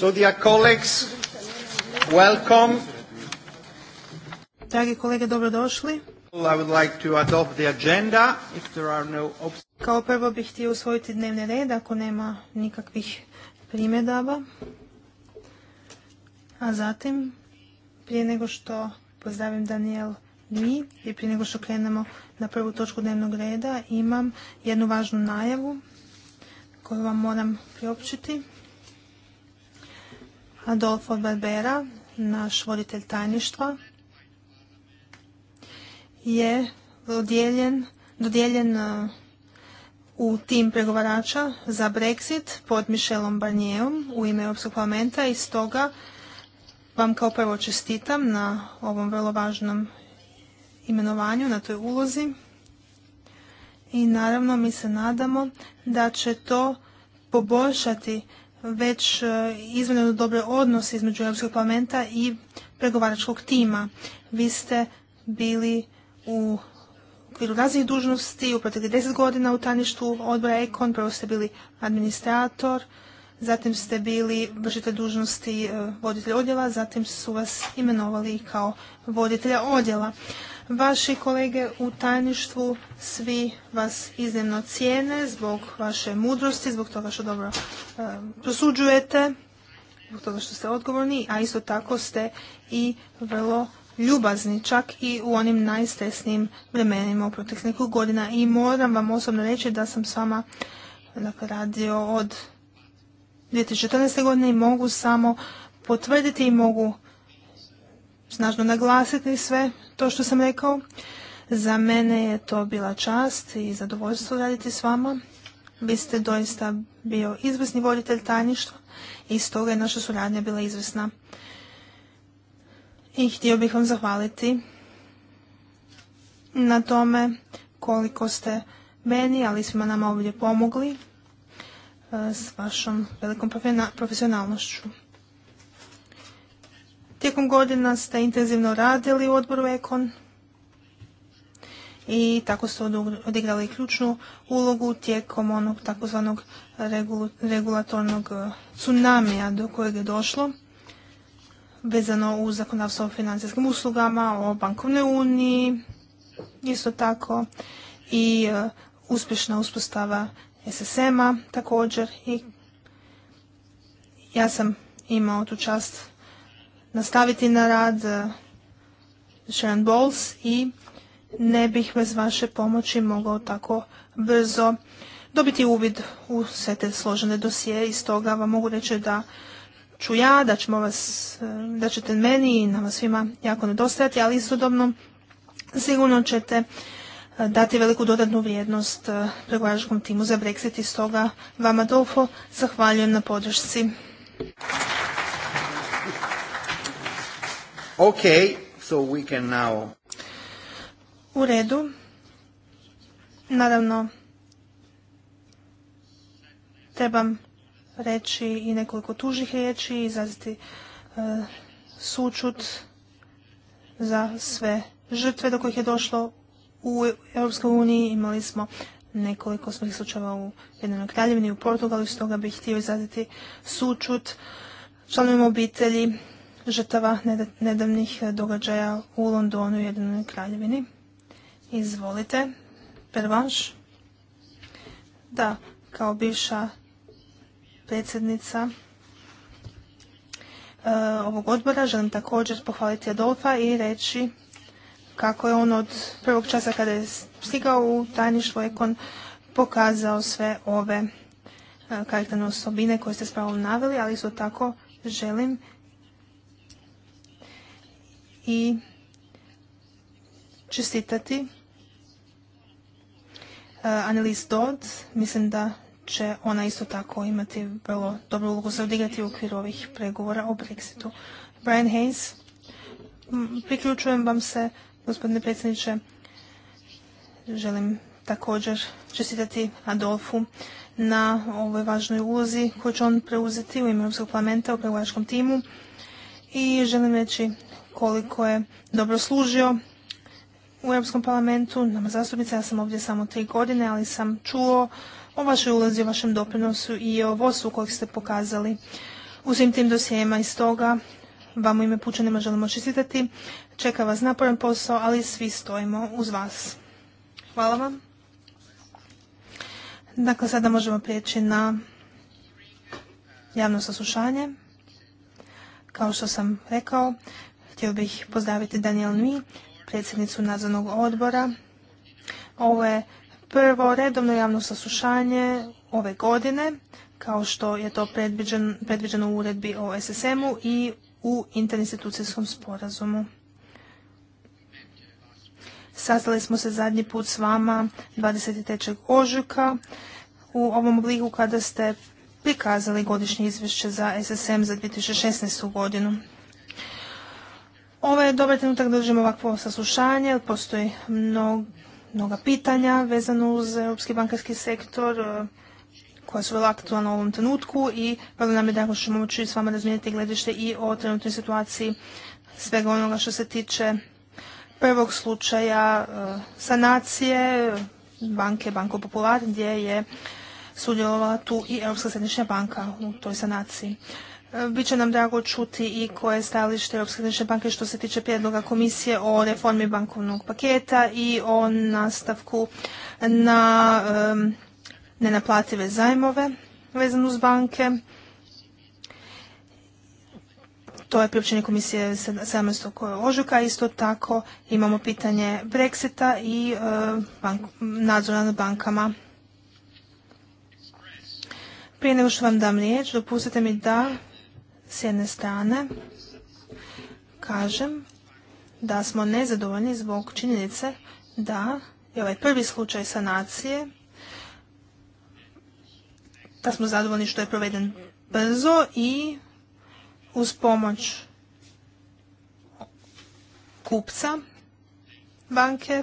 Dragi kolege, dobrodošli. I Kao prvo bih htio usvojiti dnevni red ako nema nikakvih primjedaba. A zatim, prije nego što pozdravim Daniel mi i prije nego što krenemo na prvu točku dnevnog reda, imam jednu važnu najavu koju vam moram priopćiti. Adolfo Barbera, naš voditelj tajništva, je dodijeljen, dodijeljen e, u tim pregovarača za Brexit pod Mišelom Barnijevom u ime Europskog parlamenta i stoga vam kao prvo čestitam na ovom vrlo važnom imenovanju, na toj ulozi. I naravno mi se nadamo da će to poboljšati već e, izvanredno dobre odnose između Europskog parlamenta i pregovaračkog tima. Vi ste bili u okviru raznih dužnosti u proteklih deset godina u tajništvu odbora Ekon, prvo ste bili administrator, zatim ste bili vršitelj dužnosti e, voditelja odjela, zatim su vas imenovali kao voditelja odjela. Vaši kolege u tajništvu svi vas iznimno cijene zbog vaše mudrosti, zbog toga što dobro e, prosuđujete, zbog toga što ste odgovorni, a isto tako ste i vrlo ljubazni, čak i u onim najstresnijim vremenima u proteklih godina. I moram vam osobno reći da sam s vama dakle, radio od 2014. godine i mogu samo potvrditi i mogu snažno naglasiti sve to što sam rekao. Za mene je to bila čast i zadovoljstvo raditi s vama. Vi ste doista bio izvrsni voditelj tajništva i stoga je naša suradnja bila izvrsna. I htio bih vam zahvaliti na tome koliko ste meni, ali svima nama ovdje pomogli e, s vašom velikom profesionalnošću. Tijekom godina ste intenzivno radili u odboru Ekon i tako ste odigrali ključnu ulogu tijekom onog takozvanog regulatornog e, tsunamija do kojeg je došlo vezano u zakonodavstvo o financijskim uslugama, o bankovnoj uniji, isto tako i e, uspješna uspostava SSM-a također i ja sam imao tu čast nastaviti na rad e, Sharon Bowles i ne bih bez vaše pomoći mogao tako brzo dobiti uvid u sve te složene dosije i stoga vam mogu reći da ću ja, da, ćemo vas, e, da ćete meni i nama svima jako nedostajati, ali istodobno sigurno ćete e, dati veliku dodatnu vrijednost pregovaračkom timu za Brexit i stoga vama dofo. zahvaljujem na podršci. Okay, so we can now... U redu. Naravno, trebam reći i nekoliko tužih riječi i izraziti e, sučut za sve žrtve do kojih je došlo u Europskoj uniji. Imali smo nekoliko smrtnih slučajeva u Jednoj Kraljevini, u Portugalu, stoga bih htio izraziti sučut članovima obitelji žrtava nedavnih e, događaja u Londonu i Jedinoj kraljevini. Izvolite, pervanš. Da, kao bivša predsjednica e, ovog odbora želim također pohvaliti Adolfa i reći kako je on od prvog časa kada je stigao u tajništvo Ekon pokazao sve ove e, karakterne osobine koje ste spravo pravom naveli, ali isto tako želim i čestitati uh, Annelise Dodd. Mislim da će ona isto tako imati vrlo dobru ulogu za odigrati u okviru ovih pregovora o Brexitu. Brian Hayes, priključujem vam se, gospodine predsjedniče. Želim također čestitati Adolfu na ovoj važnoj ulozi koju će on preuzeti u ime Europskog parlamenta u pregovaračkom timu. I želim reći koliko je dobro služio u Europskom parlamentu. Nama zastupnica, ja sam ovdje samo tri godine, ali sam čuo o vašoj ulazi o vašem doprinosu i o vodstvu kojeg ste pokazali u svim tim dosijema i stoga vam u ime pučanima želimo čestitati. Čeka vas naporan posao, ali svi stojimo uz vas. Hvala vam. Dakle, sada možemo prijeći na javno saslušanje. Kao što sam rekao, Htio bih pozdraviti Daniel Nui, predsjednicu nadzornog odbora. Ovo je prvo redovno javno saslušanje ove godine, kao što je to predviđeno u uredbi o SSM-u i u interinstitucijskom sporazumu. Sastali smo se zadnji put s vama 23. ožujka u ovom obliku kada ste prikazali godišnje izvješće za SSM za 2016. godinu. Ovo je dobar trenutak da ovakvo saslušanje, postoji mnoga pitanja vezano uz europski bankarski sektor e, koja su vrlo aktualna u ovom trenutku i vrlo nam je da ćemo moći s vama razmijeniti gledište i o trenutnoj situaciji svega onoga što se tiče prvog slučaja e, sanacije banke Banko Popular gdje je sudjelovala tu i Europska središnja banka u toj sanaciji će nam drago čuti i koje je stajalište Europske središnje banke što se tiče prijedloga komisije o reformi bankovnog paketa i o nastavku na nenaplative zajmove vezano uz banke. To je priopćenje komisije 17. ožujka. Isto tako imamo pitanje Brexita i nadzora nad bankama. Prije nego što vam dam riječ, dopustite mi da s jedne strane kažem da smo nezadovoljni zbog činjenice da je ovaj prvi slučaj sanacije, da smo zadovoljni što je proveden brzo i uz pomoć kupca banke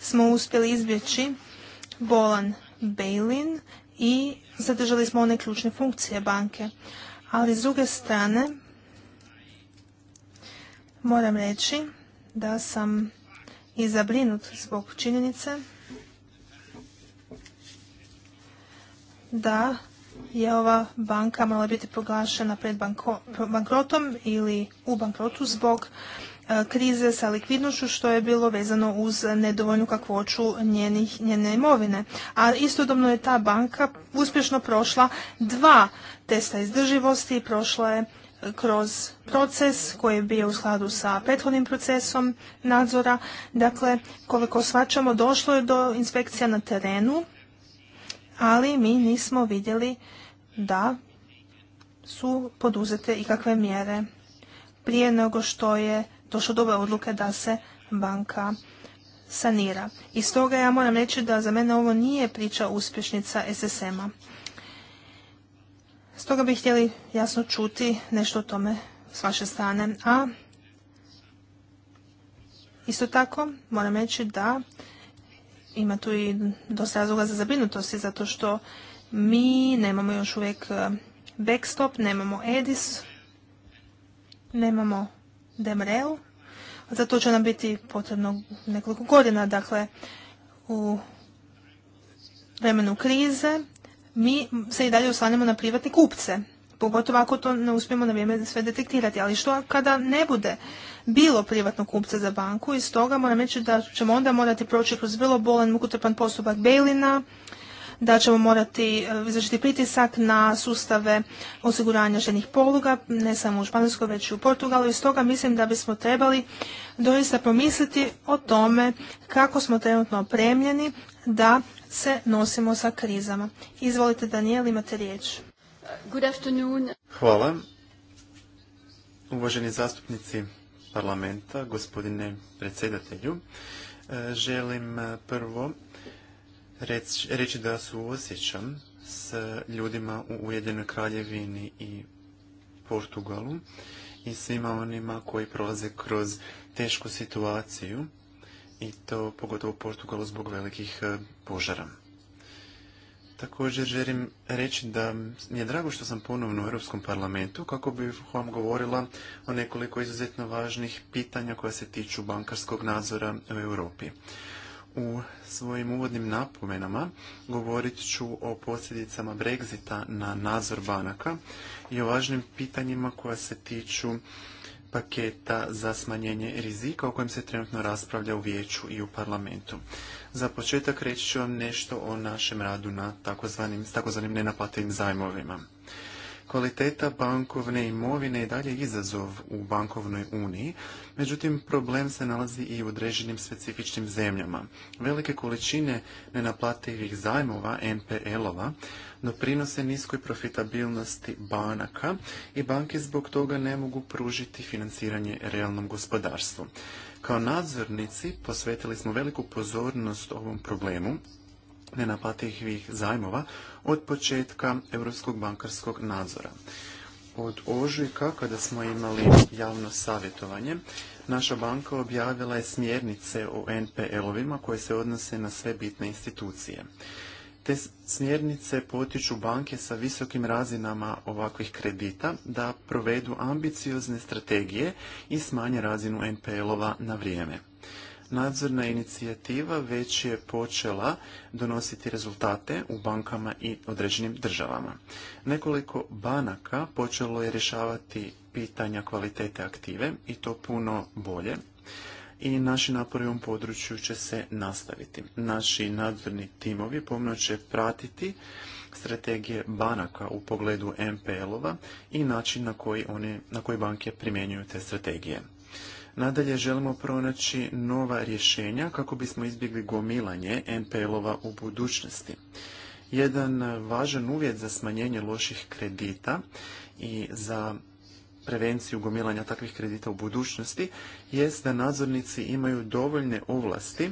smo uspjeli izbjeći bolan bail i zadržali smo one ključne funkcije banke. Ali s druge strane, moram reći da sam i zabrinut zbog činjenice da je ova banka morala biti proglašena pred bankrotom ili u bankrotu zbog E, krize sa likvidnošću što je bilo vezano uz nedovoljnu kakvoću njene imovine. A istodobno je ta banka uspješno prošla dva testa izdrživosti, prošla je e, kroz proces koji je bio u skladu sa prethodnim procesom nadzora. Dakle, koliko svačamo, došlo je do inspekcija na terenu, ali mi nismo vidjeli da su poduzete ikakve mjere prije nego što je došlo do odluke da se banka sanira. I stoga ja moram reći da za mene ovo nije priča uspješnica SSM-a. Stoga bih htjeli jasno čuti nešto o tome s vaše strane. A isto tako moram reći da ima tu i dosta razloga za zabrinutosti zato što mi nemamo još uvijek eh, backstop, nemamo EDIS, nemamo Demreu. Za to će nam biti potrebno nekoliko godina, dakle u vremenu krize mi se i dalje oslanjamo na privatne kupce. Pogotovo ako to ne uspijemo na vrijeme sve detektirati. Ali što kada ne bude bilo privatnog kupca za banku i stoga moram reći da ćemo onda morati proći kroz vrlo bolan mukotrpan postupak Bejlina, da ćemo morati e, izvršiti pritisak na sustave osiguranja ženih poluga, ne samo u Španjolskoj, već i u Portugalu. I stoga mislim da bismo trebali doista pomisliti o tome kako smo trenutno opremljeni da se nosimo sa krizama. Izvolite, Daniel, imate riječ. Good Hvala. Uvaženi zastupnici parlamenta, gospodine predsjedatelju, e, želim e, prvo reći, da su osjećam s ljudima u Ujedinoj kraljevini i Portugalu i svima onima koji prolaze kroz tešku situaciju i to pogotovo u Portugalu zbog velikih e, požara. Također želim reći da mi je drago što sam ponovno u Europskom parlamentu kako bih vam govorila o nekoliko izuzetno važnih pitanja koja se tiču bankarskog nadzora u Europi. U svojim uvodnim napomenama govorit ću o posljedicama Brexita na nadzor banaka i o važnim pitanjima koja se tiču paketa za smanjenje rizika o kojem se trenutno raspravlja u vijeću i u parlamentu. Za početak reći ću vam nešto o našem radu na takozvanim, takozvanim nenaplativim zajmovima. Kvaliteta bankovne imovine je dalje izazov u bankovnoj uniji, međutim problem se nalazi i u određenim specifičnim zemljama. Velike količine nenaplativih zajmova, NPL-ova, doprinose niskoj profitabilnosti banaka i banke zbog toga ne mogu pružiti financiranje realnom gospodarstvu. Kao nadzornici posvetili smo veliku pozornost ovom problemu nenaplativih zajmova od početka Europskog bankarskog nadzora. Od ožujka, kada smo imali javno savjetovanje, naša banka objavila je smjernice o NPL-ovima koje se odnose na sve bitne institucije. Te smjernice potiču banke sa visokim razinama ovakvih kredita da provedu ambiciozne strategije i smanje razinu NPL-ova na vrijeme nadzorna inicijativa već je počela donositi rezultate u bankama i određenim državama. Nekoliko banaka počelo je rješavati pitanja kvalitete aktive i to puno bolje i naši napori u ovom području će se nastaviti. Naši nadzorni timovi pomno će pratiti strategije banaka u pogledu MPL-ova i način na koji, na koji banke primjenjuju te strategije. Nadalje želimo pronaći nova rješenja kako bismo izbjegli gomilanje NPL-ova u budućnosti. Jedan važan uvjet za smanjenje loših kredita i za prevenciju gomilanja takvih kredita u budućnosti jest da nadzornici imaju dovoljne ovlasti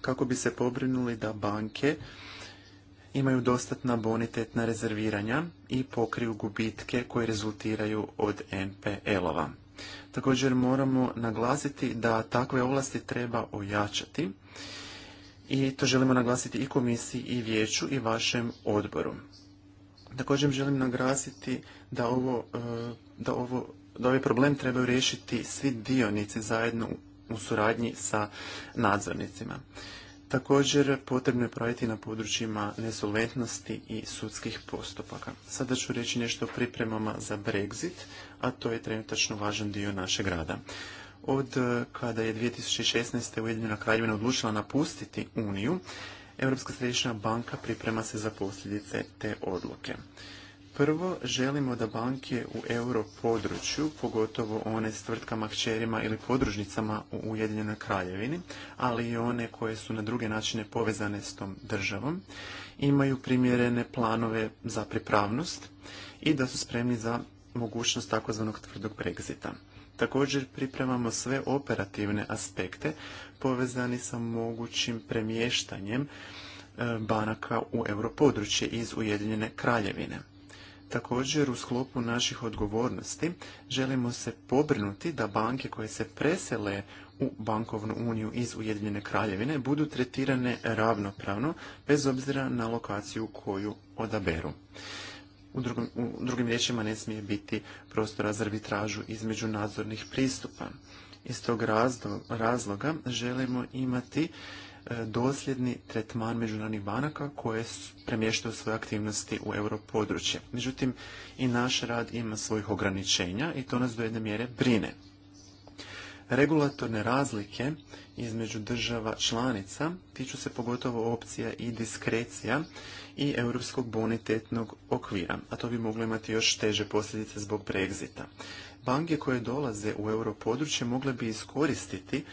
kako bi se pobrinuli da banke imaju dostatna bonitetna rezerviranja i pokriju gubitke koje rezultiraju od NPL-ova. Također moramo naglasiti da takve ovlasti treba ojačati i to želimo naglasiti i komisiji i vijeću i vašem odboru. Također želim naglasiti da ovo, e, da ovo da ovaj problem trebaju riješiti svi dionici zajedno u suradnji sa nadzornicima. Također potrebno je praviti na područjima nesolventnosti i sudskih postupaka. Sada ću reći nešto o pripremama za Brexit, a to je trenutačno važan dio našeg rada. Od e, kada je 2016. Ujedinjena kraljevina odlučila napustiti Uniju, Europska središnja banka priprema se za posljedice te odluke. Prvo, želimo da banke u euro području, pogotovo one s tvrtkama, kćerima ili podružnicama u Ujedinjenoj kraljevini, ali i one koje su na druge načine povezane s tom državom, imaju primjerene planove za pripravnost i da su spremni za mogućnost takozvanog tvrdog Brexita. Također pripremamo sve operativne aspekte povezani sa mogućim premještanjem e, banaka u europodručje iz Ujedinjene kraljevine. Također u sklopu naših odgovornosti želimo se pobrinuti da banke koje se presele u bankovnu uniju iz Ujedinjene kraljevine budu tretirane ravnopravno bez obzira na lokaciju koju odaberu. U drugim, u drugim riječima ne smije biti prostora za arbitražu između nadzornih pristupa. Iz tog razloga želimo imati e, dosljedni tretman međunarodnih banaka koje premještaju svoje aktivnosti u europodručje. Međutim, i naš rad ima svojih ograničenja i to nas do jedne mjere brine. Regulatorne razlike između država članica tiču se pogotovo opcija i diskrecija i europskog bonitetnog okvira, a to bi moglo imati još teže posljedice zbog Brexita. Banke koje dolaze u europodručje mogle bi iskoristiti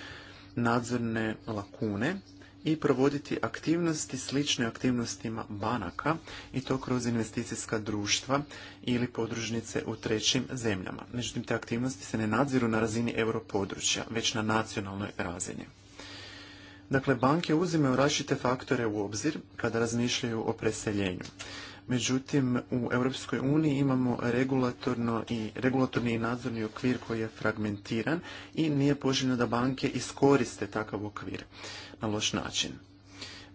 nadzorne lakune i provoditi aktivnosti slične aktivnostima banaka i to kroz investicijska društva ili podružnice u trećim zemljama. Međutim, te aktivnosti se ne nadziru na razini europodručja, već na nacionalnoj razini. Dakle, banke uzimaju različite faktore u obzir kada razmišljaju o preseljenju. Međutim, u Europskoj uniji imamo regulatorno i, regulatorni i nadzorni okvir koji je fragmentiran i nije poželjno da banke iskoriste takav okvir na loš način.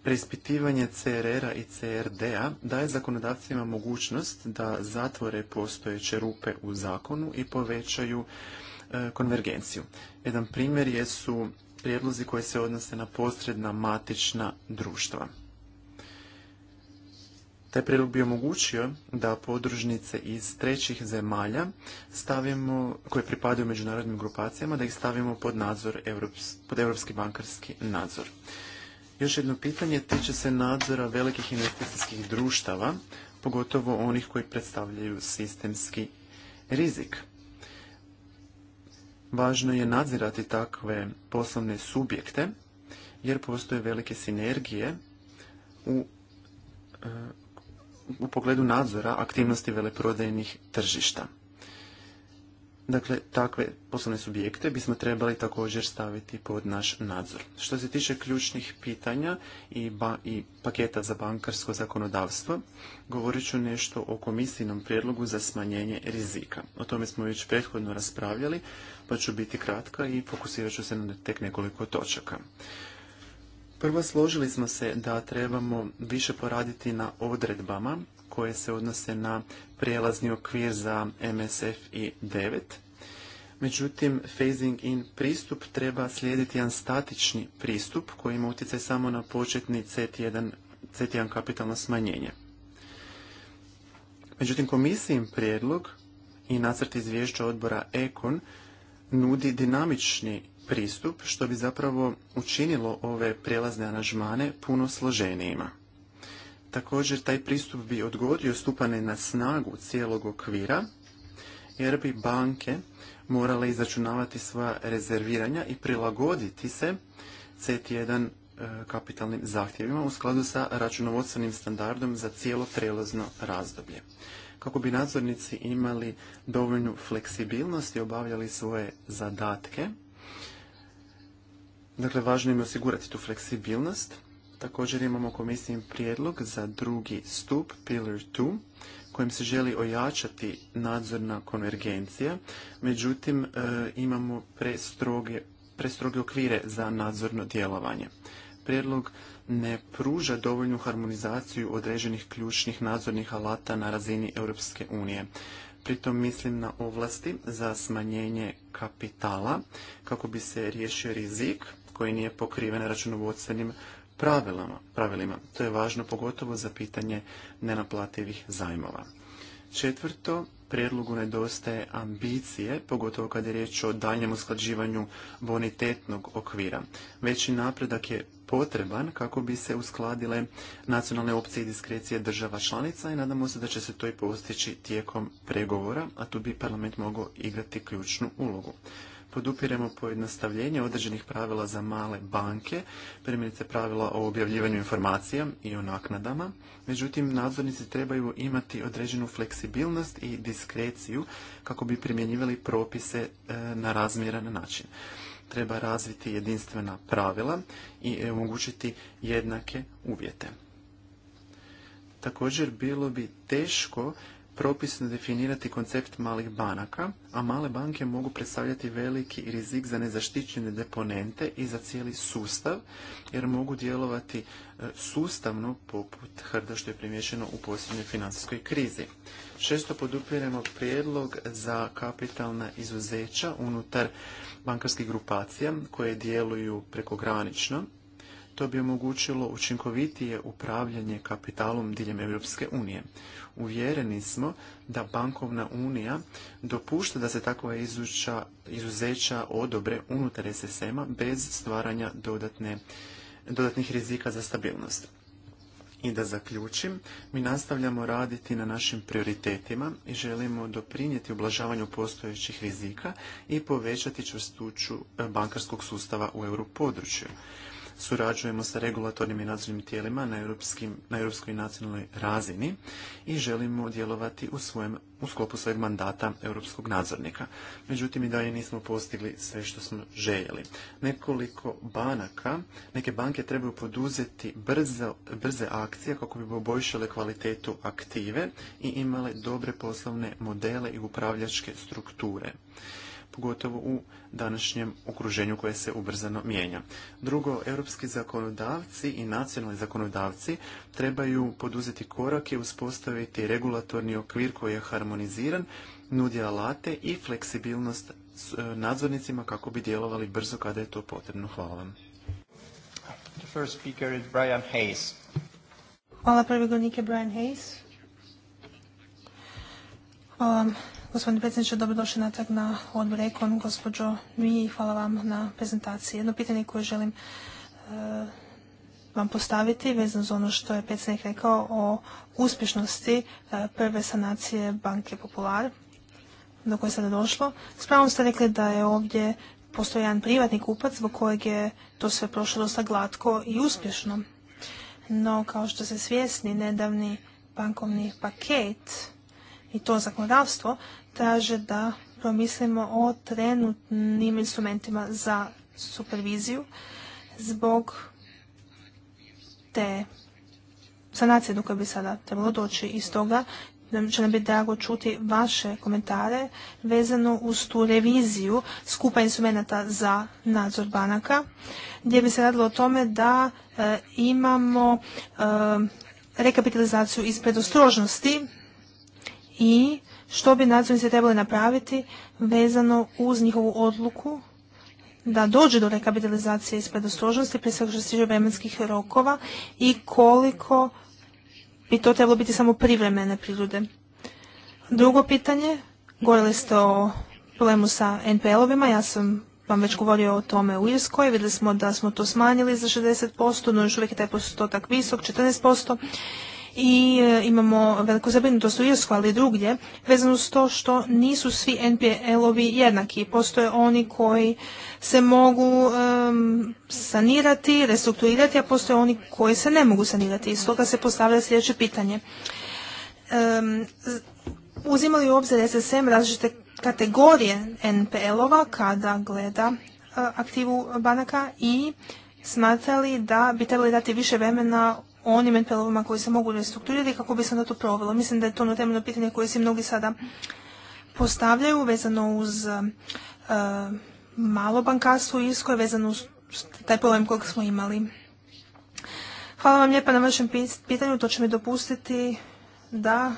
Preispitivanje CRR-a i CRD-a daje zakonodavcima mogućnost da zatvore postojeće rupe u zakonu i povećaju e, konvergenciju. Jedan primjer jesu prijedlozi koji se odnose na posredna matična društva. Taj prijedlog bi omogućio da podružnice iz trećih zemalja stavimo, koje pripadaju međunarodnim grupacijama, da ih stavimo pod nadzor, pod europski bankarski nadzor. Još jedno pitanje tiče se nadzora velikih investicijskih društava, pogotovo onih koji predstavljaju sistemski rizik. Važno je nadzirati takve poslovne subjekte, jer postoje velike sinergije u e, u pogledu nadzora aktivnosti veleprodajnih tržišta. Dakle, takve poslovne subjekte bismo trebali također staviti pod naš nadzor. Što se tiče ključnih pitanja i, i paketa za bankarsko zakonodavstvo, govorit ću nešto o komisijnom prijedlogu za smanjenje rizika. O tome smo već prethodno raspravljali, pa ću biti kratka i fokusirat ću se na tek nekoliko točaka. Prvo složili smo se da trebamo više poraditi na odredbama koje se odnose na prijelazni okvir za MSF i 9. Međutim, phasing in pristup treba slijediti jedan statični pristup koji ima utjecaj samo na početni CT1, kapitalno smanjenje. Međutim, komisijim prijedlog i nacrt izvješća odbora EKON nudi dinamični pristup što bi zapravo učinilo ove prijelazne aranžmane puno složenijima. Također taj pristup bi odgodio stupane na snagu cijelog okvira jer bi banke morale izračunavati sva rezerviranja i prilagoditi se CET1 e, kapitalnim zahtjevima u skladu sa računovodstvenim standardom za cijelo prelazno razdoblje. Kako bi nadzornici imali dovoljnu fleksibilnost i obavljali svoje zadatke, Dakle, važno im je osigurati tu fleksibilnost. Također imamo komisiji prijedlog za drugi stup, Pillar 2, kojim se želi ojačati nadzorna konvergencija. Međutim, e, imamo prestroge, prestroge okvire za nadzorno djelovanje. Prijedlog ne pruža dovoljnu harmonizaciju određenih ključnih nadzornih alata na razini Europske unije. Pritom mislim na ovlasti za smanjenje kapitala kako bi se riješio rizik, koji nije pokriven računovodstvenim pravilima. To je važno pogotovo za pitanje nenaplativih zajmova. Četvrto, prijedlogu nedostaje ambicije, pogotovo kad je riječ o daljem usklađivanju bonitetnog okvira. Veći napredak je potreban kako bi se uskladile nacionalne opcije i diskrecije država članica i nadamo se da će se to i postići tijekom pregovora, a tu bi parlament mogao igrati ključnu ulogu podupiremo pojednostavljenje određenih pravila za male banke, primjerice pravila o objavljivanju informacija i o naknadama. Međutim, nadzornici trebaju imati određenu fleksibilnost i diskreciju kako bi primjenjivali propise e, na razmjeran način. Treba razviti jedinstvena pravila i omogućiti jednake uvjete. Također bilo bi teško propisno definirati koncept malih banaka, a male banke mogu predstavljati veliki rizik za nezaštićene deponente i za cijeli sustav, jer mogu djelovati e, sustavno poput hrda što je primješeno u posljednjoj financijskoj krizi. Šesto podupiremo prijedlog za kapitalna izuzeća unutar bankarskih grupacija koje djeluju prekogranično, to bi omogućilo učinkovitije upravljanje kapitalom diljem Europske unije. Uvjereni smo da bankovna unija dopušta da se takva izuzeća odobre unutar SSM-a bez stvaranja dodatne, dodatnih rizika za stabilnost. I da zaključim, mi nastavljamo raditi na našim prioritetima i želimo doprinijeti ublažavanju postojećih rizika i povećati čvrstuću e, bankarskog sustava u području surađujemo sa regulatornim i nadzornim tijelima na, na europskoj i nacionalnoj razini i želimo djelovati u, svojem, u sklopu svojeg mandata europskog nadzornika. Međutim, i dalje nismo postigli sve što smo željeli. Nekoliko banaka, neke banke trebaju poduzeti brze, brze akcije kako bi poboljšale kvalitetu aktive i imale dobre poslovne modele i upravljačke strukture pogotovo u današnjem okruženju koje se ubrzano mijenja. Drugo, europski zakonodavci i nacionalni zakonodavci trebaju poduzeti korake uspostaviti regulatorni okvir koji je harmoniziran, nudi alate i fleksibilnost e, nadzornicima kako bi djelovali brzo kada je to potrebno. Hvala vam. Brian Hayes. Hvala prvi Brian Hayes. Hvala vam, gospodine predsjedniče, dobrodošli natrag na odbor Ekon, gospođo Mi, hvala vam na prezentaciji. Jedno pitanje koje želim e, vam postaviti vezano za ono što je predsjednik rekao o uspješnosti e, prve sanacije banke Popular do koje je sada došlo. S pravom ste rekli da je ovdje postoji jedan privatni kupac zbog kojeg je to sve prošlo dosta glatko i uspješno. No, kao što se svjesni, nedavni bankovni paket i to zakonodavstvo traže da promislimo o trenutnim instrumentima za superviziju zbog te sanacije do koje bi sada trebalo doći iz toga će nam biti drago čuti vaše komentare vezano uz tu reviziju skupa instrumenta za nadzor banaka, gdje bi se radilo o tome da e, imamo e, rekapitalizaciju iz predostrožnosti i što bi nadzornici trebali napraviti vezano uz njihovu odluku da dođe do rekapitalizacije iz predostrožnosti, prije svega što se tiče vremenskih rokova i koliko bi to trebalo biti samo privremene prirode. Drugo pitanje, govorili ste o problemu sa NPL-ovima, ja sam vam već govorio o tome u Irskoj, vidjeli smo da smo to smanjili za 60%, no još uvijek je taj postotak visok, 14% i e, imamo veliku zabrinutost u Irsku, ali i drugdje, vezano s to što nisu svi NPL-ovi jednaki. Postoje oni koji se mogu sanirati, restrukturirati, a postoje oni koji se ne mogu sanirati. I stoga se postavlja sljedeće pitanje. uzimali u obzir SSM različite kategorije NPL-ova kada gleda e, aktivu banaka i smatrali da bi trebali dati više vremena onim npl koji se mogu restrukturirati kako bi se na to provelo. Mislim da je to ono temeljno pitanje koje se mnogi sada postavljaju vezano uz eh, malo bankarstvo u Irskoj, vezano uz taj problem kojeg smo imali. Hvala vam lijepa na vašem pitanju, to će mi dopustiti da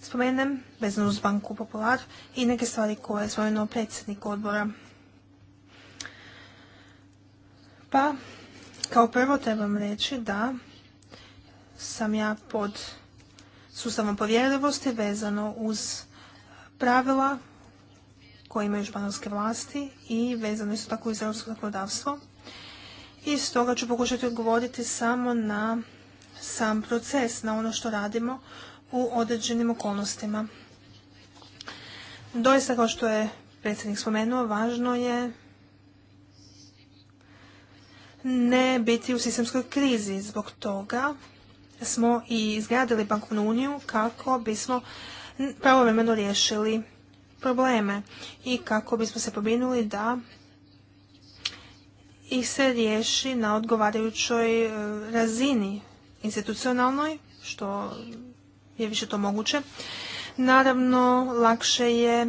spomenem vezano uz Banku Popular i neke stvari koje je svojeno predsjednik odbora. Pa, kao prvo trebam reći da sam ja pod sustavom povjerljivosti vezano uz pravila koje imaju španjolske vlasti i vezano isto tako uz europsko zakonodavstvo. I stoga ću pokušati odgovoriti samo na sam proces, na ono što radimo u određenim okolnostima. Doista, kao što je predsjednik spomenuo, važno je ne biti u sistemskoj krizi. Zbog toga smo i izgradili bankovnu uniju kako bismo pravovremeno riješili probleme i kako bismo se pobrinuli da ih se riješi na odgovarajućoj e, razini institucionalnoj, što je više to moguće. Naravno, lakše je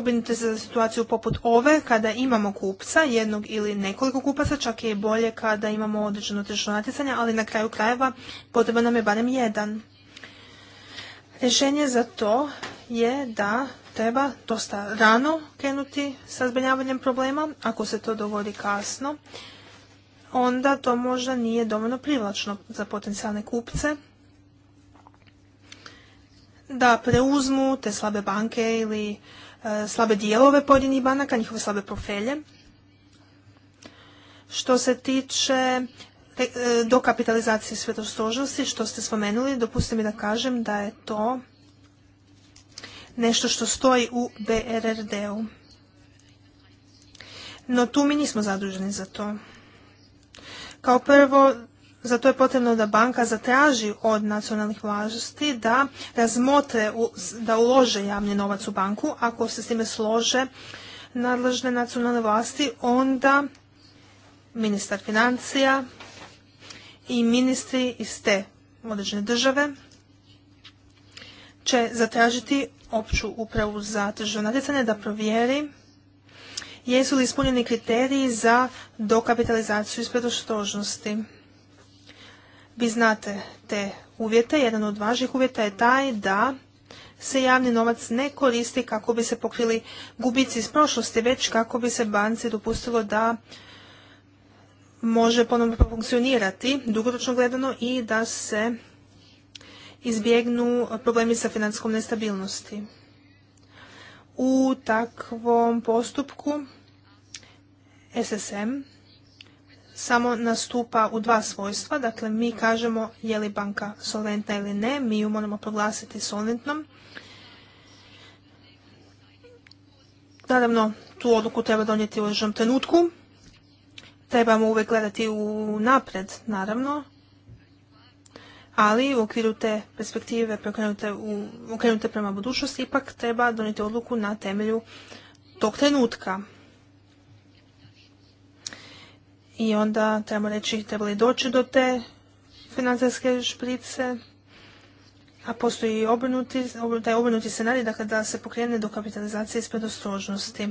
pobrinuti se za situaciju poput ove, kada imamo kupca, jednog ili nekoliko kupaca, čak je i bolje kada imamo određeno tržišno natjecanje, ali na kraju krajeva potreban nam je barem jedan. Rješenje za to je da treba dosta rano krenuti sa zbrinjavanjem problema, ako se to dogodi kasno, onda to možda nije dovoljno privlačno za potencijalne kupce da preuzmu te slabe banke ili E, slabe dijelove pojedinih banaka, njihove slabe profelje. Što se tiče e, dokapitalizacije svjetostrožnosti, što ste spomenuli, dopustite mi da kažem da je to nešto što stoji u BRRD-u. No tu mi nismo zaduženi za to. Kao prvo, zato je potrebno da banka zatraži od nacionalnih vlasti da razmotre, da ulože javni novac u banku. Ako se s time slože nadležne nacionalne vlasti, onda ministar financija i ministri iz te određene države će zatražiti opću upravu za tržno natjecanje da provjeri jesu li ispunjeni kriteriji za dokapitalizaciju iz predostrožnosti. Vi znate te uvjete. Jedan od važnih uvjeta je taj da se javni novac ne koristi kako bi se pokrili gubici iz prošlosti, već kako bi se banci dopustilo da može ponovno funkcionirati dugoročno gledano i da se izbjegnu problemi sa financijskom nestabilnosti. U takvom postupku SSM samo nastupa u dva svojstva, dakle mi kažemo je li banka solventna ili ne, mi ju moramo proglasiti solventnom. Naravno, tu odluku treba donijeti u određenom trenutku. Trebamo uvijek gledati u napred, naravno, ali u okviru te perspektive okrenute prema budućnosti ipak treba donijeti odluku na temelju tog trenutka i onda trebamo reći trebali doći do te financijske šprice, a postoji obrnuti, taj obrnuti scenarij dakle, da se pokrene do kapitalizacije ispred ostrožnosti.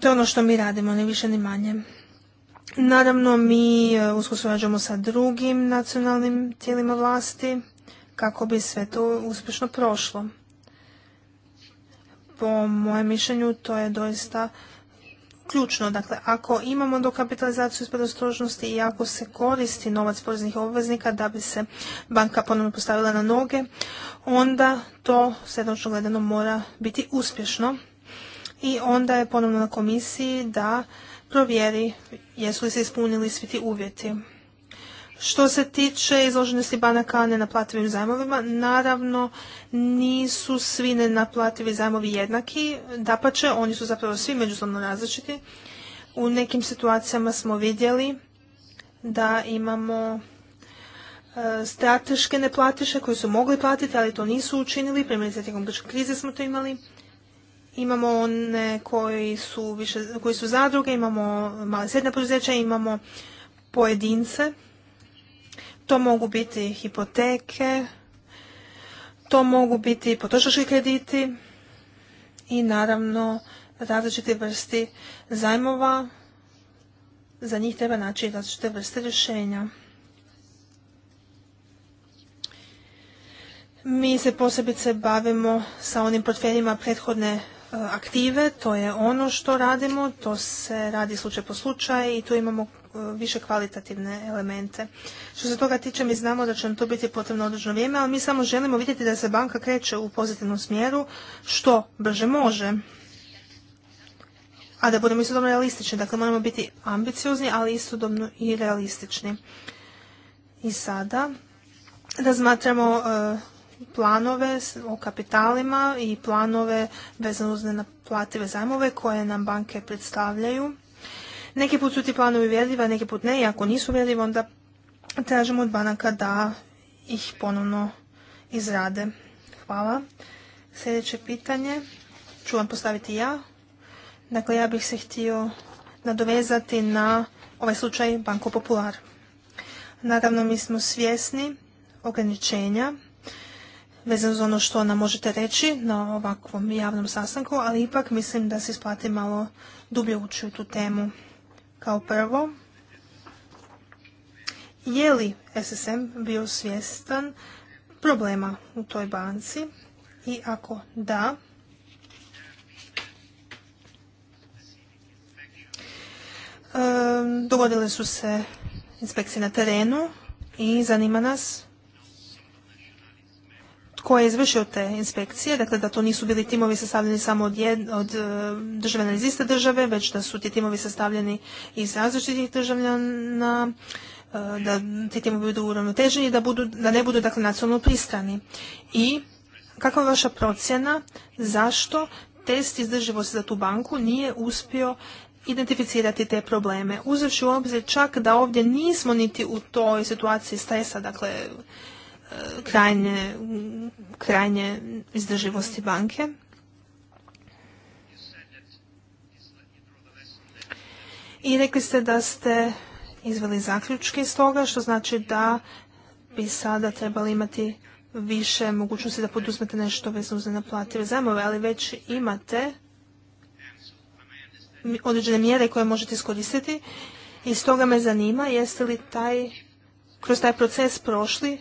To je ono što mi radimo, ni više ni manje. Naravno, mi e, usko surađujemo sa drugim nacionalnim tijelima vlasti kako bi sve to uspješno prošlo. Po mojem mišljenju, to je doista ključno. Dakle, ako imamo dokapitalizaciju iz predostrožnosti i ako se koristi novac poreznih obveznika da bi se banka ponovno postavila na noge, onda to sredočno gledano mora biti uspješno i onda je ponovno na komisiji da provjeri jesu li se ispunili svi ti uvjeti. Što se tiče izloženosti banaka nenaplativim zajmovima, naravno nisu svi nenaplativi zajmovi jednaki, dapače oni su zapravo svi međusobno različiti. U nekim situacijama smo vidjeli da imamo e, strateške neplatiše koji su mogli platiti, ali to nisu učinili. Primjerice tijekom grčke krize smo to imali. Imamo one koji su, više, koji su zadruge, imamo male sredne poduzeća, imamo pojedince to mogu biti hipoteke, to mogu biti potrošački krediti i naravno različite vrsti zajmova. Za njih treba naći različite vrste rješenja. Mi se posebice bavimo sa onim portfeljima prethodne e, aktive, to je ono što radimo, to se radi slučaj po slučaj i tu imamo više kvalitativne elemente. Što se toga tiče, mi znamo da će nam to biti potrebno određeno vrijeme, ali mi samo želimo vidjeti da se banka kreće u pozitivnom smjeru što brže može. A da budemo istodobno realistični. Dakle, moramo biti ambiciozni, ali istodobno i realistični. I sada razmatramo e, planove o kapitalima i planove vezano uz nenaplative zajmove koje nam banke predstavljaju neki put su ti planovi a neki put ne, i ako nisu uvjerljivi, onda tražimo od banaka da ih ponovno izrade. Hvala. Sljedeće pitanje ću vam postaviti ja. Dakle, ja bih se htio nadovezati na ovaj slučaj Banko Popular. Naravno, mi smo svjesni ograničenja vezano za ono što nam možete reći na ovakvom javnom sastanku, ali ipak mislim da se isplati malo dublje ući u tu temu. Kao prvo, je li SSM bio svjestan problema u toj banci i ako da, dogodile su se inspekcije na terenu i zanima nas koje je izvršio te inspekcije, dakle da to nisu bili timovi sastavljeni samo od, jed, od e, državljana iz iste države, već da su ti timovi sastavljeni iz različitih državljana, e, da ti timovi budu uravnoteženi, da, budu, da ne budu dakle nacionalno pristrani. I kakva je vaša procjena zašto test izdrživosti za tu banku nije uspio identificirati te probleme, uzavši u obzir čak da ovdje nismo niti u toj situaciji stresa, dakle krajnje, krajnje izdrživosti banke. I rekli ste da ste izveli zaključke iz toga, što znači da bi sada trebali imati više mogućnosti da poduzmete nešto vezano za naplative zajmove, ali već imate određene mjere koje možete iskoristiti i stoga me zanima jeste li taj, kroz taj proces prošli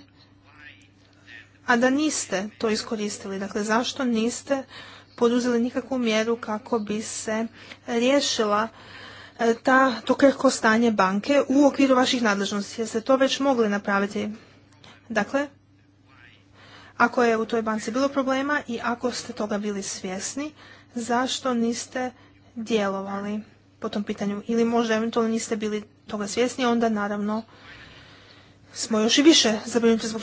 a da niste to iskoristili. Dakle, zašto niste poduzeli nikakvu mjeru kako bi se riješila e, ta, to stanje banke u okviru vaših nadležnosti? Jeste to već mogli napraviti? Dakle, ako je u toj banci bilo problema i ako ste toga bili svjesni, zašto niste djelovali po tom pitanju? Ili možda eventualno niste bili toga svjesni, onda naravno smo još i više zabrinuti zbog,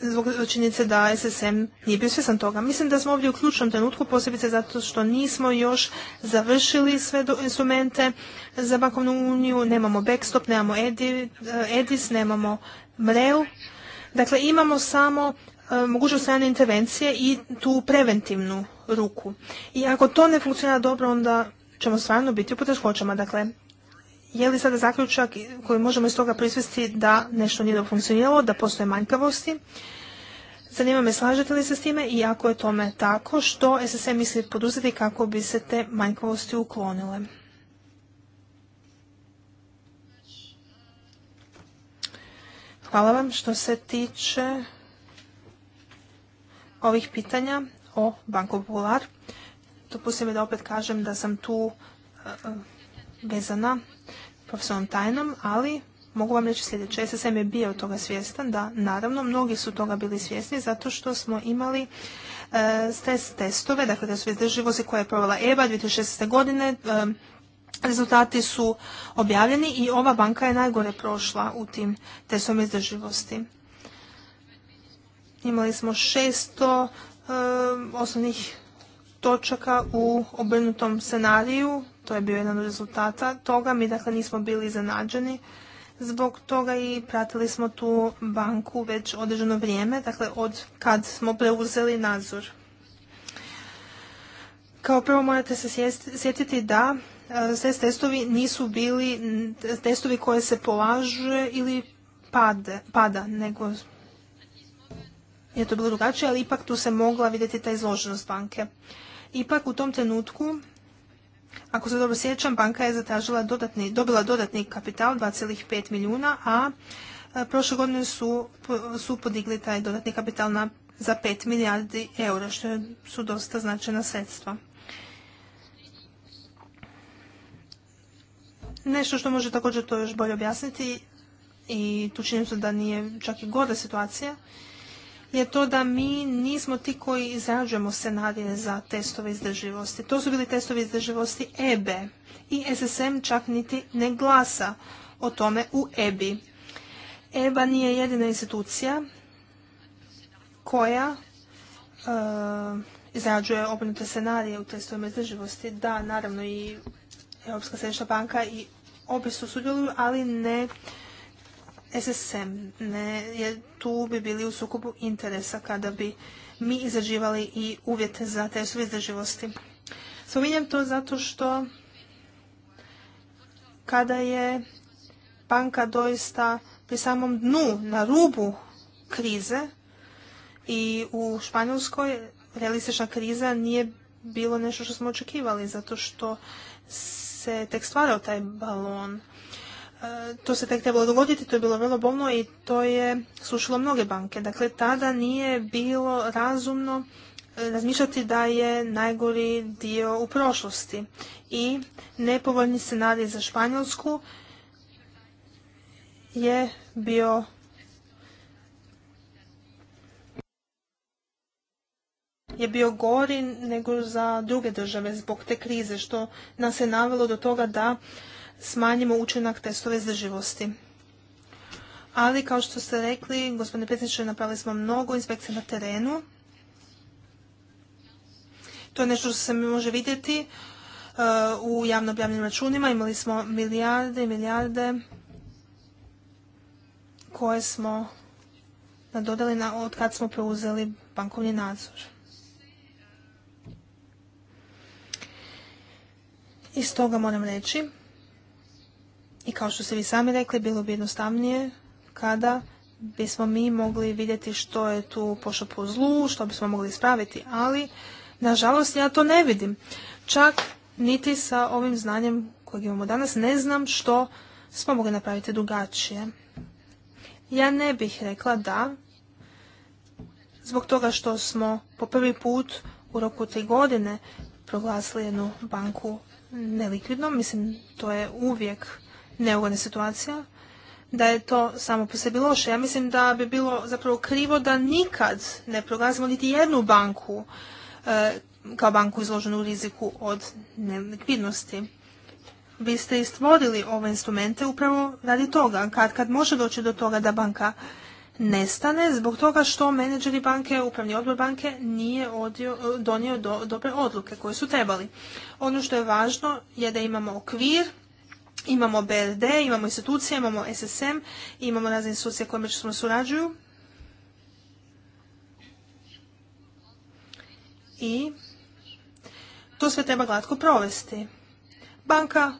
zbog činjenice da SSM nije bio svjesan toga. Mislim da smo ovdje u ključnom trenutku, posebice zato što nismo još završili sve instrumente za bankovnu uniju, nemamo backstop, nemamo EDIS, nemamo MREL. Dakle, imamo samo moguće mogućnost strane intervencije i tu preventivnu ruku. I ako to ne funkcionira dobro, onda ćemo stvarno biti u poteškoćama. Dakle, je li sada zaključak koji možemo iz toga prisvesti da nešto nije dobro funkcioniralo, da postoje manjkavosti? Zanima me slažete li se s time i ako je tome tako, što SSM misli poduzeti kako bi se te manjkavosti uklonile? Hvala vam što se tiče ovih pitanja o Banko Popular. Dopustite da opet kažem da sam tu eh, eh, vezana profesionalnom tajnom, ali mogu vam reći sljedeće. SSM je bio toga svjestan, da naravno, mnogi su toga bili svjesni zato što smo imali eh, stres testove, dakle da su izdrživosti koje je provela EBA 2016. godine, eh, rezultati su objavljeni i ova banka je najgore prošla u tim testom izdrživosti. Imali smo 600 eh, osnovnih točaka u obrnutom scenariju to je bio jedan od rezultata toga. Mi dakle nismo bili iznenađeni zbog toga i pratili smo tu banku već određeno vrijeme, dakle od kad smo preuzeli nadzor. Kao prvo morate se sjetiti da sve testovi nisu bili testovi koje se polaže ili pada, nego je to bilo drugačije, ali ipak tu se mogla vidjeti ta izloženost banke. Ipak u tom trenutku ako se dobro sjećam, banka je zatražila dodatni, dobila dodatni kapital 2,5 milijuna, a e, prošle godine su, su podigli taj dodatni kapital na, za 5 milijardi eura, što su dosta značajna sredstva. Nešto što može također to još bolje objasniti i tu činjenicu da nije čak i gore situacija je to da mi nismo ti koji izrađujemo scenarije za testove izdrživosti. To su bili testovi izdrživosti EBE i SSM čak niti ne glasa o tome u EBI. EBA nije jedina institucija koja e, izrađuje obrnute scenarije u testovima izdrživosti. Da, naravno i Europska središnja banka i obje sudjeluju, ali ne SSM, ne, jer tu bi bili u sukobu interesa kada bi mi izrađivali i uvjete za sve izdrživosti. Spominjem to zato što kada je banka doista pri samom dnu, na rubu krize i u Španjolskoj realistična kriza nije bilo nešto što smo očekivali zato što se tek stvarao taj balon E, to se tek trebalo dogoditi, to je bilo vrlo bolno i to je slušalo mnoge banke. Dakle, tada nije bilo razumno e, razmišljati da je najgori dio u prošlosti i nepovoljni scenarij za Španjolsku je bio je bio gori nego za druge države zbog te krize, što nas je navelo do toga da smanjimo učinak testove izdrživosti. Ali, kao što ste rekli, gospodine predsjedniče, napravili smo mnogo inspekcija na terenu. To je nešto što se može vidjeti e, u javno objavljenim računima. Imali smo milijarde i milijarde koje smo nadodali na, od kad smo preuzeli bankovni nadzor. I stoga moram reći i kao što ste vi sami rekli, bilo bi jednostavnije kada bismo mi mogli vidjeti što je tu pošlo po zlu, što bismo mogli ispraviti, ali nažalost ja to ne vidim. Čak niti sa ovim znanjem kojeg imamo danas ne znam što smo mogli napraviti drugačije. Ja ne bih rekla da, zbog toga što smo po prvi put u roku tri godine proglasili jednu banku nelikvidnom, mislim to je uvijek neugodna situacija, da je to samo po sebi loše. Ja mislim da bi bilo zapravo krivo da nikad ne proglasimo niti jednu banku e, kao banku izloženu u riziku od nelikvidnosti. Vi ste i stvorili ove instrumente upravo radi toga. Kad kad može doći do toga da banka nestane zbog toga što menadžeri banke, upravni odbor banke nije donio do, dobre odluke koje su trebali. Ono što je važno je da imamo okvir Imamo BRD, imamo institucije, imamo SSM, imamo razne institucije koje međusobno surađuju. I to sve treba glatko provesti. Banka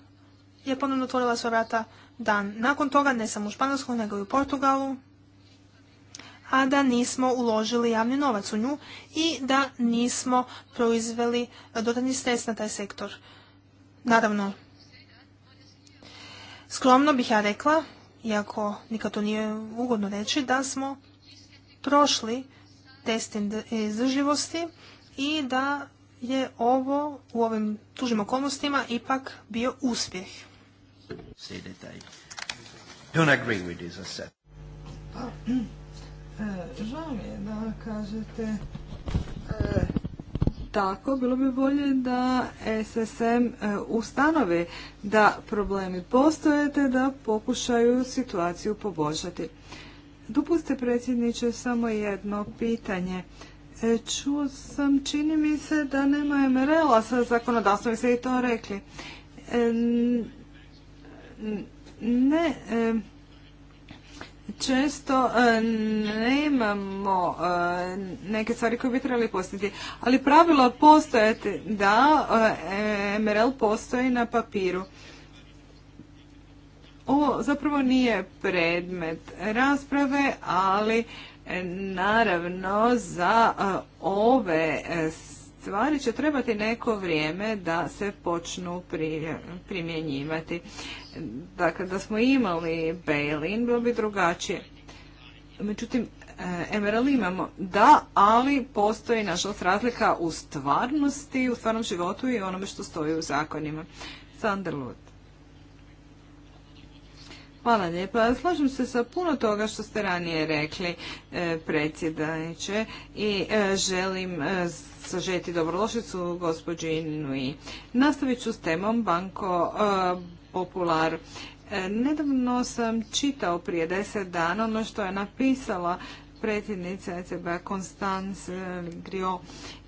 je ponovno otvorila svoja vrata dan. Nakon toga ne samo u Španjolskoj, nego i u Portugalu, a da nismo uložili javni novac u nju i da nismo proizveli dodatni stres na taj sektor. Naravno, Skromno bih ja rekla, iako nikad to nije ugodno reći, da smo prošli test izdržljivosti i da je ovo u ovim tužim okolnostima ipak bio uspjeh. Pa, e, žao mi da kažete e, tako, bilo bi bolje da SSM e, ustanovi da problemi postojete, da pokušaju situaciju poboljšati. Dopuste predsjedniče samo jedno pitanje. E, čuo sam, čini mi se da nema MRL-a sa zakonodavstvom, ste i to rekli. E, ne, često e, nemamo e, neke stvari koje bi trebali postati. Ali pravilo postojati da e, MRL postoji na papiru. Ovo zapravo nije predmet rasprave, ali naravno za ove stvari će trebati neko vrijeme da se počnu primjenjivati. Dakle, da smo imali bail-in, bilo bi drugačije. Međutim, eh, Emerald imamo, da, ali postoji nažalost razlika u stvarnosti, u stvarnom životu i onome što stoji u zakonima. Sander Hvala lijepa. Slažem se sa puno toga što ste ranije rekli eh, predsjedaniče i eh, želim sažeti dobrološicu gospođi i Nastavit ću s temom banko Popular. E, nedavno sam čitao prije deset dana ono što je napisala predsjednica ECB Constance e, Grio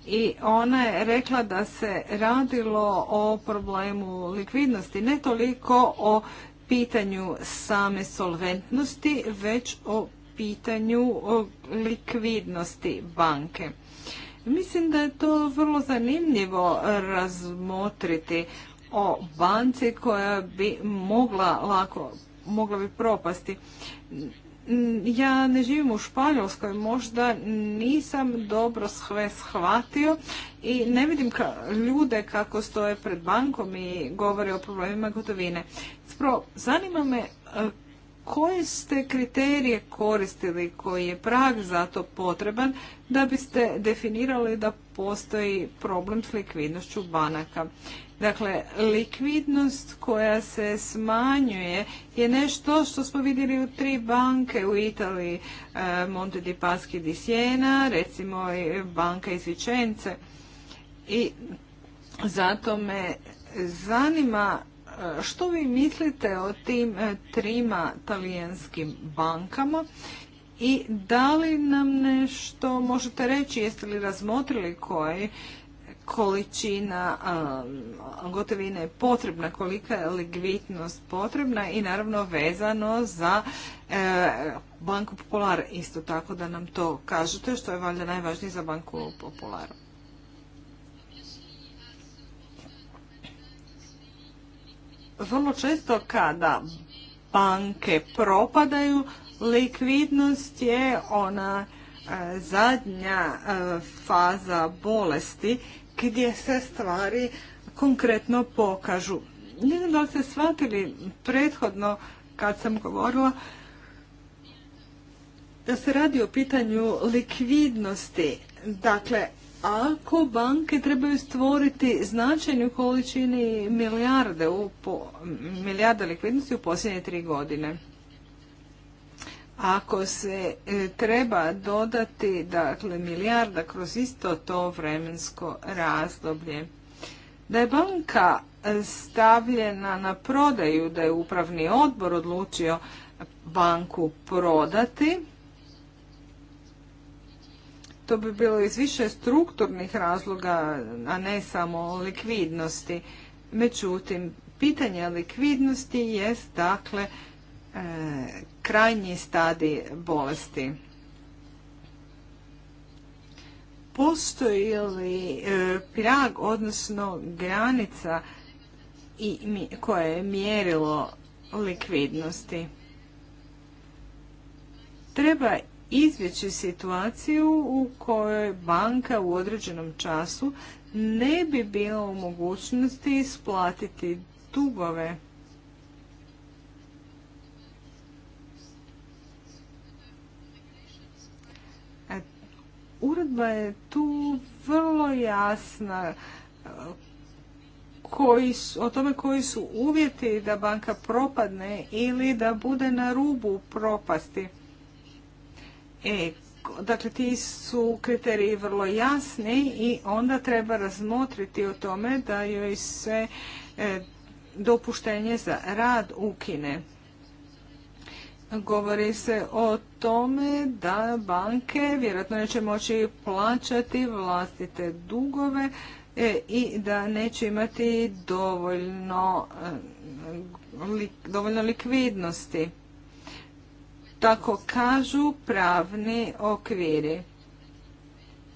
i ona je rekla da se radilo o problemu likvidnosti, ne toliko o pitanju same solventnosti, već o pitanju likvidnosti banke. Mislim da je to vrlo zanimljivo razmotriti o banci koja bi mogla lako, mogla bi propasti. Ja ne živim u Španjolskoj, možda nisam dobro sve shvatio i ne vidim ka, ljude kako stoje pred bankom i govore o problemima gotovine. Spro, zanima me e, koje ste kriterije koristili, koji je prag za to potreban da biste definirali da postoji problem s likvidnošću banaka. Dakle, likvidnost koja se smanjuje je nešto što smo vidjeli u tri banke u Italiji, e, Monte di Paschi di Siena, recimo i banka iz Vičence. I zato me zanima e, što vi mislite o tim e, trima talijanskim bankama i da li nam nešto možete reći, jeste li razmotrili koji količina um, gotovine je potrebna, kolika je likvidnost potrebna i naravno vezano za e, Banku Popular isto tako da nam to kažete što je valjda najvažnije za Banku Popular. Vrlo često kada banke propadaju, likvidnost je ona e, zadnja e, faza bolesti gdje se stvari konkretno pokažu. Ne znam da li ste shvatili prethodno kad sam govorila da se radi o pitanju likvidnosti. Dakle, ako banke trebaju stvoriti značajnu količini milijarde, u milijarde likvidnosti u posljednje tri godine. Ako se e, treba dodati dakle, milijarda kroz isto to vremensko razdoblje, da je banka e, stavljena na prodaju, da je upravni odbor odlučio banku prodati, to bi bilo iz više strukturnih razloga, a ne samo likvidnosti. Međutim, pitanje likvidnosti jest dakle krajnji stadi bolesti. Postoji li e, prag, odnosno granica i, koje je mjerilo likvidnosti? Treba izvjeći situaciju u kojoj banka u određenom času ne bi bila u mogućnosti isplatiti dugove. uredba je tu vrlo jasna o tome koji su uvjeti da banka propadne ili da bude na rubu propasti. E, dakle, ti su kriteriji vrlo jasni i onda treba razmotriti o tome da joj se e, dopuštenje za rad ukine govori se o tome da banke vjerojatno neće moći plaćati vlastite dugove e, i da neće imati dovoljno, e, dovoljno likvidnosti. Tako kažu pravni okviri.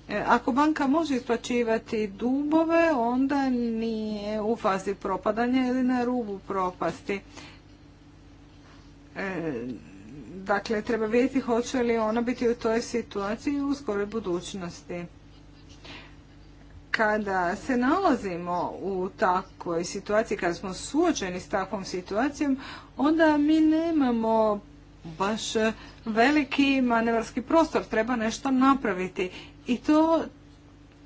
E, ako banka može isplaćivati dubove, onda nije u fazi propadanja ili na rubu propasti. Dakle, treba vidjeti hoće li ona biti u toj situaciji u skoroj budućnosti. Kada se nalazimo u takvoj situaciji, kada smo suočeni s takvom situacijom, onda mi nemamo baš veliki manevarski prostor, treba nešto napraviti. I to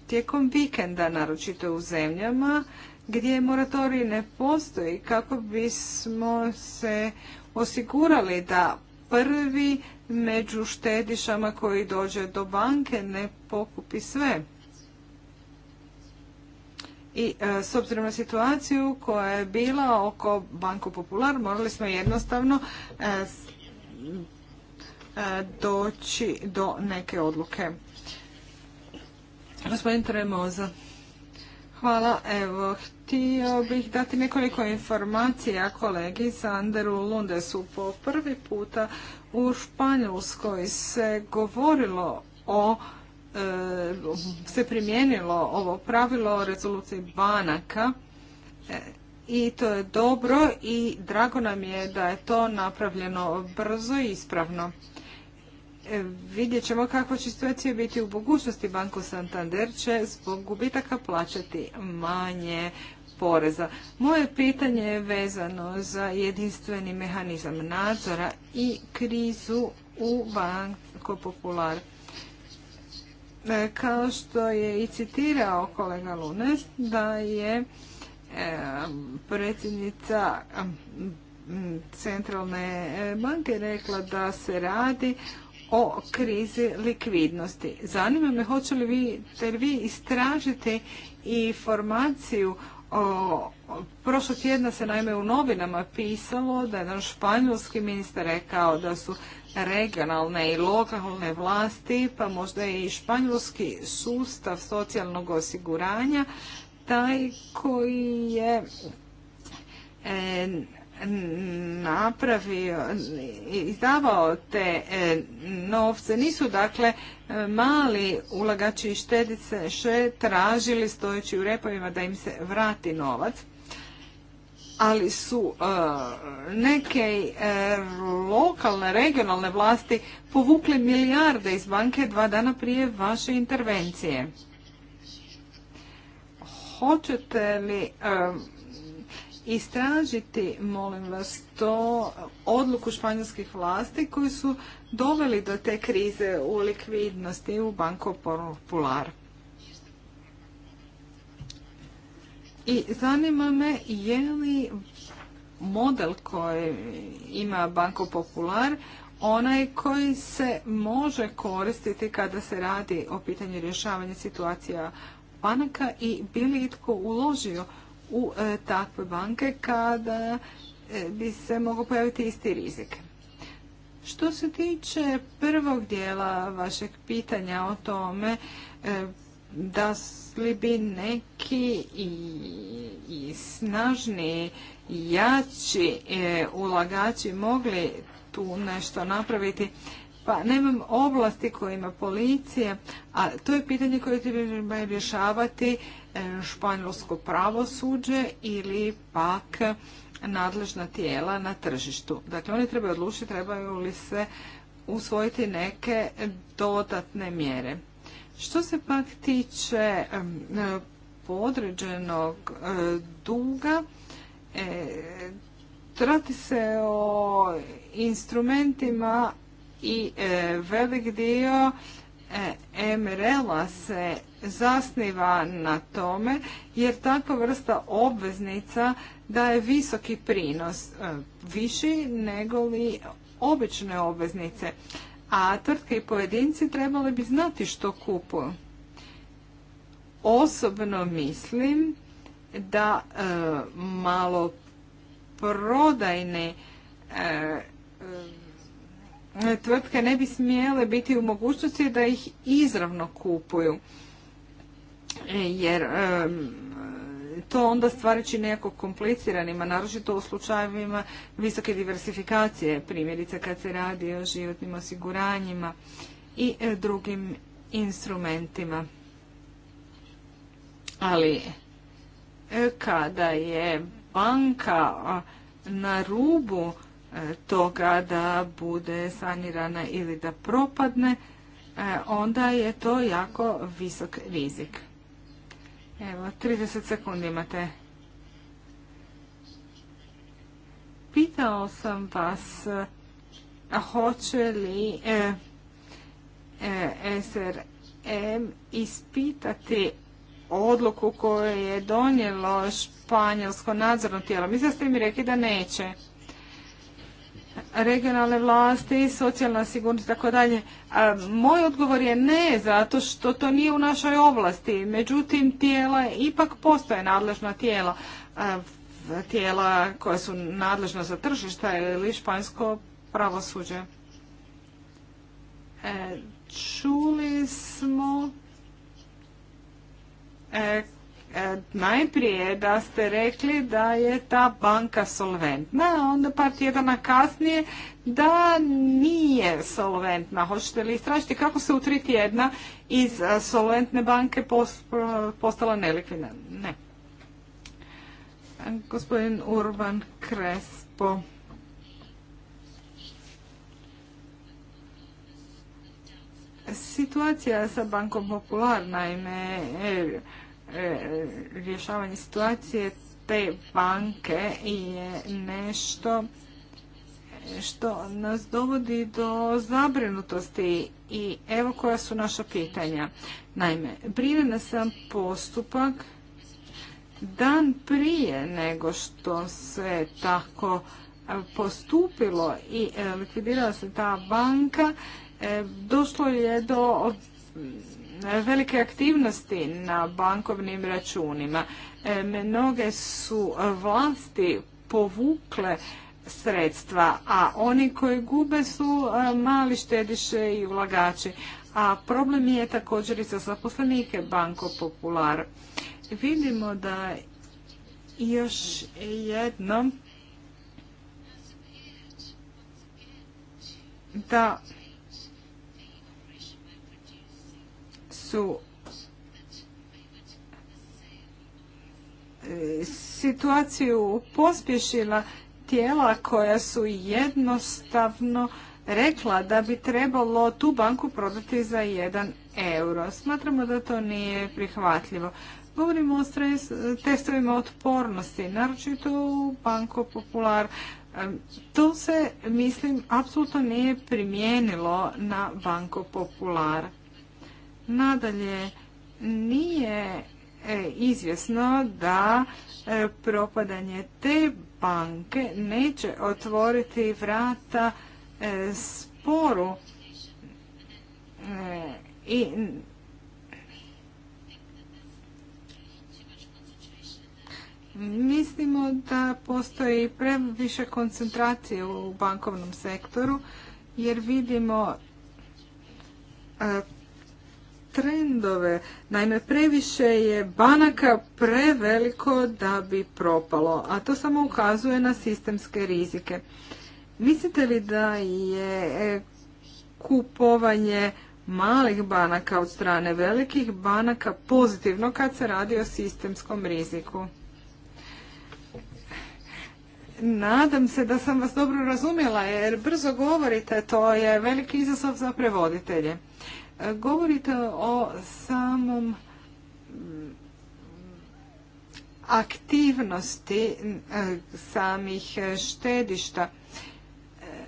tijekom vikenda, naročito u zemljama gdje moratorij ne postoji, kako bismo se osigurali da prvi među štedišama koji dođe do banke ne pokupi sve. I e, s obzirom na situaciju koja je bila oko Banko Popular, morali smo jednostavno e, e, doći do neke odluke. Gospodin Tremoza. Hvala. Evo, htio bih dati nekoliko informacija kolegi Sanderu Lundesu. Po prvi puta u Španjolskoj se govorilo o e, se primijenilo ovo pravilo o rezoluciji banaka e, i to je dobro i drago nam je da je to napravljeno brzo i ispravno. E, vidjet ćemo kakva će situacija biti u mogućnosti. Banko Santander će zbog gubitaka plaćati manje poreza. Moje pitanje je vezano za jedinstveni mehanizam nadzora i krizu u Banko Popular. E, kao što je i citirao kolega Lunes, da je e, predsjednica centralne banke rekla da se radi o krizi likvidnosti. Zanima me hoće li vi, jer vi istražiti informaciju o, prošlog tjedna se naime u novinama pisalo da je naš španjolski ministar rekao da su regionalne i lokalne vlasti, pa možda i španjolski sustav socijalnog osiguranja, taj koji je e, napravio, izdavao te e, novce, nisu dakle e, mali ulagači i štedice še tražili stojeći u repovima da im se vrati novac, ali su e, neke lokalne, regionalne vlasti povukli milijarde iz banke dva dana prije vaše intervencije. Hoćete li istražiti, molim vas, to odluku španjolskih vlasti koji su doveli do te krize u likvidnosti u Banko Popular. I zanima me je li model koji ima Banko Popular onaj koji se može koristiti kada se radi o pitanju rješavanja situacija banaka i bili itko uložio u e, takve banke kada e, bi se mogao pojaviti isti rizik. Što se tiče prvog dijela vašeg pitanja o tome e, da li bi neki i, snažni i jači ulagači mogli tu nešto napraviti, pa nemam oblasti koje ima policija, a to je pitanje koje treba rješavati E, španjolsko pravosuđe ili pak nadležna tijela na tržištu. Dakle, oni trebaju odlučiti trebaju li se usvojiti neke dodatne mjere. Što se pak tiče e, podređenog e, duga, trati se o instrumentima i velik dio MRL-a se zasniva na tome jer takva vrsta obveznica daje visoki prinos, e, viši nego li obične obveznice, a tvrtke i pojedinci trebali bi znati što kupuju. Osobno mislim da e, malo prodajne e, tvrtke ne bi smjele biti u mogućnosti da ih izravno kupuju. E, jer to onda stvari čini nekako kompliciranima, naročito u slučajevima visoke diversifikacije, primjerice kad se radi o životnim osiguranjima i e, drugim instrumentima. Ali e, kada je banka na rubu toga da bude sanirana ili da propadne, onda je to jako visok rizik. Evo, 30 sekundi imate. Pitao sam vas hoće li e, e, SRM ispitati odluku koju je donijelo španjolsko nadzorno tijelo. Mislim da ste mi rekli da neće regionalne vlasti, socijalna sigurnost i tako dalje. moj odgovor je ne, zato što to nije u našoj ovlasti. Međutim, tijela ipak postoje nadležna tijela. tijela koja su nadležna za tržišta ili špansko pravosuđe. E, čuli smo e, E, najprije da ste rekli da je ta banka solventna, a onda par tjedana kasnije da nije solventna. Hoćete li istražiti kako se u tri tjedna iz e, solventne banke postala nelikvidna? Ne. Gospodin Urban Krespo. Situacija sa bankom popularna, ime. E, rješavanje situacije te banke je nešto što nas dovodi do zabrinutosti i evo koja su naša pitanja. Naime, brine nas sam postupak dan prije nego što se tako postupilo i e, likvidirala se ta banka, e, došlo je do velike aktivnosti na bankovnim računima. E, mnoge su vlasti povukle sredstva, a oni koji gube su e, mali štediše i ulagači. A problem je također i sa zaposlenike Banko Popular. Vidimo da još jednom da su e, situaciju pospješila tijela koja su jednostavno rekla da bi trebalo tu banku prodati za 1 euro. Smatramo da to nije prihvatljivo. Govorimo o stres, testovima otpornosti, naročito u Banko Popular. E, to se, mislim, apsolutno nije primijenilo na Banko Popular. Nadalje, nije e, izvjesno da e, propadanje te banke neće otvoriti vrata e, sporu i Mislimo da postoji previše koncentracije u bankovnom sektoru jer vidimo trendove. Naime, previše je banaka preveliko da bi propalo, a to samo ukazuje na sistemske rizike. Mislite li da je e, kupovanje malih banaka od strane velikih banaka pozitivno kad se radi o sistemskom riziku? Nadam se da sam vas dobro razumjela jer brzo govorite, to je veliki izazov za prevoditelje. Govorite o samom mm, aktivnosti mm, samih e, štedišta. E,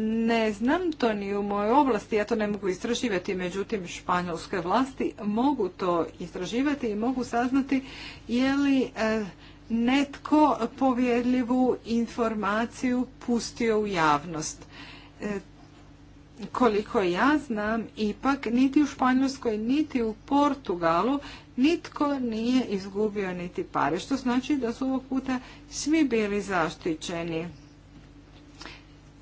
ne znam to ni u mojoj oblasti, ja to ne mogu istraživati, međutim španjolske vlasti mogu to istraživati i mogu saznati je li e, netko povjerljivu informaciju pustio u javnost koliko ja znam, ipak niti u Španjolskoj, niti u Portugalu nitko nije izgubio niti pare, što znači da su ovog puta svi bili zaštićeni.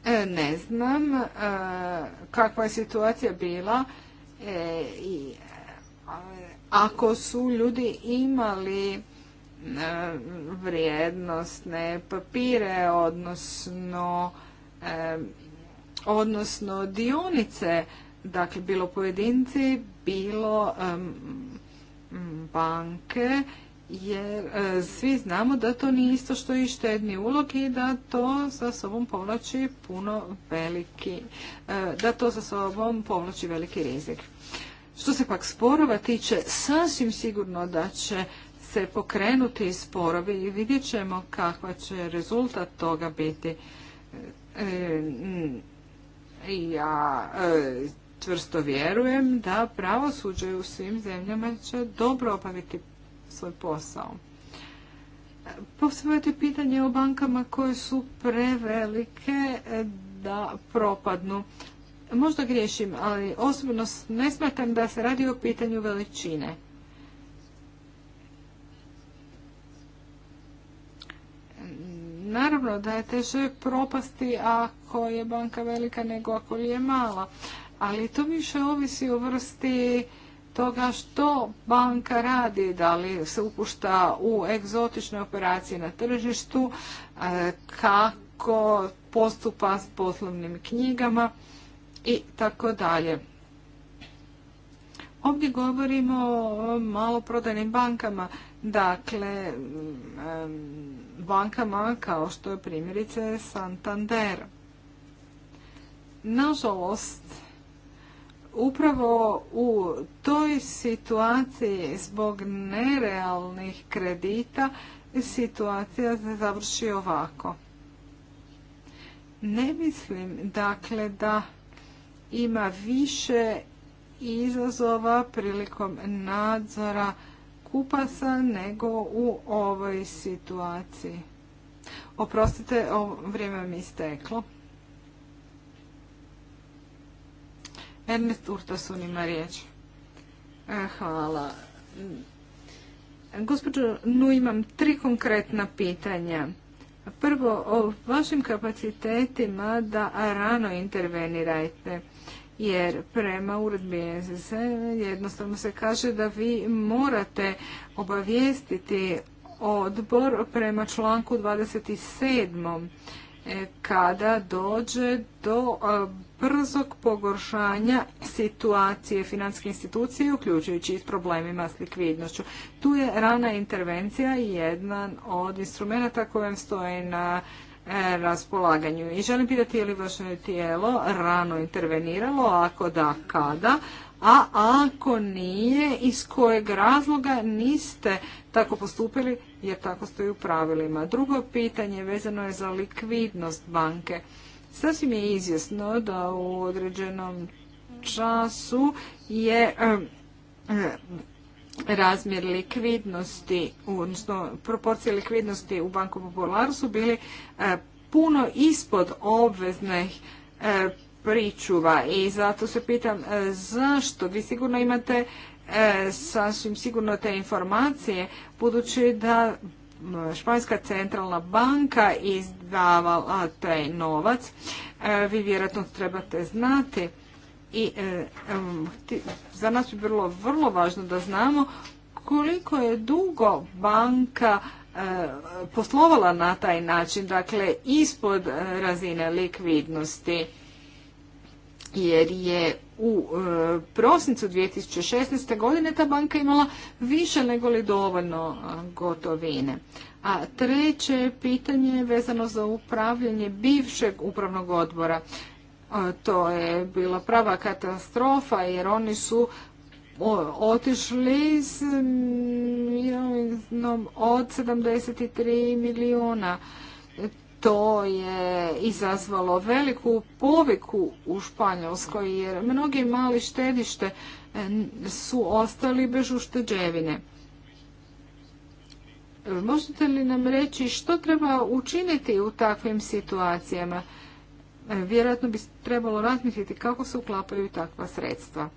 E, ne znam e, kakva je situacija bila e, i ako su ljudi imali vrijednostne papire, odnosno odnosno dionice, dakle bilo pojedinci, bilo um, banke, jer e, svi znamo da to nije isto što i štedni ulog i da to za sobom povlači puno veliki, e, da to sa sobom povlači veliki rizik. Što se pak sporova tiče, sasvim sigurno da će se pokrenuti sporovi i vidjet ćemo kakva će rezultat toga biti. E, ja e, čvrsto vjerujem da pravosuđe u svim zemljama će dobro obaviti svoj posao. Postavljate pitanje o bankama koje su prevelike e, da propadnu. Možda griješim, ali osobno ne smatram da se radi o pitanju veličine. Naravno da je teže propasti ako je banka velika nego ako je mala, ali to više ovisi o vrsti toga što banka radi, da li se upušta u egzotične operacije na tržištu, e, kako postupa s poslovnim knjigama i tako dalje. Ovdje govorimo o maloprodajnim bankama dakle, bankama kao što je primjerice Santander. Nažalost, upravo u toj situaciji zbog nerealnih kredita situacija se završi ovako. Ne mislim dakle da ima više izazova prilikom nadzora kupaca nego u ovoj situaciji. Oprostite, ovo vrijeme mi isteklo. Ernest Urtasun ima riječ. E, hvala. Gospođo, nu imam tri konkretna pitanja. Prvo, o vašim kapacitetima da rano intervenirajte jer prema uredbi SS jednostavno se kaže da vi morate obavijestiti odbor prema članku 27. E, kada dođe do e, brzog pogoršanja situacije financijske institucije, uključujući i s problemima s likvidnošću. Tu je rana intervencija jedan od instrumenta kojem stoje na E, raspolaganju. I želim pitati je li vaše tijelo rano interveniralo, ako da, kada, a ako nije, iz kojeg razloga niste tako postupili, jer tako stoji u pravilima. Drugo pitanje vezano je za likvidnost banke. Sasvim je izvjesno da u određenom času je e, e, razmjer likvidnosti, odnosno proporcije likvidnosti u Banku Popularu su bili e, puno ispod obveznih e, pričuva i zato se pitam e, zašto vi sigurno imate sasvim sigurno te informacije budući da Španjska centralna banka izdavala taj novac. Vi vjerojatno trebate znati i za nas je bilo vrlo važno da znamo koliko je dugo banka e, poslovala na taj način, dakle ispod e, razine likvidnosti, jer je u e, prosincu 2016. godine ta banka imala više nego li dovoljno gotovine. A treće pitanje je vezano za upravljanje bivšeg upravnog odbora. To je bila prava katastrofa jer oni su otišli s mirovinom od 73 milijuna. To je izazvalo veliku poviku u Španjolskoj jer mnogi mali štedište su ostali bez ušteđevine. Možete li nam reći što treba učiniti u takvim situacijama? E, vjerojatno bi trebalo razmisliti kako se uklapaju takva sredstva.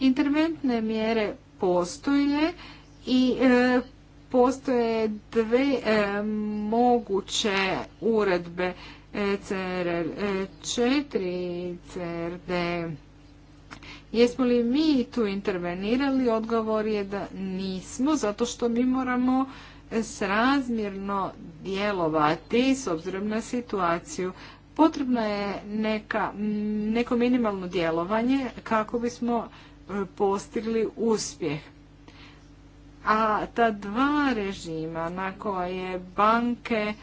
Interventne mjere postoje i e, postoje dve e, moguće uredbe cr 4 CRD. Jesmo li mi tu intervenirali? Odgovor je da nismo, zato što mi moramo srazmjerno djelovati s obzirom na situaciju. Potrebno je neka, neko minimalno djelovanje kako bismo e, postigli uspjeh. A ta dva režima na koje banke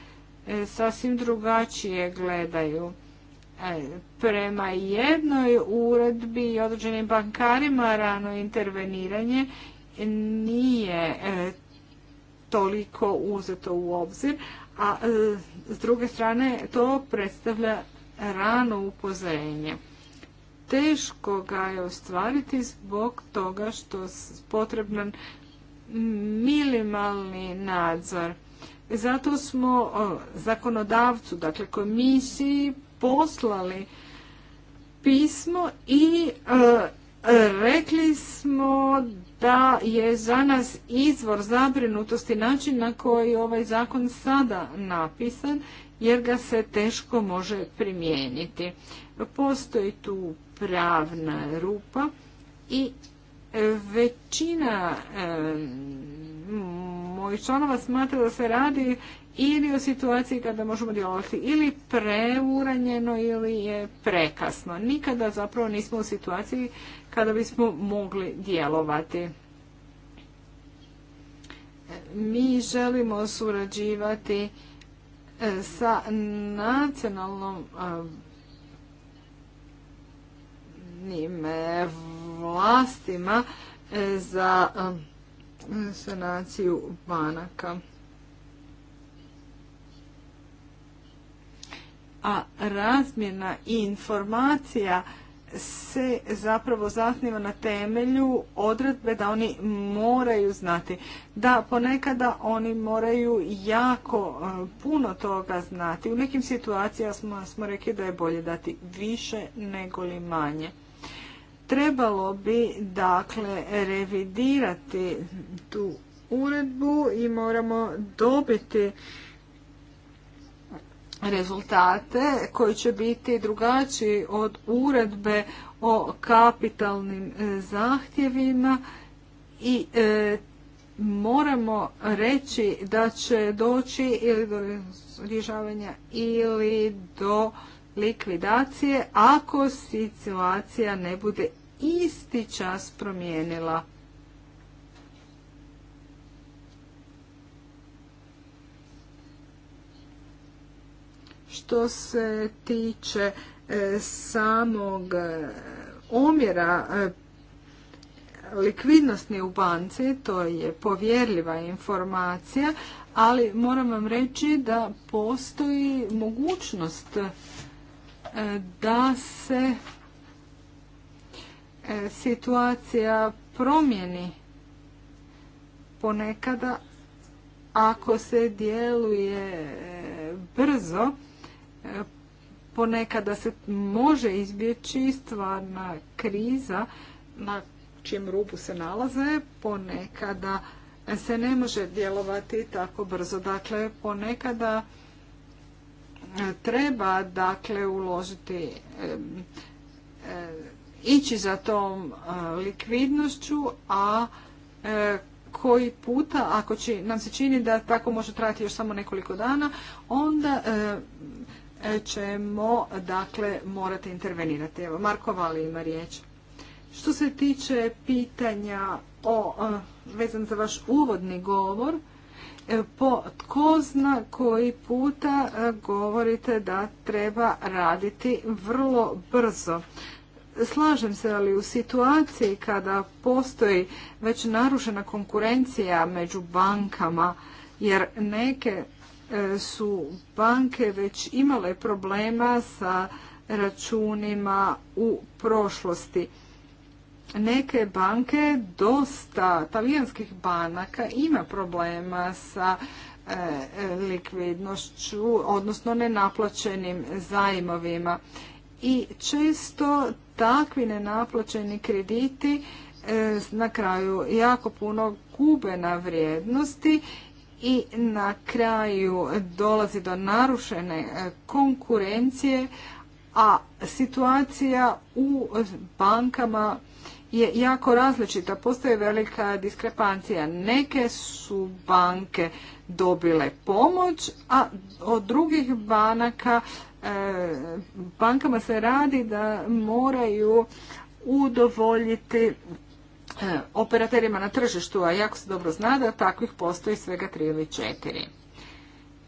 e, sasvim drugačije gledaju e, prema jednoj uredbi i određenim bankarima rano interveniranje nije toliko uzeto u obzir, a e, s druge strane to predstavlja rano upozorenje. Teško ga je ostvariti zbog toga što je potreban minimalni nadzor. Zato smo zakonodavcu, dakle komisiji, poslali pismo i e, Rekli smo da je za nas izvor zabrinutosti način na koji ovaj zakon sada napisan, jer ga se teško može primijeniti. Postoji tu pravna rupa i većina ovih članova smatra da se radi ili o situaciji kada možemo djelovati ili preuranjeno ili je prekasno. Nikada zapravo nismo u situaciji kada bismo mogli djelovati. Mi želimo surađivati e, sa nacionalnom e, vlastima e, za sanaciju banaka. A razmjena informacija se zapravo zasniva na temelju odredbe da oni moraju znati. Da, ponekada oni moraju jako e, puno toga znati. U nekim situacijama smo, rekli da je bolje dati više nego li manje. Trebalo bi dakle revidirati tu uredbu i moramo dobiti rezultate koji će biti drugačiji od uredbe o kapitalnim e, zahtjevima i e, moramo reći da će doći ili do rješavanja ili do likvidacije ako situacija ne bude isti čas promijenila. Što se tiče e, samog e, omjera e, likvidnosti u banci, to je povjerljiva informacija, ali moram vam reći da postoji mogućnost da se e, situacija promijeni ponekada ako se djeluje e, brzo e, ponekada se može izbjeći stvarna kriza na čijem rubu se nalaze ponekada se ne može djelovati tako brzo dakle ponekada treba dakle uložiti ići za tom eh, likvidnošću, a eh, koji puta, ako će, nam se čini da tako može trajati još samo nekoliko dana, onda eh, ćemo dakle morati intervenirati. Evo, Marko Vali ima riječ. Što se tiče pitanja o, vezan za vaš uvodni govor, E, po tko zna koji puta e, govorite da treba raditi vrlo brzo. Slažem se, ali u situaciji kada postoji već narušena konkurencija među bankama, jer neke e, su banke već imale problema sa računima u prošlosti neke banke, dosta talijanskih banaka ima problema sa e, likvidnošću, odnosno nenaplaćenim zajmovima. I često takvi nenaplaćeni krediti e, na kraju jako puno gube na vrijednosti i na kraju dolazi do narušene e, konkurencije, a situacija u bankama je jako različita. Postoje velika diskrepancija. Neke su banke dobile pomoć, a od drugih banaka e, bankama se radi da moraju udovoljiti e, operaterima na tržištu, a jako se dobro zna da takvih postoji svega tri ili četiri.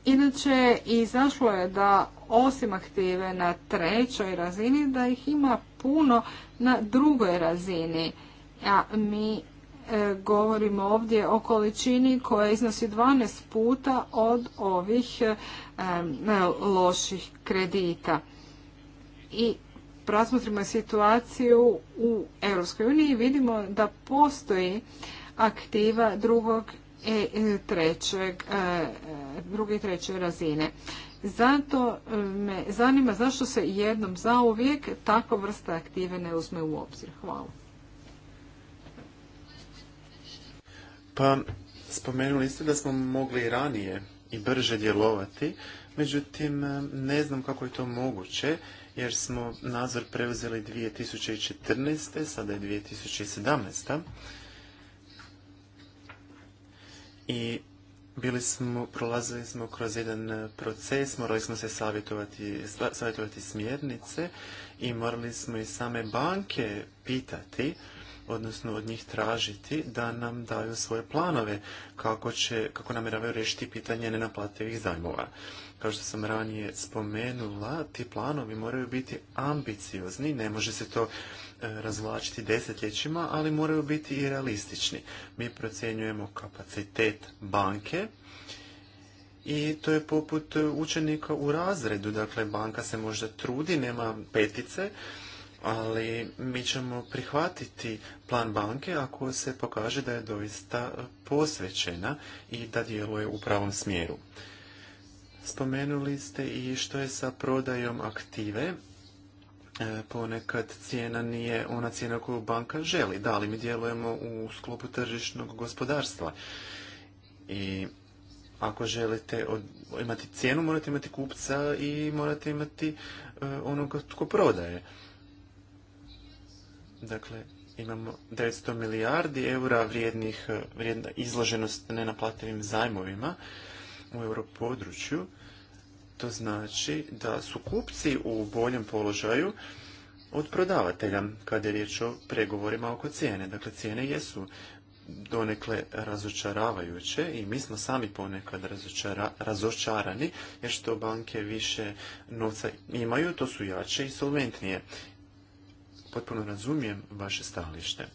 Inače, izašlo je da osim aktive na trećoj razini, da ih ima puno na drugoj razini. A mi e, govorimo ovdje o količini koja iznosi 12 puta od ovih e, e, loših kredita. I razmotrimo situaciju u EU i vidimo da postoji aktiva drugog i trećeg, e, druge i treće razine. Zato e, me zanima zašto se jednom zauvijek takva vrsta aktive ne uzme u obzir. Hvala. Pa spomenuli ste da smo mogli ranije i brže djelovati, međutim e, ne znam kako je to moguće jer smo nadzor preuzeli 2014. sada je 2017 i bili smo, prolazili smo kroz jedan e, proces, morali smo se savjetovati, savjetovati smjernice i morali smo i same banke pitati, odnosno od njih tražiti da nam daju svoje planove kako, će, kako namjeravaju riješiti pitanje nenaplativih zajmova. Kao što sam ranije spomenula, ti planovi moraju biti ambiciozni, ne može se to E, razvlačiti desetljećima, ali moraju biti i realistični. Mi procjenjujemo kapacitet banke i to je poput učenika u razredu. Dakle, banka se možda trudi, nema petice, ali mi ćemo prihvatiti plan banke ako se pokaže da je doista posvećena i da djeluje u pravom smjeru. Spomenuli ste i što je sa prodajom aktive E, ponekad cijena nije ona cijena koju banka želi. Da, li mi djelujemo u sklopu tržišnog gospodarstva. I ako želite imati cijenu, morate imati kupca i morate imati e, onoga tko prodaje. Dakle, imamo 900 milijardi eura vrijednih, vrijedna izloženost nenaplativim zajmovima u europodručju. području to znači da su kupci u boljem položaju od prodavatelja kada je riječ o pregovorima oko cijene. Dakle, cijene jesu donekle razočaravajuće i mi smo sami ponekad razočarani jer što banke više novca imaju, to su jače i solventnije. Potpuno razumijem vaše stalište.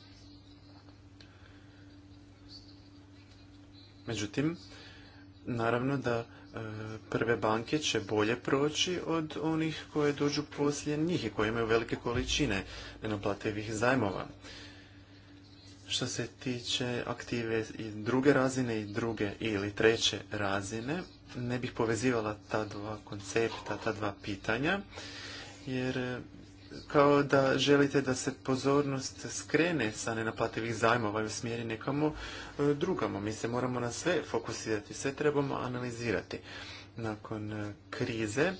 Međutim, naravno da prve banke će bolje proći od onih koje dođu poslije njih i koje imaju velike količine nenaplativih zajmova. Što se tiče aktive i druge razine i druge ili treće razine, ne bih povezivala ta dva koncepta, ta dva pitanja, jer kao da želite da se pozornost skrene sa nenaplativih zajmova i usmjeri nekamo e, drugamo. Mi se moramo na sve fokusirati, sve trebamo analizirati. Nakon e, krize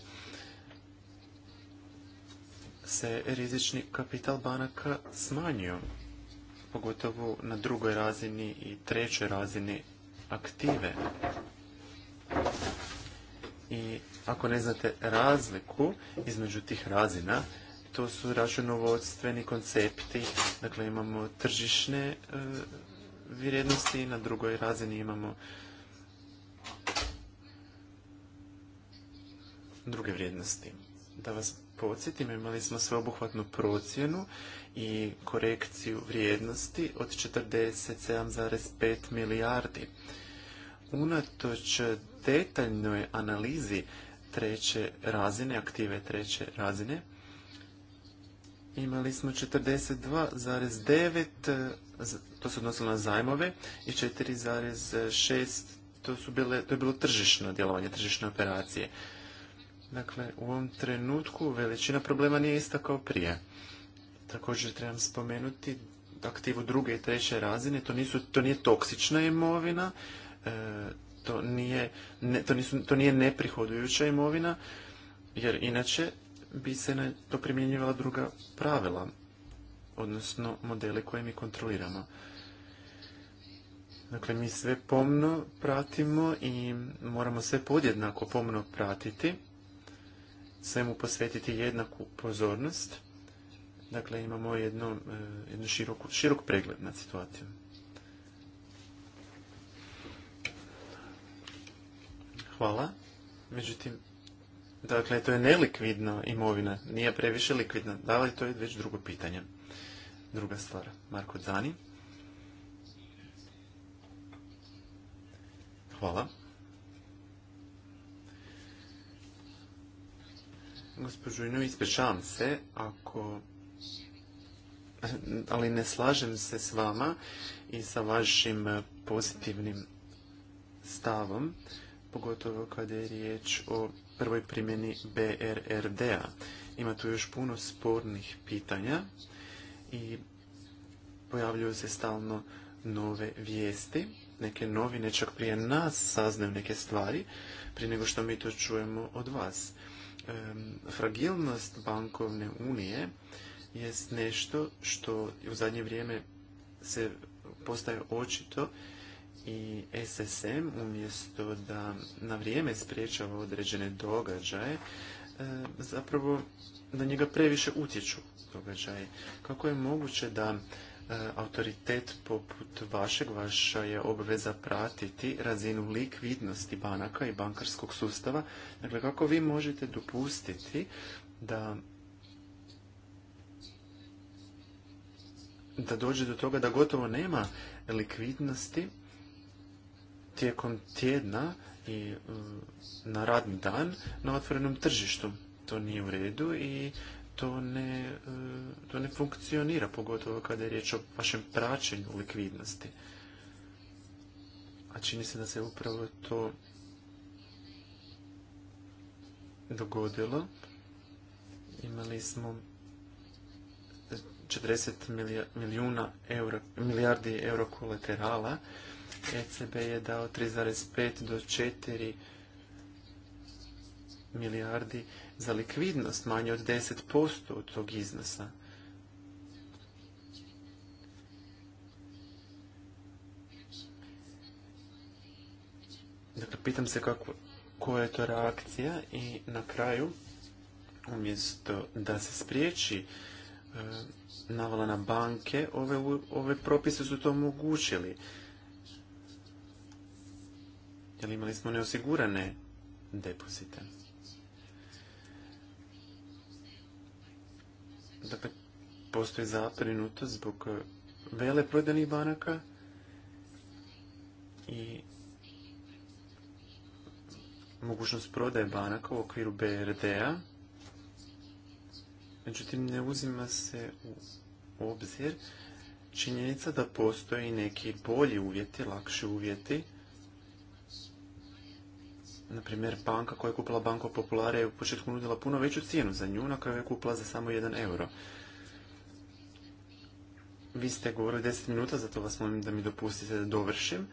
se rizični kapital banaka smanjio, pogotovo na drugoj razini i trećoj razini aktive. I ako ne znate razliku između tih razina, to su računovodstveni koncepti. Dakle, imamo tržišne e, vrijednosti, na drugoj razini imamo druge vrijednosti. Da vas podsjetim, imali smo sveobuhvatnu procjenu i korekciju vrijednosti od 47,5 milijardi. Unatoč detaljnoj analizi treće razine, aktive treće razine, imali smo 42,9, eh, to se odnosilo na zajmove, i 4,6, to, su bile, to je bilo tržišno djelovanje, tržišne operacije. Dakle, u ovom trenutku veličina problema nije ista kao prije. Također trebam spomenuti aktivu druge i treće razine, to, nisu, to nije toksična imovina, eh, to nije, to, nisu, to nije neprihodujuća imovina, jer inače bi se na to primjenjivala druga pravila, odnosno modele koje mi kontroliramo. Dakle, mi sve pomno pratimo i moramo sve podjednako pomno pratiti, svemu posvetiti jednaku pozornost. Dakle, imamo e, jednu široku, širok pregled nad situacijom. Hvala. Međutim, Dakle, to je nelikvidna imovina, nije previše likvidna. Da li to je već drugo pitanje? Druga stvar, Marko Zani. Hvala. Gospođu Inu, ispričavam se, ako... Ali ne slažem se s vama i sa vašim pozitivnim stavom, pogotovo kada je riječ o prvoj primjeni BRRD-a. Ima tu još puno spornih pitanja i pojavljuju se stalno nove vijesti. Neke novine čak prije nas saznaju neke stvari, prije nego što mi to čujemo od vas. fragilnost bankovne unije jest nešto što u zadnje vrijeme se postaje očito i SSM umjesto da na vrijeme spriječava određene događaje, e, zapravo na njega previše utječu događaje. Kako je moguće da e, autoritet poput vašeg, vaša je obveza pratiti razinu likvidnosti banaka i bankarskog sustava. Dakle, kako vi možete dopustiti da da dođe do toga da gotovo nema likvidnosti tijekom tjedna i e, na radni dan na otvorenom tržištu. To nije u redu i e, to ne, funkcionira, pogotovo kada je riječ o vašem praćenju likvidnosti. A čini se da se upravo to dogodilo. Imali smo 40 milijuna eura milijardi euro kolaterala ECB je dao 3,5 do 4 milijardi za likvidnost, manje od 10% od tog iznosa. Dakle, pitam se kako, koja je to reakcija i na kraju, umjesto da se spriječi e, navala na banke, ove, ove propise su to omogućili jer imali smo neosigurane depozite. Dakle, postoji zaprinuto zbog e, vele prodanih banaka i mogućnost prodaje banaka u okviru BRD-a. Međutim, ne uzima se u obzir činjenica da postoji neki bolji uvjeti, lakši uvjeti na primjer, banka koja je kupila Banko Populare je u početku nudila puno veću cijenu za nju, na kraju je kupila za samo 1 euro. Vi ste govorili 10 minuta, zato vas molim da mi dopustite da dovršim.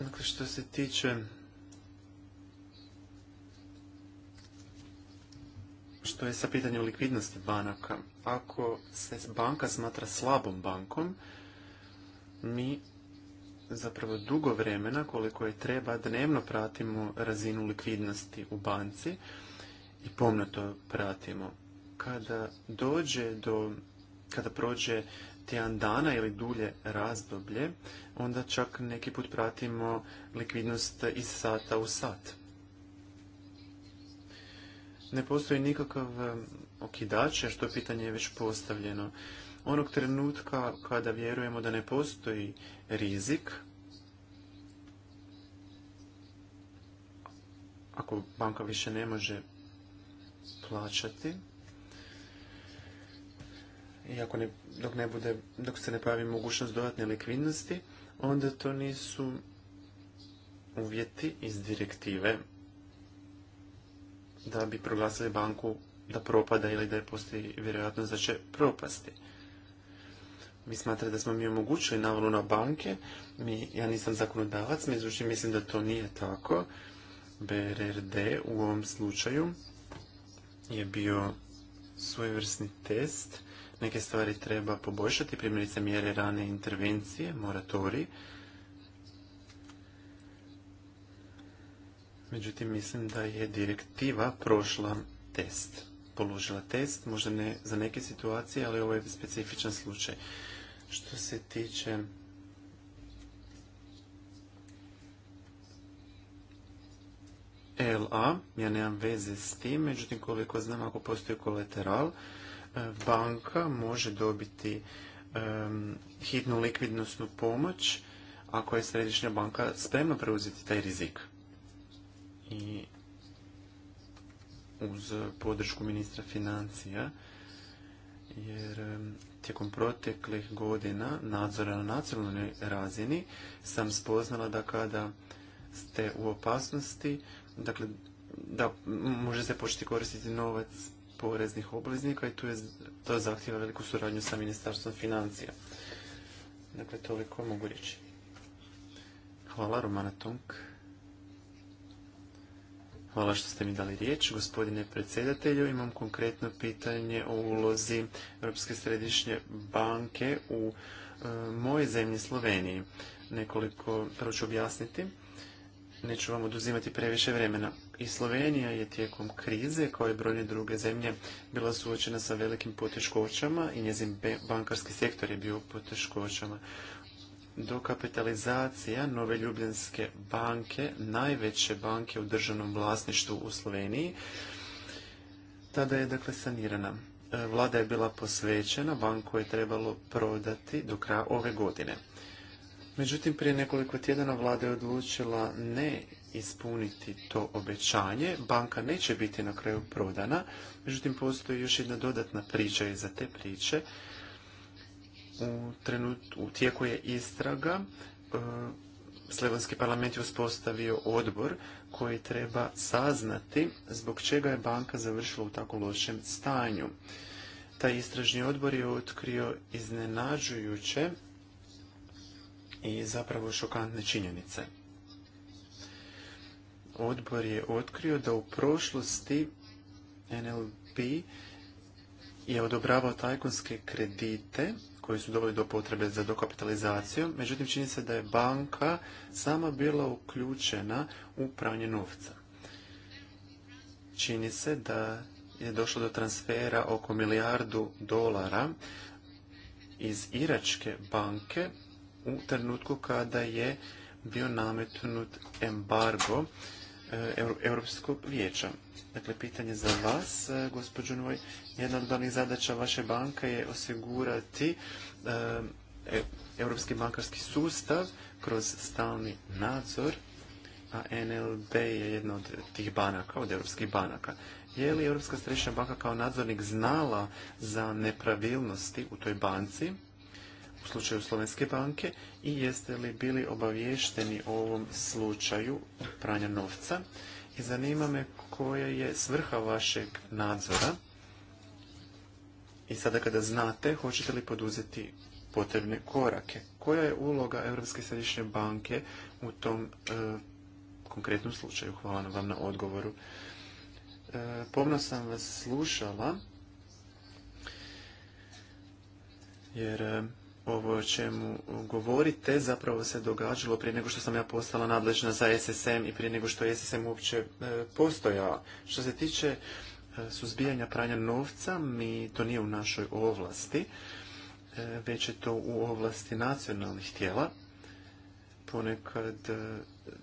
Dakle, što se tiče što je sa pitanjem likvidnosti banaka. Ako se banka smatra slabom bankom, mi zapravo dugo vremena koliko je treba dnevno pratimo razinu likvidnosti u banci i pomno to pratimo. Kada dođe do, kada prođe tjedan dana ili dulje razdoblje, onda čak neki put pratimo likvidnost iz sata u sat ne postoji nikakav okidač, jer što pitanje je već postavljeno. Onog trenutka kada vjerujemo da ne postoji rizik, ako banka više ne može plaćati, i ako ne, dok, ne bude, dok se ne pojavi mogućnost dodatne likvidnosti, onda to nisu uvjeti iz direktive da bi proglasili banku da propada ili da je postoji vjerojatnost da će propasti. Mi smatra da smo mi omogućili navolu na banke, ja nisam zakonodavac, međutim mislim da to nije tako. BRRD u ovom slučaju je bio svojevrsni test. Neke stvari treba poboljšati, primjerice mjere rane intervencije, moratori, međutim mislim da je direktiva prošla test. Položila test, možda ne za neke situacije, ali ovo je specifičan slučaj. Što se tiče LA, ja nemam veze s tim, međutim koliko znam ako postoji kolateral, e, banka može dobiti e, hitnu likvidnostnu pomoć ako je središnja banka spremna preuzeti taj rizik i uz podršku ministra financija, jer tijekom proteklih godina nadzora na nacionalnoj razini sam spoznala da kada ste u opasnosti, dakle, da može se početi koristiti novac poreznih obveznika i tu je, to zahtjeva veliku suradnju sa Ministarstvom financija. Dakle, toliko mogu reći. Hvala, Romana Tonk. Hvala što ste mi dali riječ. Gospodine predsjedatelju, imam konkretno pitanje o ulozi Europske središnje banke u e, mojoj zemlji Sloveniji. Nekoliko, prvo ću objasniti, neću vam oduzimati previše vremena. I Slovenija je tijekom krize, kao i brojne druge zemlje, bila suočena sa velikim poteškoćama i njezin bankarski sektor je bio u poteškoćama dokapitalizacija Nove Ljubljanske banke, najveće banke u državnom vlasništvu u Sloveniji, tada je dakle sanirana. E, vlada je bila posvećena, banku je trebalo prodati do kraja ove godine. Međutim, prije nekoliko tjedana vlada je odlučila ne ispuniti to obećanje. Banka neće biti na kraju prodana. Međutim, postoji još jedna dodatna priča iza te priče u, u tijeku je istraga. E, Slevonski parlament je uspostavio odbor koji treba saznati zbog čega je banka završila u tako lošem stanju. Taj istražni odbor je otkrio iznenađujuće i zapravo šokantne činjenice. Odbor je otkrio da u prošlosti NLP je odobravao tajkonske kredite koji su doveli do potrebe za dokapitalizacijom, međutim čini se da je banka sama bila uključena u pranje novca. Čini se da je došlo do transfera oko milijardu dolara iz iračke banke u trenutku kada je bio nametnut embargo E, Europskog vijeća. Dakle, pitanje za vas, e, gospođo Noj, jedna od glavnih zadaća vaše banka je osigurati e, europski bankarski sustav kroz stalni nadzor, a NLB je jedna od tih banaka, od europskih banaka. Je li Europska središnja banka kao nadzornik znala za nepravilnosti u toj banci u slučaju Slovenske banke i jeste li bili obaviješteni o ovom slučaju pranja novca i zanima me koja je svrha vašeg nadzora i sada kada znate hoćete li poduzeti potrebne korake. Koja je uloga Europske središnje banke u tom e, konkretnom slučaju? Hvala vam na odgovoru. E, pomno sam vas slušala jer e, ovo o čemu govorite zapravo se događalo prije nego što sam ja postala nadležna za SSM i prije nego što je SSM uopće e, postojao. Što se tiče e, suzbijanja pranja novca, mi to nije u našoj ovlasti, e, već je to u ovlasti nacionalnih tijela. Ponekad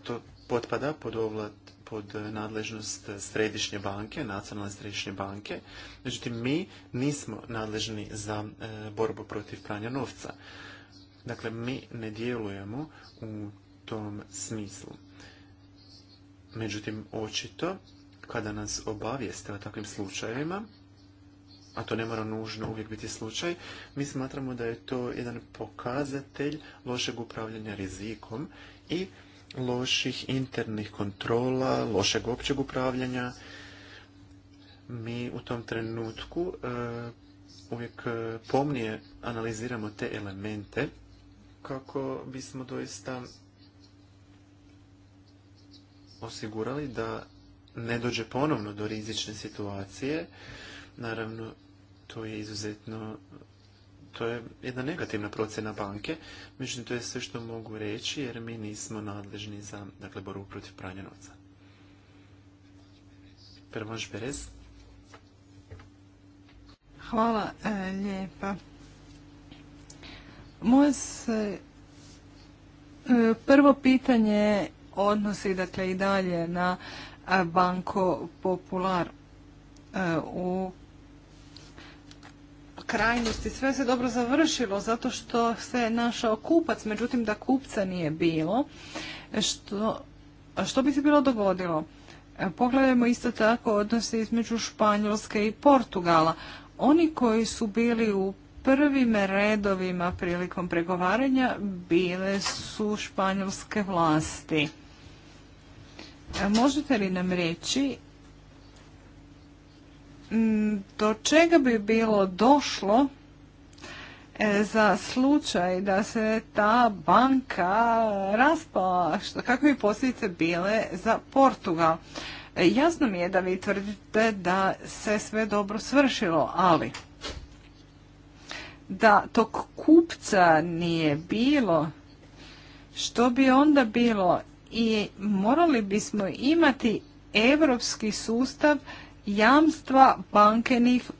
to potpada pod ovlast pod nadležnost središnje banke, nacionalne središnje banke. Međutim, mi nismo nadležni za e, borbu protiv pranja novca. Dakle, mi ne djelujemo u tom smislu. Međutim, očito, kada nas obavijeste o takvim slučajevima, a to ne mora nužno uvijek biti slučaj, mi smatramo da je to jedan pokazatelj lošeg upravljanja rizikom i loših internih kontrola, lošeg općeg upravljanja. Mi u tom trenutku e, uvijek pomnije analiziramo te elemente kako bismo doista osigurali da ne dođe ponovno do rizične situacije. Naravno, to je izuzetno to je jedna negativna procjena banke, međutim to je sve što mogu reći jer mi nismo nadležni za dakle, borbu protiv pranja novca. prvo Perez. Hvala e, lijepa. Moje se e, prvo pitanje odnosi dakle i dalje na e, Banko Popular e, u krajnosti. Sve se dobro završilo zato što se našao kupac, međutim da kupca nije bilo. Što, što bi se bilo dogodilo? E, pogledajmo isto tako odnose između Španjolske i Portugala. Oni koji su bili u prvim redovima prilikom pregovaranja bile su španjolske vlasti. E, možete li nam reći Mm, do čega bi bilo došlo e, za slučaj da se ta banka raspala, što, kakve bi posljedice bile za Portugal? E, jasno mi je da vi tvrdite da se sve dobro svršilo, ali da tog kupca nije bilo, što bi onda bilo? I morali bismo imati europski sustav jamstva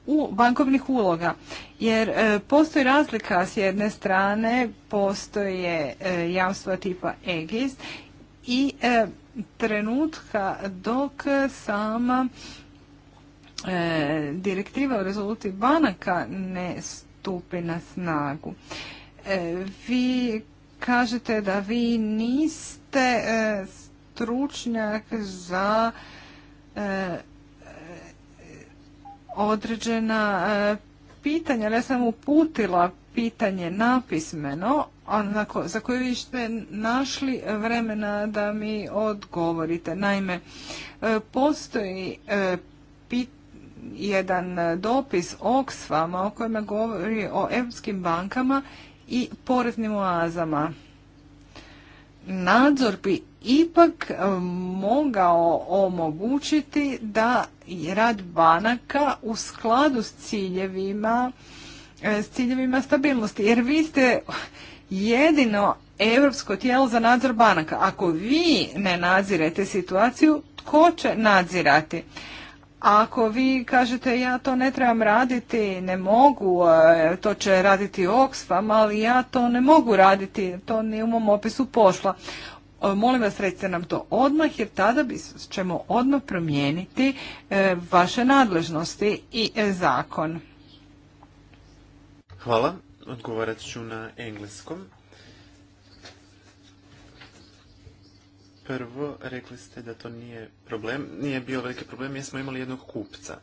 u, bankovnih uloga. Jer e, postoji razlika s jedne strane, postoje e, jamstva tipa EGIS i e, trenutka dok sama direktiva o rezoluti banaka ne stupi na snagu. vi kažete da vi niste stručnjak za određena e, pitanja, ja sam uputila pitanje napismeno, onako, za koje vi ste našli vremena da mi odgovorite. Naime, e, postoji e, jedan dopis Oxfama o kojem govori o europskim bankama i poreznim oazama. Nadzor bi ipak e, mogao omogućiti da rad banaka u skladu s ciljevima e, s ciljevima stabilnosti. Jer vi ste jedino europsko tijelo za nadzor banaka. Ako vi ne nadzirete situaciju, tko će nadzirati? Ako vi kažete ja to ne trebam raditi, ne mogu, e, to će raditi Oxfam, ali ja to ne mogu raditi, to nije u mom opisu posla. E, molim vas recite nam to odmah jer tada ćemo odmah promijeniti e, vaše nadležnosti i e, zakon. Hvala. Odgovarat ću na engleskom. Prvo, rekli ste da to nije problem. Nije bio veliki problem jer smo imali jednog kupca.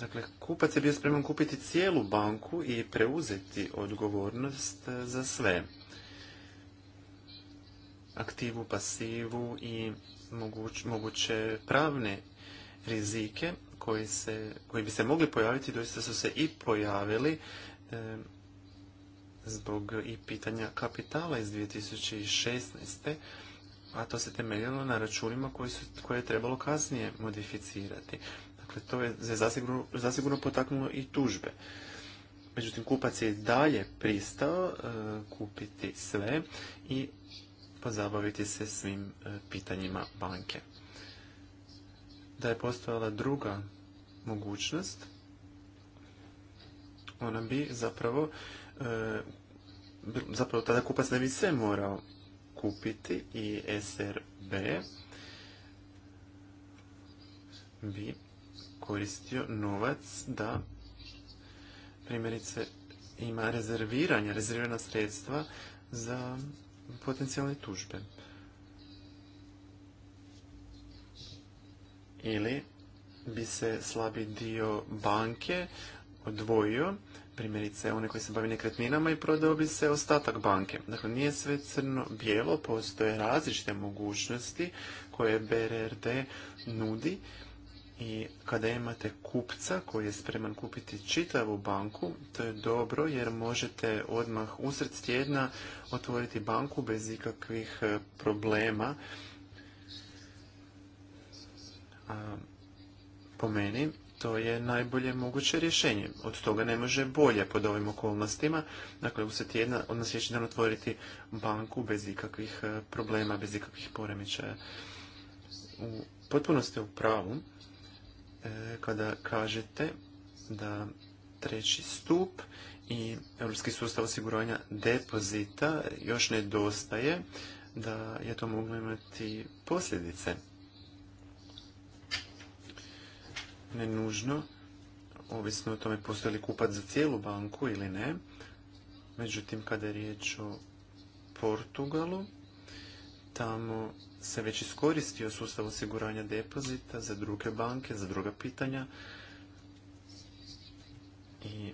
Dakle, kupac je bio spreman kupiti cijelu banku i preuzeti odgovornost za sve aktivu, pasivu i moguće pravne rizike koji, bi se mogli pojaviti, doista su se i pojavili e, zbog i pitanja kapitala iz 2016. A to se temeljilo na računima koje je trebalo kasnije modificirati. Dakle, to je zasigurno, potaknulo i tužbe. Međutim, kupac je dalje pristao e, kupiti sve i pozabaviti pa se svim e, pitanjima banke. Da je postojala druga mogućnost, ona bi zapravo, e, zapravo tada kupac ne bi sve morao kupiti i SRB bi koristio novac da primjerice ima rezerviranja, rezervirana sredstva za potencijalne tužbe. Ili bi se slabi dio banke odvojio, primjerice one koji se bavi nekretninama i prodao bi se ostatak banke. Dakle, nije sve crno-bijelo, postoje različite mogućnosti koje BRRD nudi i kada imate kupca koji je spreman kupiti čitavu banku, to je dobro jer možete odmah usred tjedna otvoriti banku bez ikakvih e, problema. A, po meni to je najbolje moguće rješenje. Od toga ne može bolje pod ovim okolnostima. Dakle, usred tjedna odmah sljedeći dan otvoriti banku bez ikakvih e, problema, bez ikakvih poremećaja. U potpuno u pravu E, kada kažete da treći stup i europski sustav osiguranja depozita još nedostaje da je to moglo imati posljedice. Ne nužno, ovisno o tome postoji li kupac za cijelu banku ili ne. Međutim, kada je riječ o Portugalu, tamo se već iskoristio sustav osiguranja depozita za druge banke, za druga pitanja. I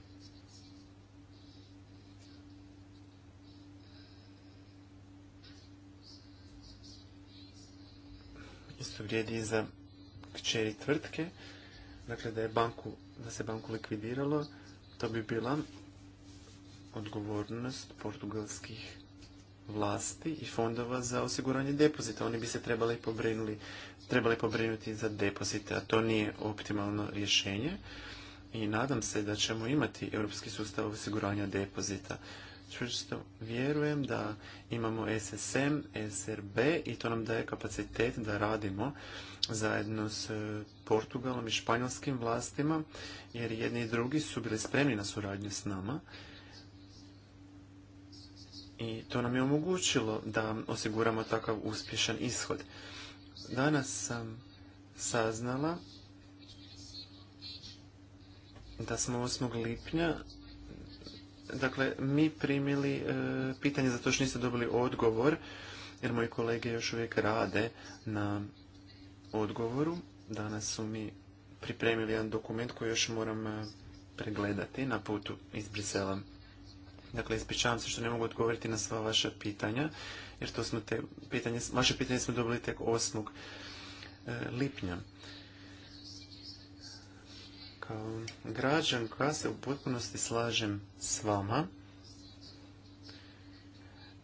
isto vrijedi i za kćeri tvrtke, dakle je banku, da se banku likvidiralo, to bi bila odgovornost portugalskih vlasti i fondova za osiguranje depozita. Oni bi se trebali trebali pobrinuti za depozite, a to nije optimalno rješenje. I nadam se da ćemo imati europski sustav osiguranja depozita. Čvrsto vjerujem da imamo SSM, SRB i to nam daje kapacitet da radimo zajedno s e, Portugalom i španjolskim vlastima, jer jedni i drugi su bili spremni na suradnju s nama i to nam je omogućilo da osiguramo takav uspješan ishod. Danas sam saznala da smo 8. lipnja dakle mi primili e, pitanje zato što niste dobili odgovor jer moji kolege još uvijek rade na odgovoru. Danas su mi pripremili jedan dokument koji još moram e, pregledati na putu iz Brisela. Dakle, ispričavam se što ne mogu odgovoriti na sva vaša pitanja, jer to smo te pitanje, vaše pitanje smo dobili tek 8. E, lipnja. Kao građanka se u potpunosti slažem s vama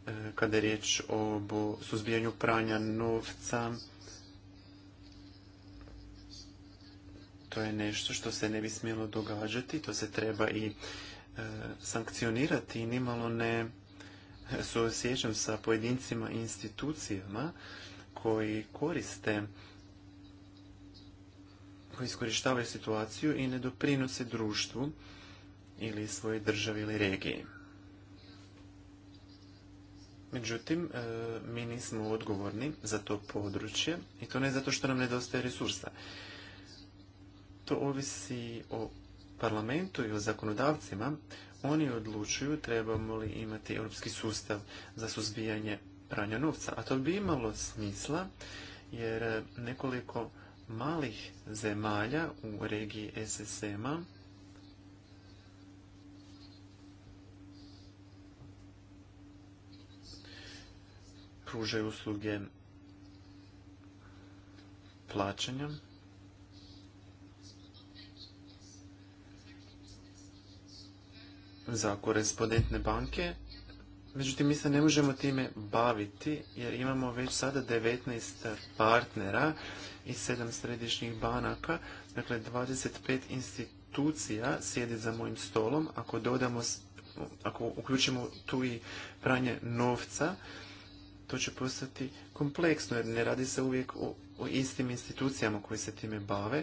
e, kada je riječ o suzbijanju pranja novca, to je nešto što se ne bi smjelo događati, to se treba i E, sankcionirati i nimalo ne e, suosjećam sa pojedincima i institucijama koji koriste koji iskorištavaju situaciju i ne doprinose društvu ili svojoj državi ili regiji. Međutim, e, mi nismo odgovorni za to područje i to ne zato što nam nedostaje resursa. To ovisi o parlamentu i o zakonodavcima, oni odlučuju trebamo li imati europski sustav za suzbijanje pranja novca. A to bi imalo smisla jer nekoliko malih zemalja u regiji SSM-a pružaju usluge plaćanja za korespondentne banke, međutim mi se ne možemo time baviti jer imamo već sada 19 partnera i 7 središnjih banaka, dakle 25 institucija sjedi za mojim stolom, ako dodamo, ako uključimo tu i pranje novca, to će postati kompleksno jer ne radi se uvijek o, o istim institucijama koje se time bave,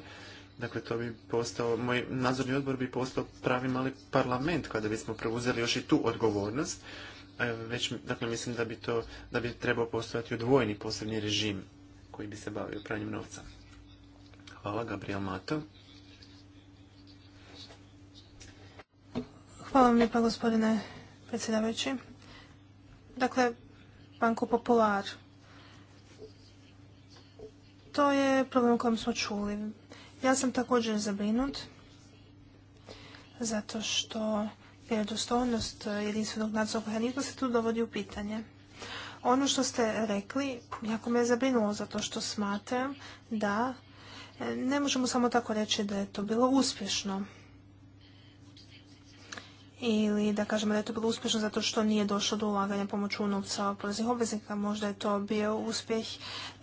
Dakle, to bi postao, moj nadzorni odbor bi postao pravi mali parlament kada bismo preuzeli još i tu odgovornost. E, već, dakle, mislim da bi to, da bi trebao postojati odvojeni posebni režim koji bi se bavio pranjem novca. Hvala, Gabriel Mato. Hvala vam lijepa, gospodine predsjedavajući. Dakle, Banko Popular. To je problem u kojem smo čuli. Ja sam također zabrinut zato što vjerodostojnost e, jedinstvenog nadzornog mehanizma se tu dovodi u pitanje. Ono što ste rekli jako me je zabrinulo zato što smatram da e, ne možemo samo tako reći da je to bilo uspješno ili da kažemo da je to bilo uspješno zato što nije došlo do ulaganja pomoću novca poreznih obveznika. Možda je to bio uspjeh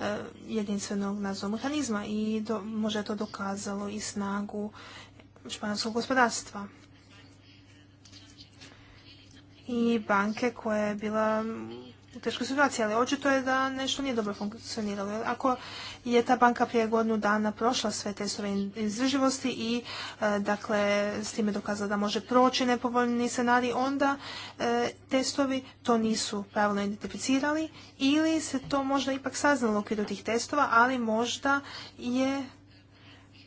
e, jedinstvenog nadzornog mehanizma i možda je to dokazalo i snagu španskog gospodarstva. I banke koja je bila teškoj situaciji, ali očito je da nešto nije dobro funkcioniralo. Ako je ta banka prije godinu dana prošla sve testove izdrživosti i e, dakle s time dokazala da može proći nepovoljni scenarij, onda e, testovi to nisu pravilno identificirali ili se to možda ipak saznalo u okviru tih testova, ali možda je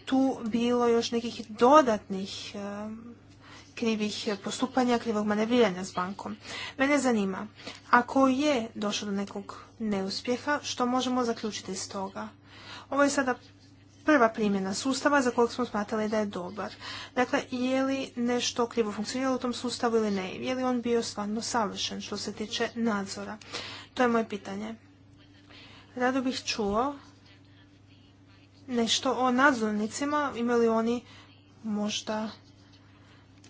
tu bilo još nekih dodatnih e, krivih postupanja, krivog manevriranja s bankom. Mene zanima, ako je došlo do nekog neuspjeha, što možemo zaključiti iz toga? Ovo je sada prva primjena sustava za kojeg smo smatrali da je dobar. Dakle, je li nešto krivo funkcioniralo u tom sustavu ili ne? Je li on bio stvarno savršen što se tiče nadzora? To je moje pitanje. Rado bih čuo nešto o nadzornicima, imaju li oni možda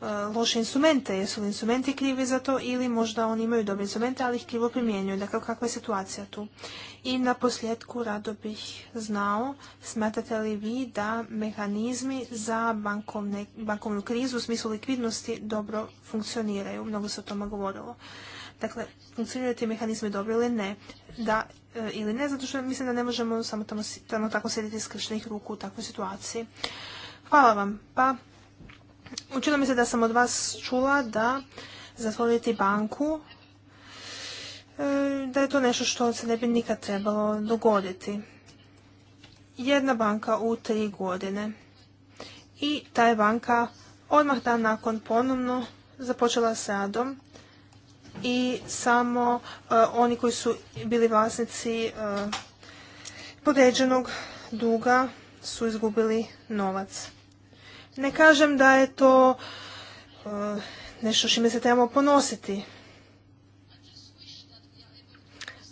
E, loše instrumente. Jesu li instrumenti krivi za to ili možda oni imaju dobre instrumente, ali ih krivo primjenjuju. Dakle, kakva je situacija tu? I na posljedku rado bih znao, smatrate li vi da mehanizmi za bankovnu krizu u smislu likvidnosti dobro funkcioniraju? Mnogo se o tome govorilo. Dakle, funkcioniraju ti mehanizmi dobro ili ne? Da e, ili ne, zato što mislim da ne možemo samo tamo, tako sjediti skrštenih ruku u takvoj situaciji. Hvala vam. Pa Učilo mi se da sam od vas čula da zatvoriti banku, e, da je to nešto što se ne bi nikad trebalo dogoditi. Jedna banka u tri godine. I ta je banka odmah dan nakon ponovno započela s radom i samo e, oni koji su bili vlasnici uh, podređenog duga su izgubili novac. Ne kažem da je to e, nešto što mi se trebamo ponositi.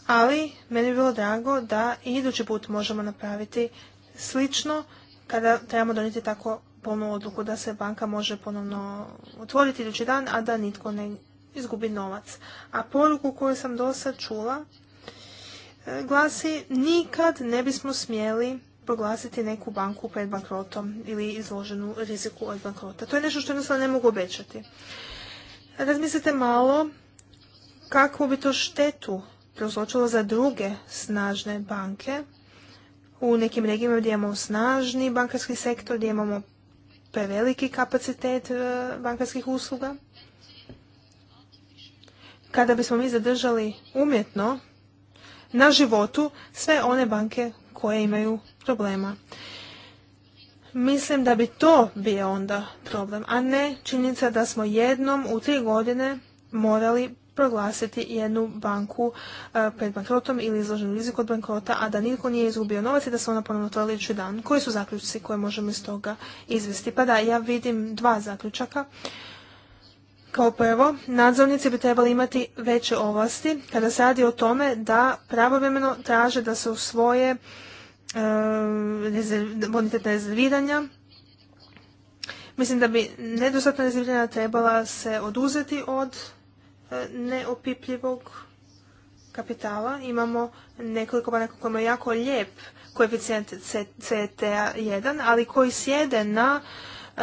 Ali meni je bilo drago da i idući put možemo napraviti slično kada trebamo donijeti tako polnu odluku da se banka može ponovno otvoriti idući dan, a da nitko ne izgubi novac. A poruku koju sam do sad čula e, glasi nikad ne bismo smjeli proglasiti neku banku pred bankrotom ili izloženu riziku od bankrota. To je nešto što jednostavno ne mogu obećati. Razmislite malo kakvu bi to štetu prouzročilo za druge snažne banke u nekim regijama gdje imamo snažni bankarski sektor, gdje imamo preveliki kapacitet e, bankarskih usluga. Kada bismo mi zadržali umjetno na životu sve one banke koje imaju problema. Mislim da bi to bio onda problem, a ne činjenica da smo jednom u tri godine morali proglasiti jednu banku e, pred bankrotom ili izloženu riziku od bankrota, a da niko nije izgubio novac i da se ona ponovno otvorila dan. Koji su zaključci koje možemo iz toga izvesti? Pa da, ja vidim dva zaključaka. Kao prvo, nadzornici bi trebali imati veće ovlasti kada se radi o tome da pravovremeno traže da se u svoje E, bonitetna rezerviranja. Mislim da bi nedostatna rezerviranja trebala se oduzeti od e, neopipljivog kapitala. Imamo nekoliko banaka koji imaju jako lijep koeficijent CTA1, ali koji sjede na e,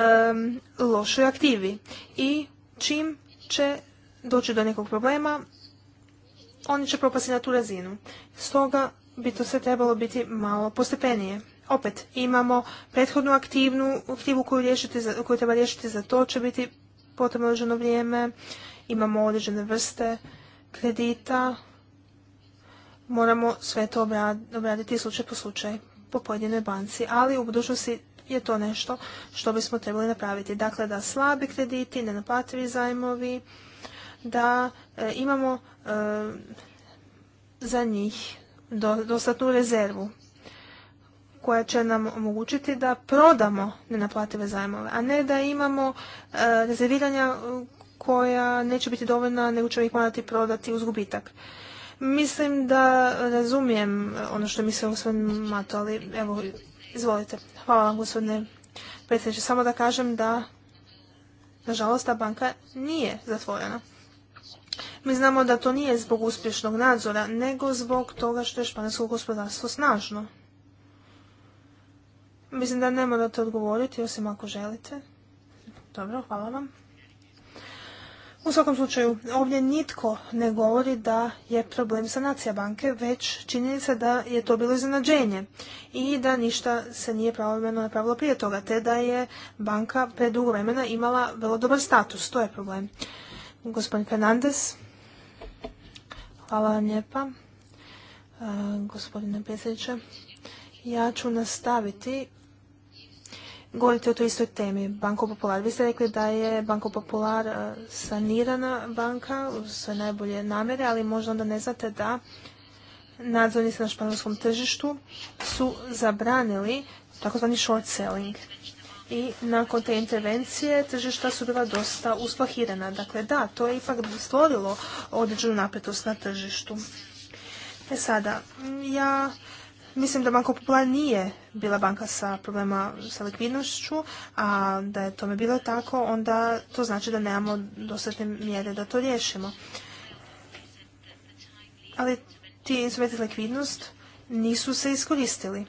lošoj aktivi. I čim će doći do nekog problema, oni će propasti na tu razinu. Stoga bi to sve trebalo biti malo postepenije. Opet, imamo prethodnu aktivnu, aktivu koju, koju treba riješiti za to, će biti potrebno određeno vrijeme, imamo određene vrste kredita, moramo sve to obraditi slučaj po slučaj po pojedinoj banci, ali u budućnosti je to nešto što bismo trebali napraviti. Dakle, da slabi krediti, nenaplativi zajmovi, da e, imamo e, za njih dostatnu rezervu koja će nam omogućiti da prodamo nenaplative zajmove, a ne da imamo e, rezerviranja e, koja neće biti dovoljna nego ćemo ih morati prodati uz gubitak. Mislim da razumijem e, ono što mi se gospodin Mato, ali evo, izvolite. Hvala vam gospodine predsjedniče. Samo da kažem da, nažalost, ta banka nije zatvorena. Mi znamo da to nije zbog uspješnog nadzora, nego zbog toga što je španjolsko gospodarstvo snažno. Mislim da ne morate odgovoriti, osim ako želite. Dobro, hvala vam. U svakom slučaju, ovdje nitko ne govori da je problem sanacija banke, već činjenica da je to bilo iznenađenje i da ništa se nije pravovremeno napravilo prije toga, te da je banka dugo vremena imala vrlo dobar status. To je problem. Gospodin Fernandez. Hvala vam lijepa, e, gospodine predsjedniče. Ja ću nastaviti govoriti o toj istoj temi, Banko Popular. Vi ste rekli da je Banko Popular e, sanirana banka, sve najbolje namjere, ali možda onda ne znate da nadzornici na španjolskom tržištu su zabranili takozvani short selling i nakon te intervencije tržišta su bila dosta usplahirana. Dakle, da, to je ipak stvorilo određenu napetost na tržištu. E sada, ja mislim da Banko Popular nije bila banka sa problema sa likvidnošću, a da je tome bilo tako, onda to znači da nemamo dostatne mjere da to riješimo. Ali ti instrumenti likvidnost nisu se iskoristili.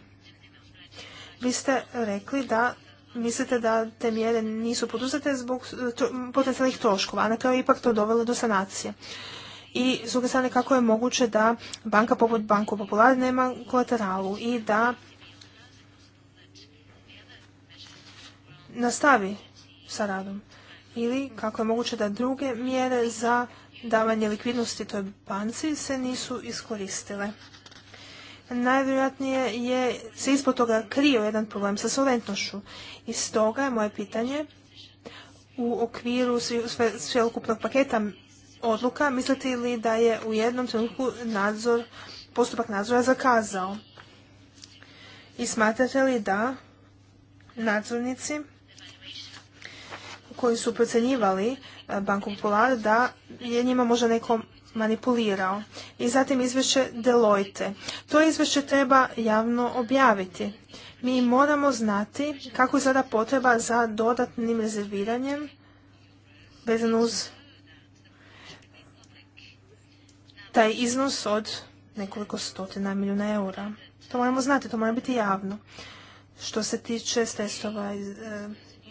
Vi ste rekli da mislite da te mjere nisu poduzete zbog e, potencijalnih troškova, a na kraju ipak to dovelo do sanacije. I s druge strane kako je moguće da banka poput Banko Popular nema kolateralu i da nastavi sa radom. Ili kako je moguće da druge mjere za davanje likvidnosti toj banci se nisu iskoristile najvjerojatnije je se ispod toga krio jedan problem sa solventnošću. I stoga je moje pitanje u okviru svjelokupnog paketa odluka, mislite li da je u jednom trenutku nadzor, postupak nadzora zakazao? I smatrate li da nadzornici koji su procenjivali eh, Banku Popular da je njima možda nekom manipulirao. I zatim izvješće Deloitte. To izvješće treba javno objaviti. Mi moramo znati kako sada potreba za dodatnim rezerviranjem vezano uz taj iznos od nekoliko stotina milijuna eura. To moramo znati, to mora biti javno. Što se tiče stresova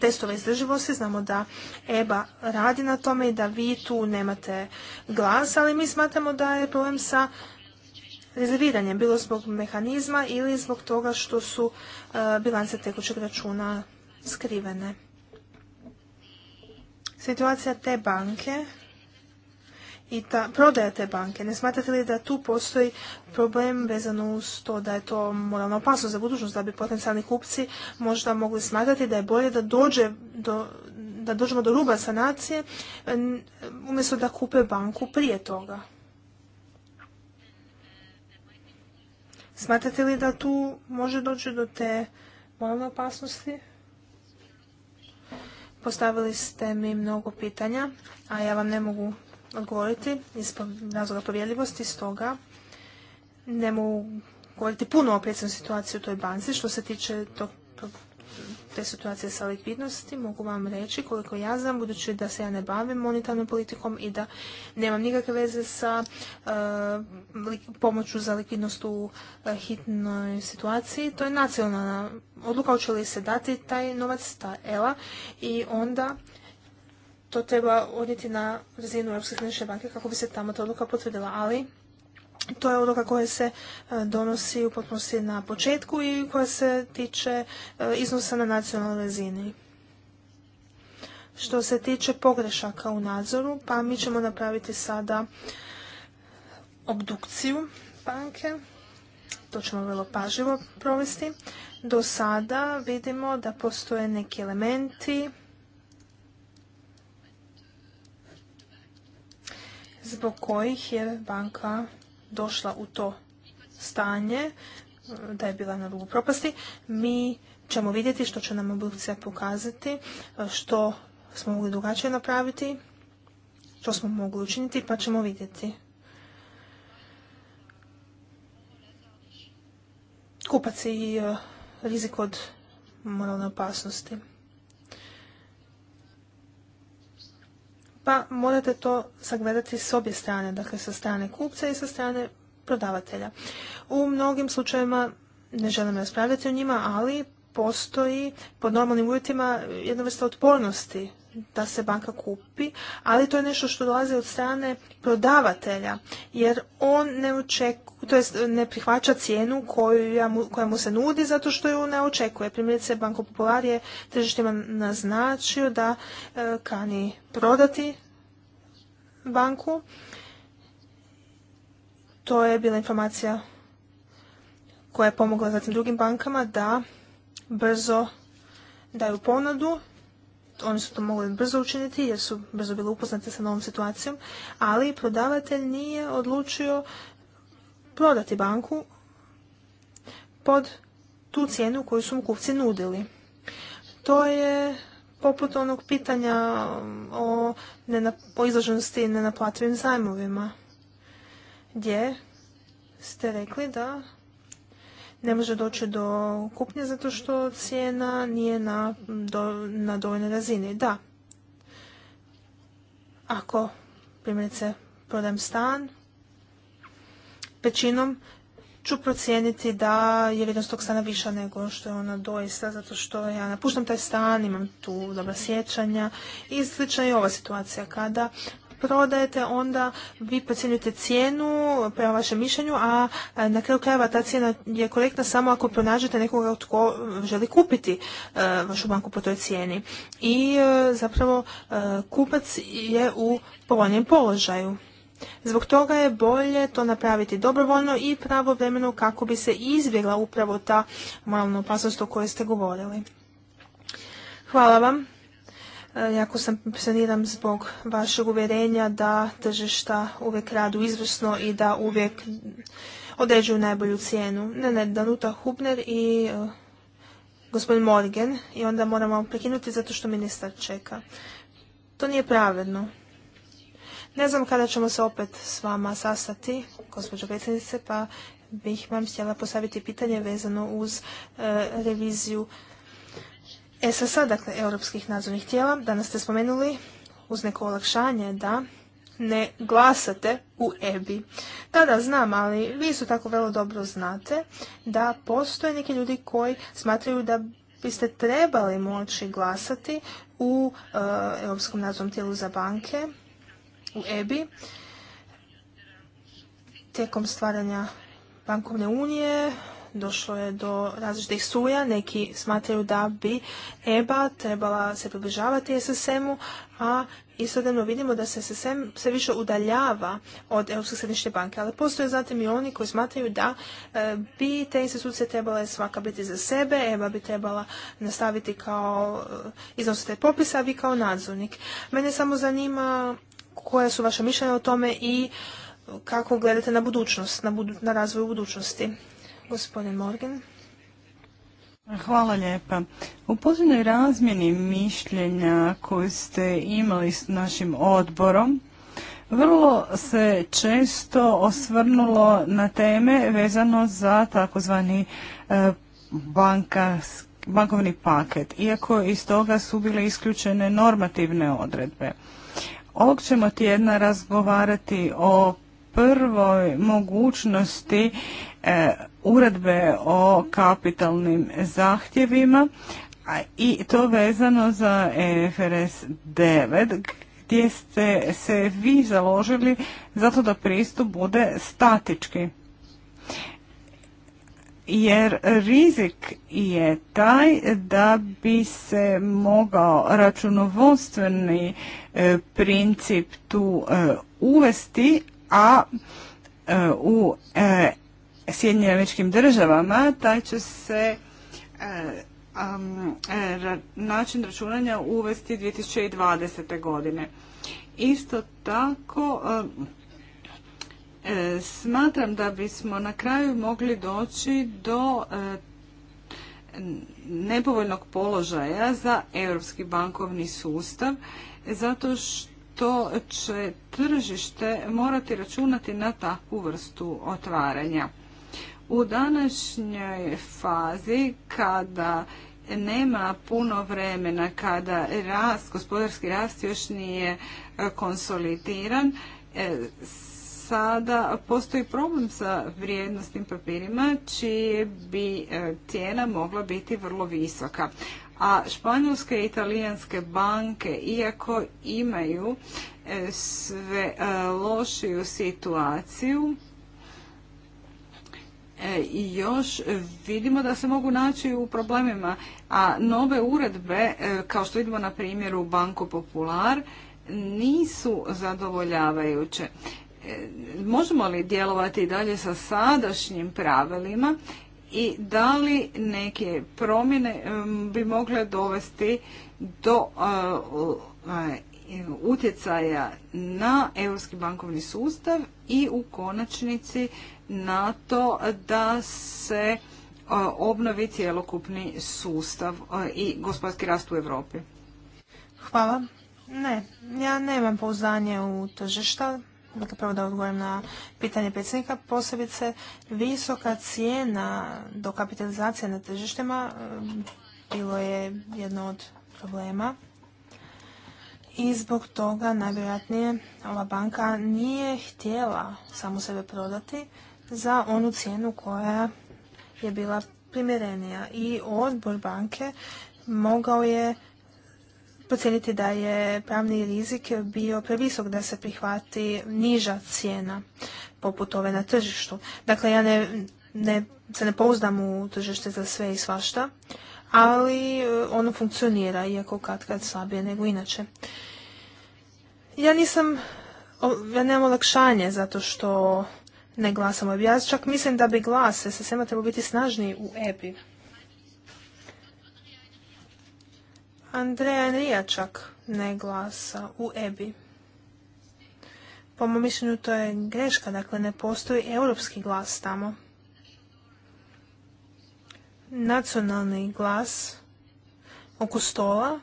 testove izdrživosti. Znamo da EBA radi na tome i da vi tu nemate glas, ali mi smatramo da je problem sa rezerviranjem, bilo zbog mehanizma ili zbog toga što su e, bilance tekućeg računa skrivene. Situacija te banke i ta prodaja te banke. Ne smatrate li da tu postoji problem vezano uz to da je to moralna opasnost za budućnost, da bi potencijalni kupci možda mogli smatrati da je bolje da dođe do, da dođemo do ruba sanacije umjesto da kupe banku prije toga. Smatrate li da tu može doći do te moralne opasnosti? Postavili ste mi mnogo pitanja, a ja vam ne mogu odgovoriti iz razloga povjerljivosti, stoga ne mogu govoriti puno o predstavnoj situaciji u toj banci. Što se tiče te situacije sa likvidnosti, mogu vam reći koliko ja znam, budući da se ja ne bavim monetarnom politikom i da nemam nikakve veze sa eh, pomoću za likvidnost u eh, hitnoj situaciji. To je nacionalna odluka, hoće li se dati taj novac, ta ELA, i onda to treba odnijeti na razinu Europske klinične banke kako bi se tamo ta odluka potvrdila, ali to je odluka koja se e, donosi u potpunosti na početku i koja se tiče e, iznosa na nacionalnoj razini. Što se tiče pogrešaka u nadzoru, pa mi ćemo napraviti sada obdukciju banke. To ćemo vrlo pažljivo provesti. Do sada vidimo da postoje neki elementi zbog kojih je banka došla u to stanje e, da je bila na rubu propasti. Mi ćemo vidjeti što će nam evolucija pokazati, e, što smo mogli drugačije napraviti, što smo mogli učiniti, pa ćemo vidjeti. Kupac i e, rizik od moralne opasnosti. pa morate to sagledati s obje strane, dakle sa strane kupca i sa strane prodavatelja. U mnogim slučajevima ne želim raspravljati o njima, ali postoji pod normalnim uvjetima jedna vrsta otpornosti da se banka kupi, ali to je nešto što dolazi od strane prodavatelja, jer on ne očekuje, to jest ne prihvaća cijenu koju ja mu, koja mu se nudi zato što ju ne očekuje. Primjerice, Banko Popular je tržištima naznačio da e, kani prodati banku. To je bila informacija koja je pomogla zatim drugim bankama da brzo daju ponudu. Oni su to mogli brzo učiniti jer su brzo bili upoznati sa novom situacijom, ali prodavatelj nije odlučio prodati banku pod tu cijenu koju su mu kupci nudili. To je poput onog pitanja o, o izloženosti nenaplativim zajmovima, gdje ste rekli da ne može doći do kupnje zato što cijena nije na, do, na dovoljnoj razini. Da, ako primjerice prodajem stan, većinom ću procijeniti da je vrijednost tog stana viša nego što je ona doista, zato što ja napuštam taj stan, imam tu dobra sjećanja i slična je ova situacija kada prodajete, onda vi procjenjujete cijenu prema vašem mišljenju, a e, na kraju krajeva ta cijena je korektna samo ako pronađete nekoga tko želi kupiti e, vašu banku po toj cijeni. I e, zapravo kupac je u povoljnijem položaju. Zbog toga je bolje to napraviti dobrovoljno i pravovremeno kako bi se izbjegla upravo ta moralna opasnost o kojoj ste govorili. Hvala vam. E, jako sam impresioniran zbog vašeg uvjerenja da tržišta uvijek radu izvrsno i da uvijek određuju najbolju cijenu. Ne, ne, Danuta Hubner i e, gospodin Morgan i onda moramo prekinuti zato što ministar čeka. To nije pravedno. Ne znam kada ćemo se opet s vama sastati, gospođo predsjednice, pa bih vam htjela postaviti pitanje vezano uz e, reviziju SSA, e, dakle europskih nadzornih tijela, danas ste spomenuli uz neko olakšanje da ne glasate u EBI. Da, da, znam, ali vi su tako vrlo dobro znate da postoje neki ljudi koji smatraju da biste trebali moći glasati u e, Europskom nadzornom tijelu za banke, u EBI, tijekom stvaranja bankovne unije, došlo je do različitih suja. Neki smatraju da bi EBA trebala se približavati SSM-u, a istodobno vidimo da se SSM sve više udaljava od Europske središnje banke. Ali postoje zatim i oni koji smatraju da e, bi te institucije trebale svaka biti za sebe, EBA bi trebala nastaviti kao e, iznosite popisa, a vi kao nadzornik. Mene samo zanima koja su vaša mišljenja o tome i kako gledate na budućnost, na, razvoj budućnosti. Gospodin Morgan. Hvala lijepa. U pozivnoj razmjeni mišljenja koju ste imali s našim odborom, vrlo se često osvrnulo na teme vezano za takozvani e, bankovni paket, iako iz toga su bile isključene normativne odredbe. Ovog ćemo tjedna razgovarati o prvoj mogućnosti e, uredbe o kapitalnim zahtjevima i to vezano za e FRS 9 gdje ste se vi založili zato da pristup bude statički. Jer rizik je taj da bi se mogao računovodstveni e, princip tu e, uvesti, a u Sjedinjenim američkim državama, taj će se e, e, način računanja uvesti 2020. godine. Isto tako e, smatram da bismo na kraju mogli doći do nepovoljnog položaja za europski bankovni sustav zato što će tržište morati računati na takvu vrstu otvaranja. U današnjoj fazi kada nema puno vremena, kada rast, gospodarski rast još nije e, konsolidiran, e, sada postoji problem sa vrijednostnim papirima čije bi e, cijena mogla biti vrlo visoka. A španjolske i italijanske banke, iako imaju sve lošiju situaciju, E, još vidimo da se mogu naći u problemima, a nove uredbe, e, kao što vidimo na primjeru Banko Popular, nisu zadovoljavajuće. E, možemo li djelovati dalje sa sadašnjim pravilima i da li neke promjene bi mogle dovesti do utjecaja na europski bankovni sustav i u konačnici na to da se e, obnovi cjelokupni sustav e, i gospodarski rast u Europi. Hvala. Ne, ja nemam pouzdanje u tržišta. Dakle, prvo da odgovorim na pitanje predsjednika, posebice visoka cijena do kapitalizacije na tržištima e, bilo je jedno od problema. I zbog toga, najvjerojatnije, ova banka nije htjela samo sebe prodati, za onu cijenu koja je bila primjerenija i odbor banke mogao je pocijeniti da je pravni rizik bio previsok da se prihvati niža cijena poput ove na tržištu. Dakle, ja se ne pouzdam u tržište za sve i svašta, ali e, ono funkcionira, iako kad kad slabije nego inače. Ja nisam, ja nemam olakšanje zato što ne glasamo. Ja čak mislim da bi glas se a trebao biti snažniji u EBI. Andreja Enrija čak ne glasa u EBI. Po mom mišljenju to je greška, dakle ne postoji europski glas tamo. Nacionalni glas oko stola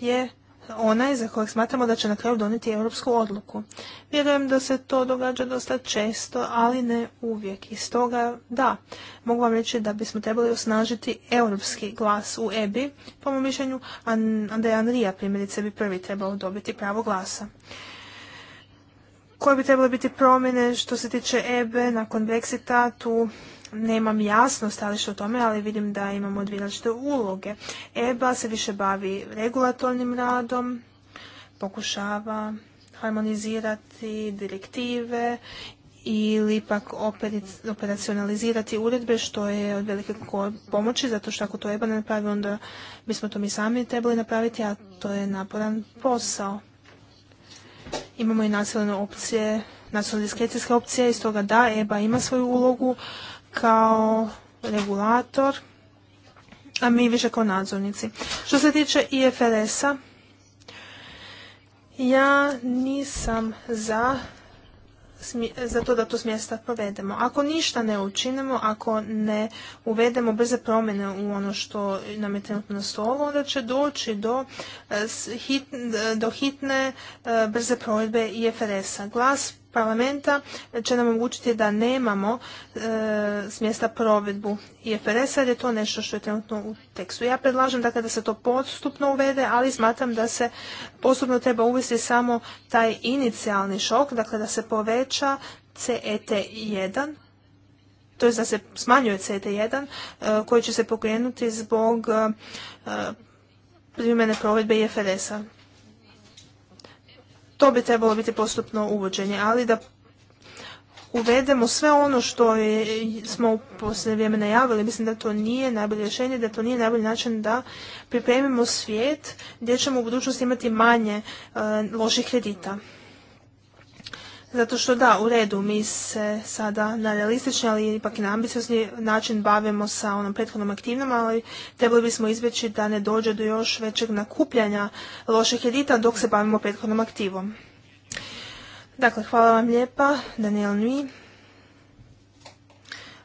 je onaj za kojeg smatramo da će na kraju doniti europsku odluku. Vjerujem da se to događa dosta često, ali ne uvijek. I stoga, da, mogu vam reći da bismo trebali osnažiti europski glas u EBI, po mom mišljenju, a da je Andrija primjerice bi prvi trebalo dobiti pravo glasa. Koje bi trebale biti promjene što se tiče EBE nakon Brexita, tu nemam jasno stajalište o tome, ali vidim da imamo dvije uloge. EBA se više bavi regulatornim radom, pokušava harmonizirati direktive ili pak operacionalizirati uredbe što je od velike pomoći zato što ako to EBA ne napravi onda bismo to mi sami trebali napraviti a to je naporan posao. Imamo i nacionalne opcije, nacionalne diskrecijske opcije i stoga da EBA ima svoju ulogu kao regulator, a mi više kao nadzornici. Što se tiče IFRS-a, ja nisam za to da to smjesta provedemo. Ako ništa ne učinimo, ako ne uvedemo brze promjene u ono što nam je trenutno na stolu, onda će doći do, eh, do hitne eh, brze provedbe IFRS-a. Glas parlamenta će nam omogućiti da nemamo e, smjesta provedbu IFRS-a jer je to nešto što je trenutno u tekstu. Ja predlažem dakle, da se to postupno uvede, ali smatram da se postupno treba uvesti samo taj inicijalni šok, dakle da se poveća CET1, to je da se smanjuje CET1 e, koji će se pokrenuti zbog e, primjene provedbe IFRS-a. To bi trebalo biti postupno uvođenje, ali da uvedemo sve ono što smo u posljednje vrijeme najavili, mislim da to nije najbolje rješenje, da to nije najbolji način da pripremimo svijet gdje ćemo u budućnosti imati manje e, loših kredita. Zato što da, u redu, mi se sada na realistični, ali ipak i na ambiciozni način bavimo sa onom prethodnom aktivnom, ali trebali bismo izbjeći da ne dođe do još većeg nakupljanja loših kredita dok se bavimo prethodnom aktivom. Dakle, hvala vam lijepa, Daniel Nui.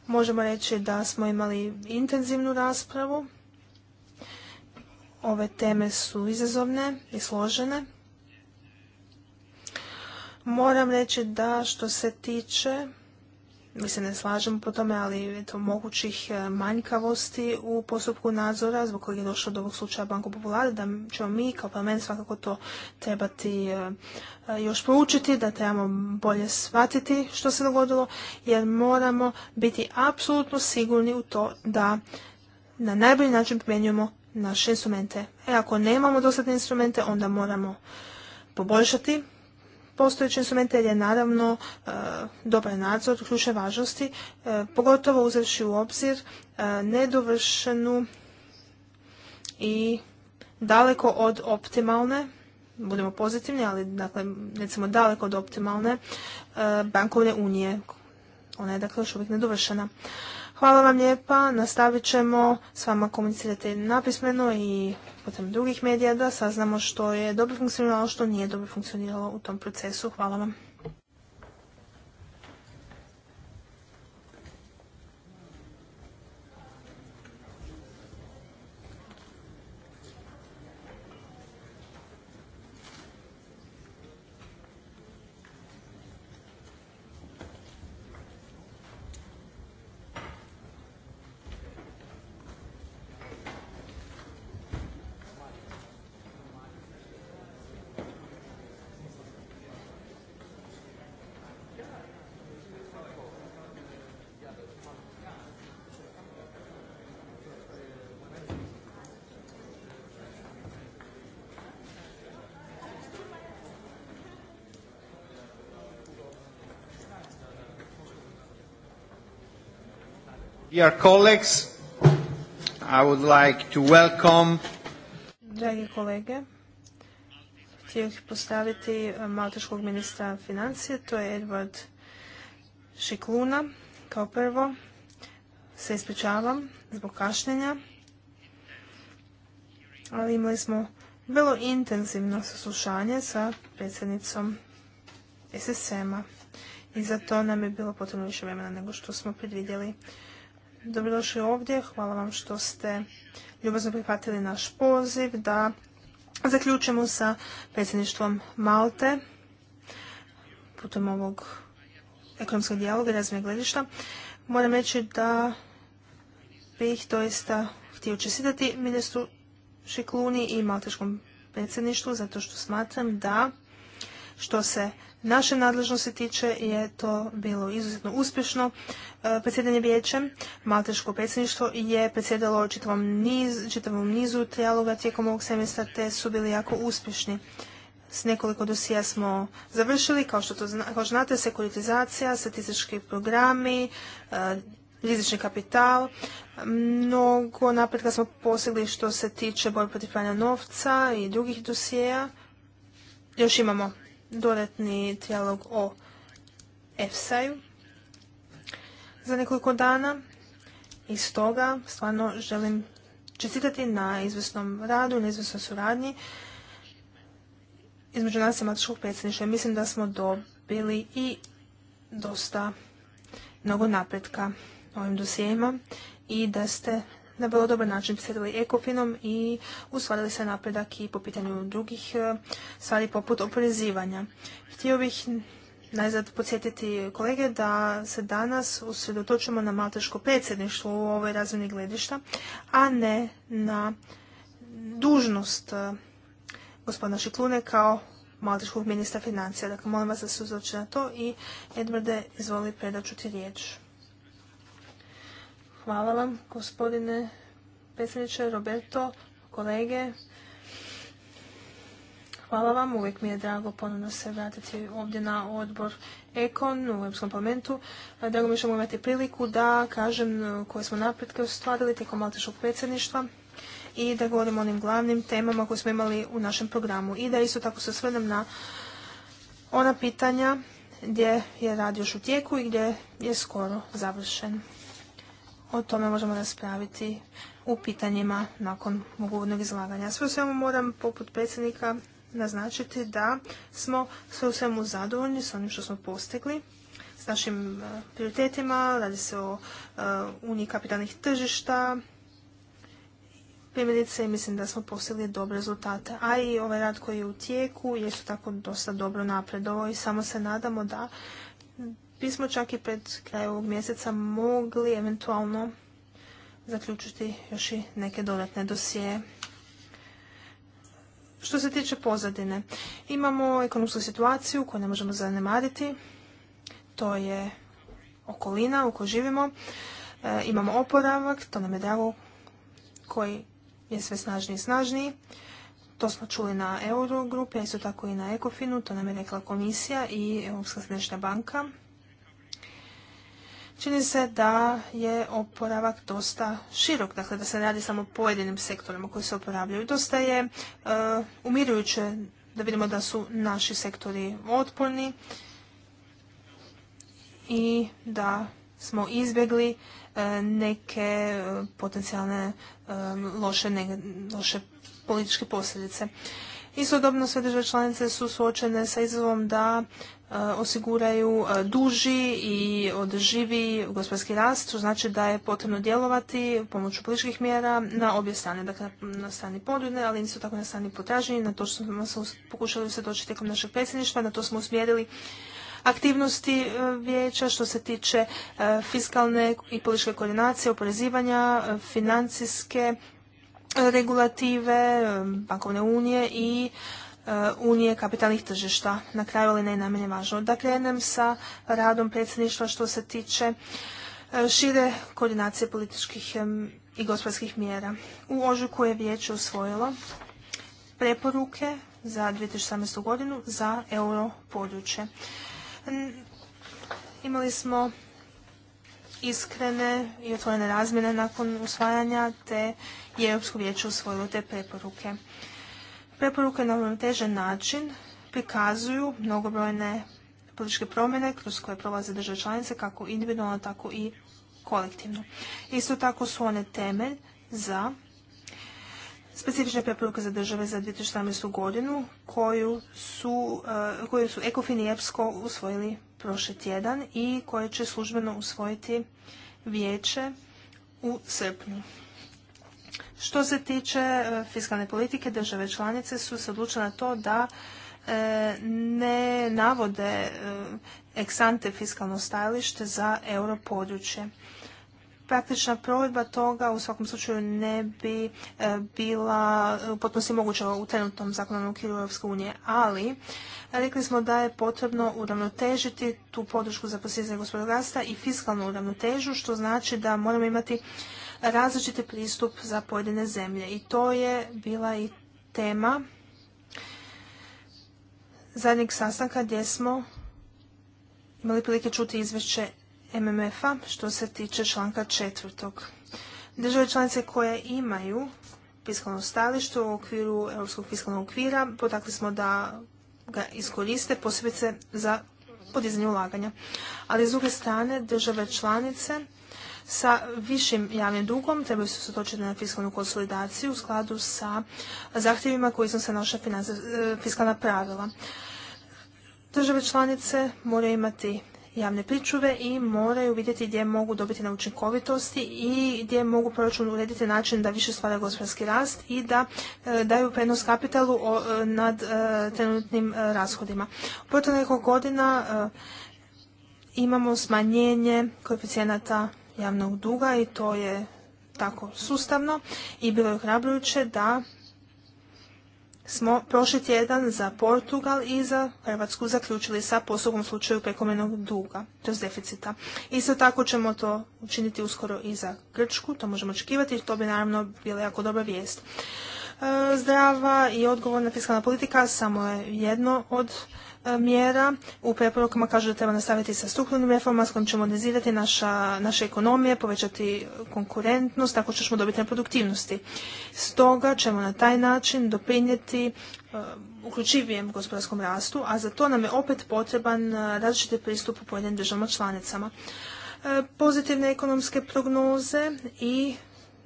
Možemo reći da smo imali intenzivnu raspravu. Ove teme su izazovne i složene. Moram reći da što se tiče, mi se ne slažemo po tome, ali to mogućih e, manjkavosti u postupku nadzora zbog kojeg je došlo do ovog slučaja Banko Populare, da ćemo mi kao parlament svakako to trebati e, e, još proučiti, da trebamo bolje shvatiti što se dogodilo, jer moramo biti apsolutno sigurni u to da na najbolji način primjenjujemo naše instrumente. E, ako nemamo dostatne instrumente, onda moramo poboljšati postojeće instrumente je naravno e, dobar nadzor ključne važnosti, e, pogotovo uzevši u obzir e, nedovršenu i daleko od optimalne, budemo pozitivni, ali dakle, recimo daleko od optimalne bankovne unije. Ona je dakle još uvijek nedovršena. Hvala vam lijepa, nastavit ćemo s vama komunicirati napismeno i putem drugih medija da saznamo što je dobro funkcioniralo, što nije dobro funkcioniralo u tom procesu. Hvala vam. Dear colleagues, Dragi kolege, htio bih postaviti eh, malteškog ministra financije, to je Edward Šikluna. Kao prvo se ispričavam zbog kašnjenja, ali imali smo vrlo intenzivno saslušanje sa predsjednicom SSM-a i za to nam je bilo potrebno više vremena nego što smo predvidjeli dobrodošli ovdje. Hvala vam što ste ljubazno prihvatili naš poziv da zaključimo sa predsjedništvom Malte putem ovog ekonomskog dijaloga i razmije gledišta. Moram reći da bih doista htio čestitati ministru Šikluni i malteškom predsjedništvu zato što smatram da što se naše nadležnosti tiče je to bilo izuzetno uspješno e, predsjedanje vijećem. Malteško predsjedništvo je predsjedalo čitavom, niz, čitavom nizu trijaloga tijekom ovog semestra te su bili jako uspješni. S nekoliko dosija smo završili, kao što, to kao znate, sekuritizacija, statistički programi, e, rizični kapital. Mnogo napretka smo postigli što se tiče borbe protiv pranja novca i drugih dosija. Još imamo dodatni trijalog o efsa za nekoliko dana i stoga stvarno želim čestitati na izvrsnom radu na izvrsnoj suradnji između nas i matičkog predsjedništva. Mislim da smo dobili i dosta mnogo napretka ovim dosijema i da ste na vrlo dobar način predsjedali ekofinom i usvarili se napredak i po pitanju drugih e, stvari poput oporezivanja. Htio bih najzad podsjetiti kolege da se danas usredotočimo na malteško predsjedništvo u ovoj razini gledišta, a ne na dužnost e, gospodina Šiklune kao malteškog ministra financija. Dakle, molim vas da se uzroče na to i Edvarde, izvoli predat ću ti riječ. Hvala vam, gospodine predsjedniče Roberto, kolege. Hvala vam, uvijek mi je drago ponovno se vratiti ovdje na odbor Ekon u Europskom parlamentu. Drago mi ćemo imati priliku da kažem koje smo napretke ostvarili tijekom Malteškog predsjedništva i da govorimo o onim glavnim temama koje smo imali u našem programu i da isto tako se osvrnem na ona pitanja gdje je rad još u tijeku i gdje je skoro završen o tome možemo raspraviti u pitanjima nakon mogućnog izlaganja. Sve u svemu moram poput predsjednika naznačiti da smo sve u svemu zadovoljni s onim što smo postigli, s našim e, prioritetima, radi se o e, uniji kapitalnih tržišta, primjerice mislim da smo postigli dobre rezultate, a i ovaj rad koji je u tijeku je tako dosta dobro napredovao i samo se nadamo da bismo čak i pred kraj ovog mjeseca mogli eventualno zaključiti još i neke dodatne dosije. Što se tiče pozadine, imamo ekonomsku situaciju koju ne možemo zanemariti. To je okolina u kojoj živimo. E, imamo oporavak, to nam je drago, koji je sve snažniji i snažniji. To smo čuli na Eurogrupi, a isto tako i na Ekofinu, to nam je rekla komisija i Europska središnja banka čini se da je oporavak dosta širok, dakle da se ne radi samo pojedinim sektorima koji se oporavljaju. Dosta je e, umirujuće da vidimo da su naši sektori otporni i da smo izbjegli e, neke e, potencijalne loše političke posljedice. Istodobno sve države članice su suočene sa izazovom da e, osiguraju e, duži i održivi gospodarski rast, što znači da je potrebno djelovati pomoću političkih mjera na obje strane, dakle na strani podudne, ali nisu tako na strani potražnji, na to što smo pokušali usredočiti tijekom našeg predsjedništva, na to smo usmjerili aktivnosti e, vijeća što se tiče fiskalne i političke koordinacije, oporezivanja, financijske regulative, bankovne unije i e, unije kapitalnih tržišta. Na kraju, ali ne najmanje važno, da dakle, krenem sa radom predsjedništva što se tiče e, šire koordinacije političkih i gospodarskih mjera. U ožujku je vijeće usvojilo preporuke za 2017. godinu za euro područje. Imali smo iskrene i otvorene razmjene nakon usvajanja te je Europsko vijeće usvojilo te preporuke. Preporuke na uravnotežen način prikazuju mnogobrojne političke promjene kroz koje prolaze države članice kako individualno tako i kolektivno. Isto tako su one temelj za specifične preporuke za države za 2017. godinu koju su, eh, koju su ECOFIN usvojili prošli tjedan i koje će službeno usvojiti vijeće u srpnju. Što se tiče e, fiskalne politike, države članice su se odlučile na to da e, ne navode e, eksante fiskalno stajalište za europodručje praktična provedba toga u svakom slučaju ne bi e, bila potpuno moguća u trenutnom zakonom okviru Europske unije, ali e, rekli smo da je potrebno uravnotežiti tu podršku za postizanje gospodarstva i fiskalnu uravnotežu, što znači da moramo imati različiti pristup za pojedine zemlje. I to je bila i tema zadnjeg sastanka gdje smo imali prilike čuti izvješće MMF-a što se tiče članka četvrtog. Države članice koje imaju fiskalno stalište u okviru Europskog fiskalnog okvira potakli smo da ga iskoriste posebice za podizanje ulaganja. Ali s druge strane države članice sa višim javnim dugom trebaju se sotočiti na fiskalnu konsolidaciju u skladu sa zahtjevima koji iznose naša e, fiskalna pravila. Države članice moraju imati javne pričuve i moraju vidjeti gdje mogu dobiti na učinkovitosti i gdje mogu proračun urediti način da više stvara gospodarski rast i da e, daju prednost kapitalu e, nad e, trenutnim rashodima. U proteklih godina imamo smanjenje koeficijenata javnog duga i to je tako sustavno i bilo je hrabrujuće da smo prošli tjedan za Portugal i za Hrvatsku zaključili sa poslovnom slučaju prekomenog duga, to deficita. Isto tako ćemo to učiniti uskoro i za Grčku, to možemo očekivati, to bi naravno bila jako dobra vijest. E, zdrava i odgovorna fiskalna politika samo je jedno od E, mjera u preporukama kažu da treba nastaviti sa strukturnim reformama s kojim ćemo modernizirati naša, naše ekonomije, povećati konkurentnost, tako što ćemo dobiti na produktivnosti. Stoga ćemo na taj način doprinijeti e, uključivijem gospodarskom rastu, a za to nam je opet potreban e, različiti pristup u pojedinim državama članicama. pozitivne ekonomske prognoze i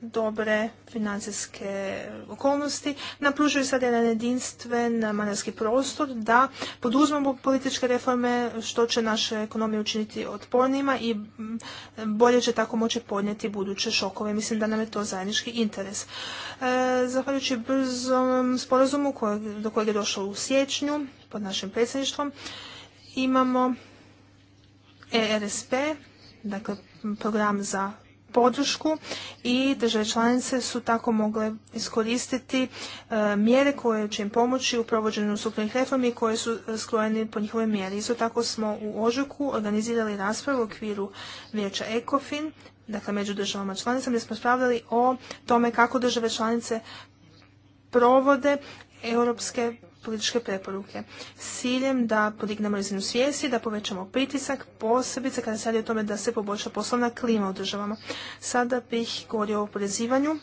dobre financijske okolnosti nam sad jedan jedinstven manarski prostor da poduzmemo političke reforme što će naše ekonomije učiniti otpornima i mm, bolje će tako moći podnijeti buduće šokove. Mislim da nam je to zajednički interes. E, zahvaljujući brzom sporazumu do kojeg je došlo u siječnju pod našim predsjedništvom imamo ERSP, dakle program za podršku i države članice su tako mogle iskoristiti e, mjere koje će im pomoći u provođenju strukturnih reformi koje su e, skrojene po njihovoj mjeri. Isto tako smo u Ožujku organizirali raspravu u okviru vijeća ECOFIN, dakle među državama članicama, gdje smo spravljali o tome kako države članice provode europske političke preporuke s ciljem da podignemo razinu svijesti, da povećamo pritisak, posebice kada se radi o tome da se poboljša poslovna klima u državama. Sada bih govorio o oporezivanju.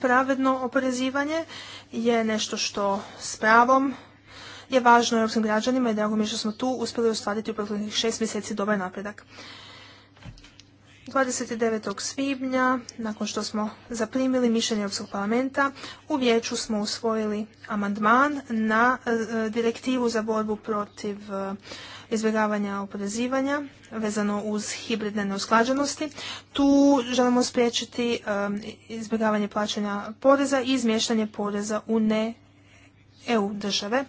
Pravedno oporezivanje je nešto što s pravom je važno europskim građanima i drago mi je što smo tu uspjeli ostvariti u proteklih šest mjeseci dobar napredak. 29. svibnja, nakon što smo zaprimili mišljenje Europskog parlamenta, u vijeću smo usvojili amandman na e, direktivu za borbu protiv e, izbjegavanja oporezivanja vezano uz hibridne neusklađenosti. Tu želimo spriječiti e, izbjegavanje plaćanja poreza i izmještanje poreza u ne EU države.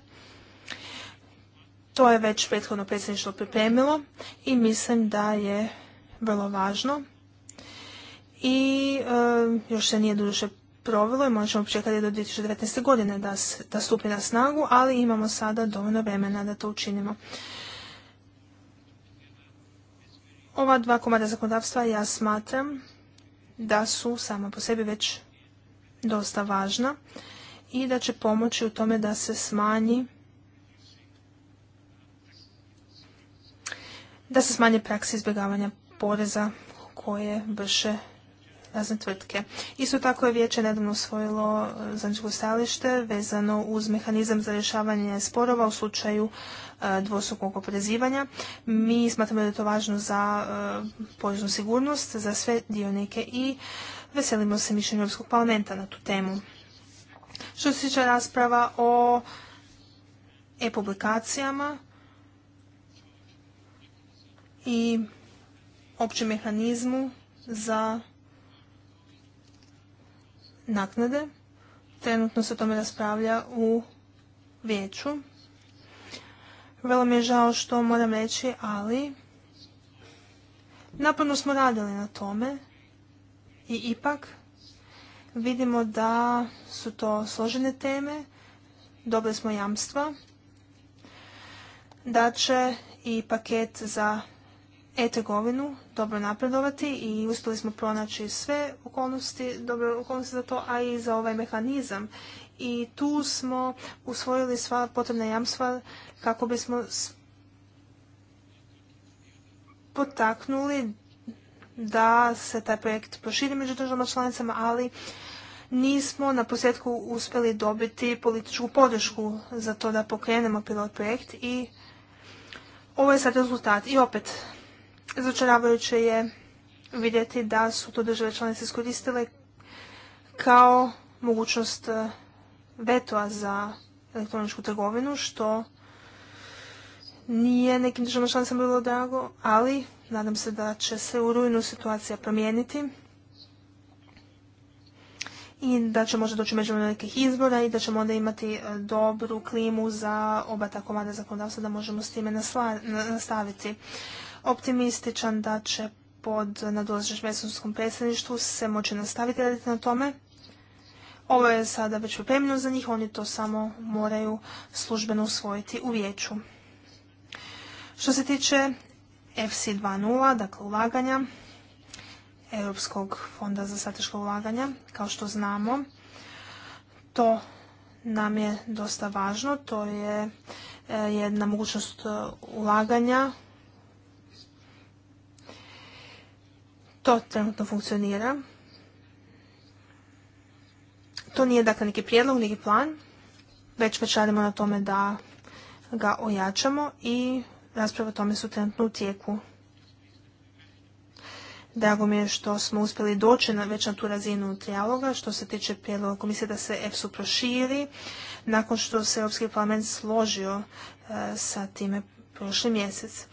To je već prethodno predsjedništvo pripremilo i mislim da je vrlo važno i e, još se nije duže provelo i možemo čekati do 2019. godine da, da stupi na snagu, ali imamo sada dovoljno vremena da to učinimo. Ova dva komada zakonodavstva ja smatram da su sama po sebi već dosta važna i da će pomoći u tome da se smanji da se smanje praksi izbjegavanja poreza koje vrše razne tvrtke. Isto tako je vijeće nedavno usvojilo e, zajedničko stajalište vezano uz mehanizam za rješavanje sporova u slučaju e, dvostrukog oporezivanja. Mi smatramo da je to važno za e, poreznu sigurnost, za sve dionike i veselimo se mišljenju Europskog parlamenta na tu temu. Što se tiče rasprava o e-publikacijama i općem mehanizmu za naknade. Trenutno se o tome raspravlja u vijeću. Vrlo mi je žao što moram reći, ali naporno smo radili na tome i ipak vidimo da su to složene teme, dobili smo jamstva, da će i paket za e dobro napredovati i uspjeli smo pronaći sve okolnosti, dobre okolnosti za to, a i za ovaj mehanizam. I tu smo usvojili sva potrebna jamstva kako bismo potaknuli da se taj projekt proširi među državama članicama, ali nismo na posljedku uspjeli dobiti političku podršku za to da pokrenemo pilot projekt i ovo je sad rezultat. I opet, Začaravajuće je vidjeti da su to države članice iskoristile kao mogućnost e, vetoa za elektroničku trgovinu, što nije nekim državama članicama bilo drago, ali nadam se da će se u rujnu situacija promijeniti i da će možda doći među nekih izbora i da ćemo onda imati e, dobru klimu za oba ta komada zakonodavstva da možemo s time nastaviti optimističan da će pod nadolazećem švedskom predstavništvu se moći nastaviti raditi na tome. Ovo je sada već pripremljeno za njih, oni to samo moraju službeno usvojiti u vijeću. Što se tiče FC 2.0, dakle ulaganja, Europskog fonda za strateška ulaganja, kao što znamo, to nam je dosta važno, to je eh, jedna mogućnost eh, ulaganja To trenutno funkcionira. To nije dakle neki prijedlog, neki plan, već već radimo na tome da ga ojačamo i rasprave o tome su trenutno u tijeku. Drago mi je što smo uspjeli doći na, već na tu razinu trijaloga što se tiče prijedloga komisije da se EFSU proširi nakon što se Europski parlament složio e, sa time prošli mjesec.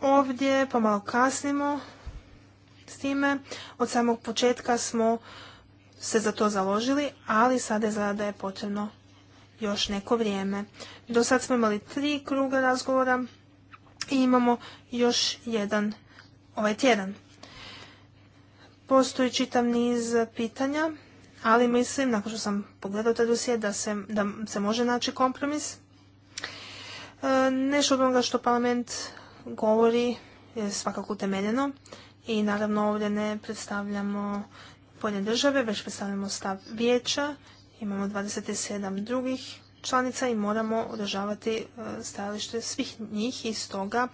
Ovdje pomalo kasnimo s time od samog početka smo se za to založili, ali sada izgleda da je potrebno još neko vrijeme. Do sad smo imali tri kruga razgovora i imamo još jedan ovaj tjedan. Postoji čitav niz pitanja, ali mislim, nakon što sam pogledao te dosije, da se, da se može naći kompromis. E, nešto od onoga što parlament govori je svakako utemeljeno i naravno ovdje ne predstavljamo polje države, već predstavljamo stav vijeća, imamo 27 drugih članica i moramo održavati e, stajalište svih njih i stoga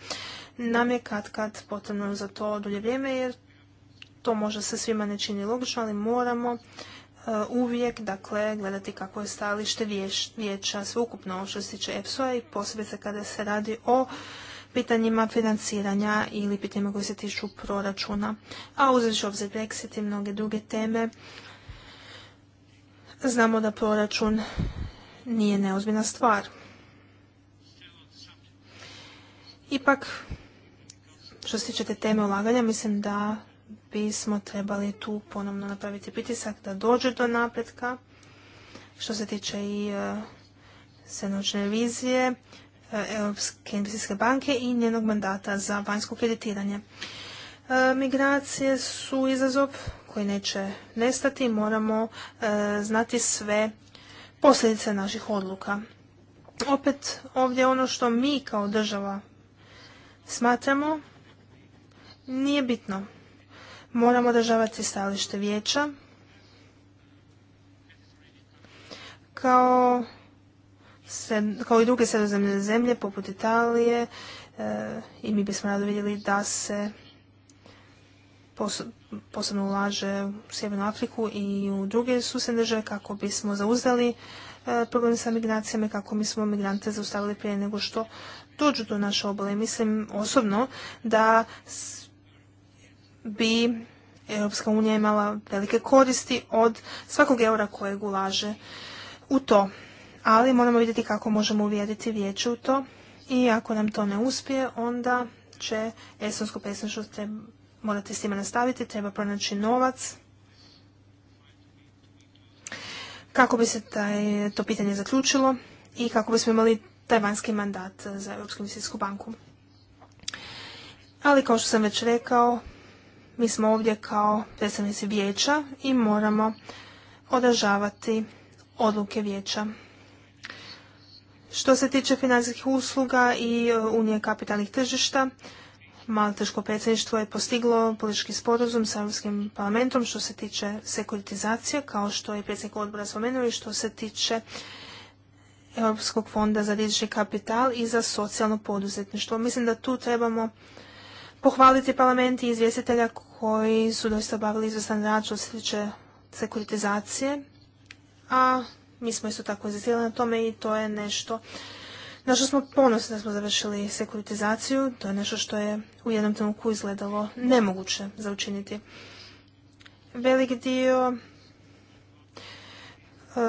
nam je kad kad potrebno za to dulje vrijeme jer to možda se svima ne čini logično, ali moramo e, uvijek dakle, gledati kako je stajalište vijeća sveukupno što se tiče EPSO-a i posebice kada se radi o pitanjima financiranja ili pitanjima koji se tiču proračuna. A uzreći obzir Brexit i mnoge druge teme, znamo da proračun nije neozbiljna stvar. Ipak, što se tiče te teme ulaganja, mislim da bismo trebali tu ponovno napraviti pritisak da dođe do napretka. Što se tiče i e, senočne vizije, E, Europske investicijske banke i njenog mandata za vanjsko kreditiranje. E, migracije su izazov koji neće nestati, moramo e, znati sve posljedice naših odluka. Opet ovdje ono što mi kao država smatramo nije bitno. Moramo održavati stajalište vijeća kao kao i druge sredozemne zemlje poput Italije e, i mi bismo rado vidjeli da se posebno ulaže u Sjevernu Afriku i u druge susjedne države kako bismo zauzeli e, problem sa migracijama i kako bismo migrante zaustavili prije nego što dođu do naše obale. Mislim osobno da bi Europska unija imala velike koristi od svakog eura kojeg ulaže u to ali moramo vidjeti kako možemo uvjeriti vijeće u to i ako nam to ne uspije, onda će estonsko predstavništvo morati s time nastaviti, treba pronaći novac kako bi se taj, to pitanje zaključilo i kako bismo imali taj vanjski mandat eh, za Europsku investicijsku banku. Ali kao što sam već rekao, mi smo ovdje kao predstavnici vijeća i moramo odražavati odluke vijeća što se tiče financijskih usluga i e, Unije kapitalnih tržišta, Malteško predsjedništvo je postiglo politički sporazum sa Europskim parlamentom što se tiče sekuritizacije, kao što je predsjednik odbora spomenuo i što se tiče Europskog fonda za rizični kapital i za socijalno poduzetništvo. Mislim da tu trebamo pohvaliti parlament i izvjestitelja koji su doista obavili izvrstan rad što se tiče sekuritizacije, a mi smo isto tako inzistirali na tome i to je nešto na što smo ponosni da smo završili sekuritizaciju. To je nešto što je u jednom trenutku izgledalo nemoguće za učiniti. Veliki dio e,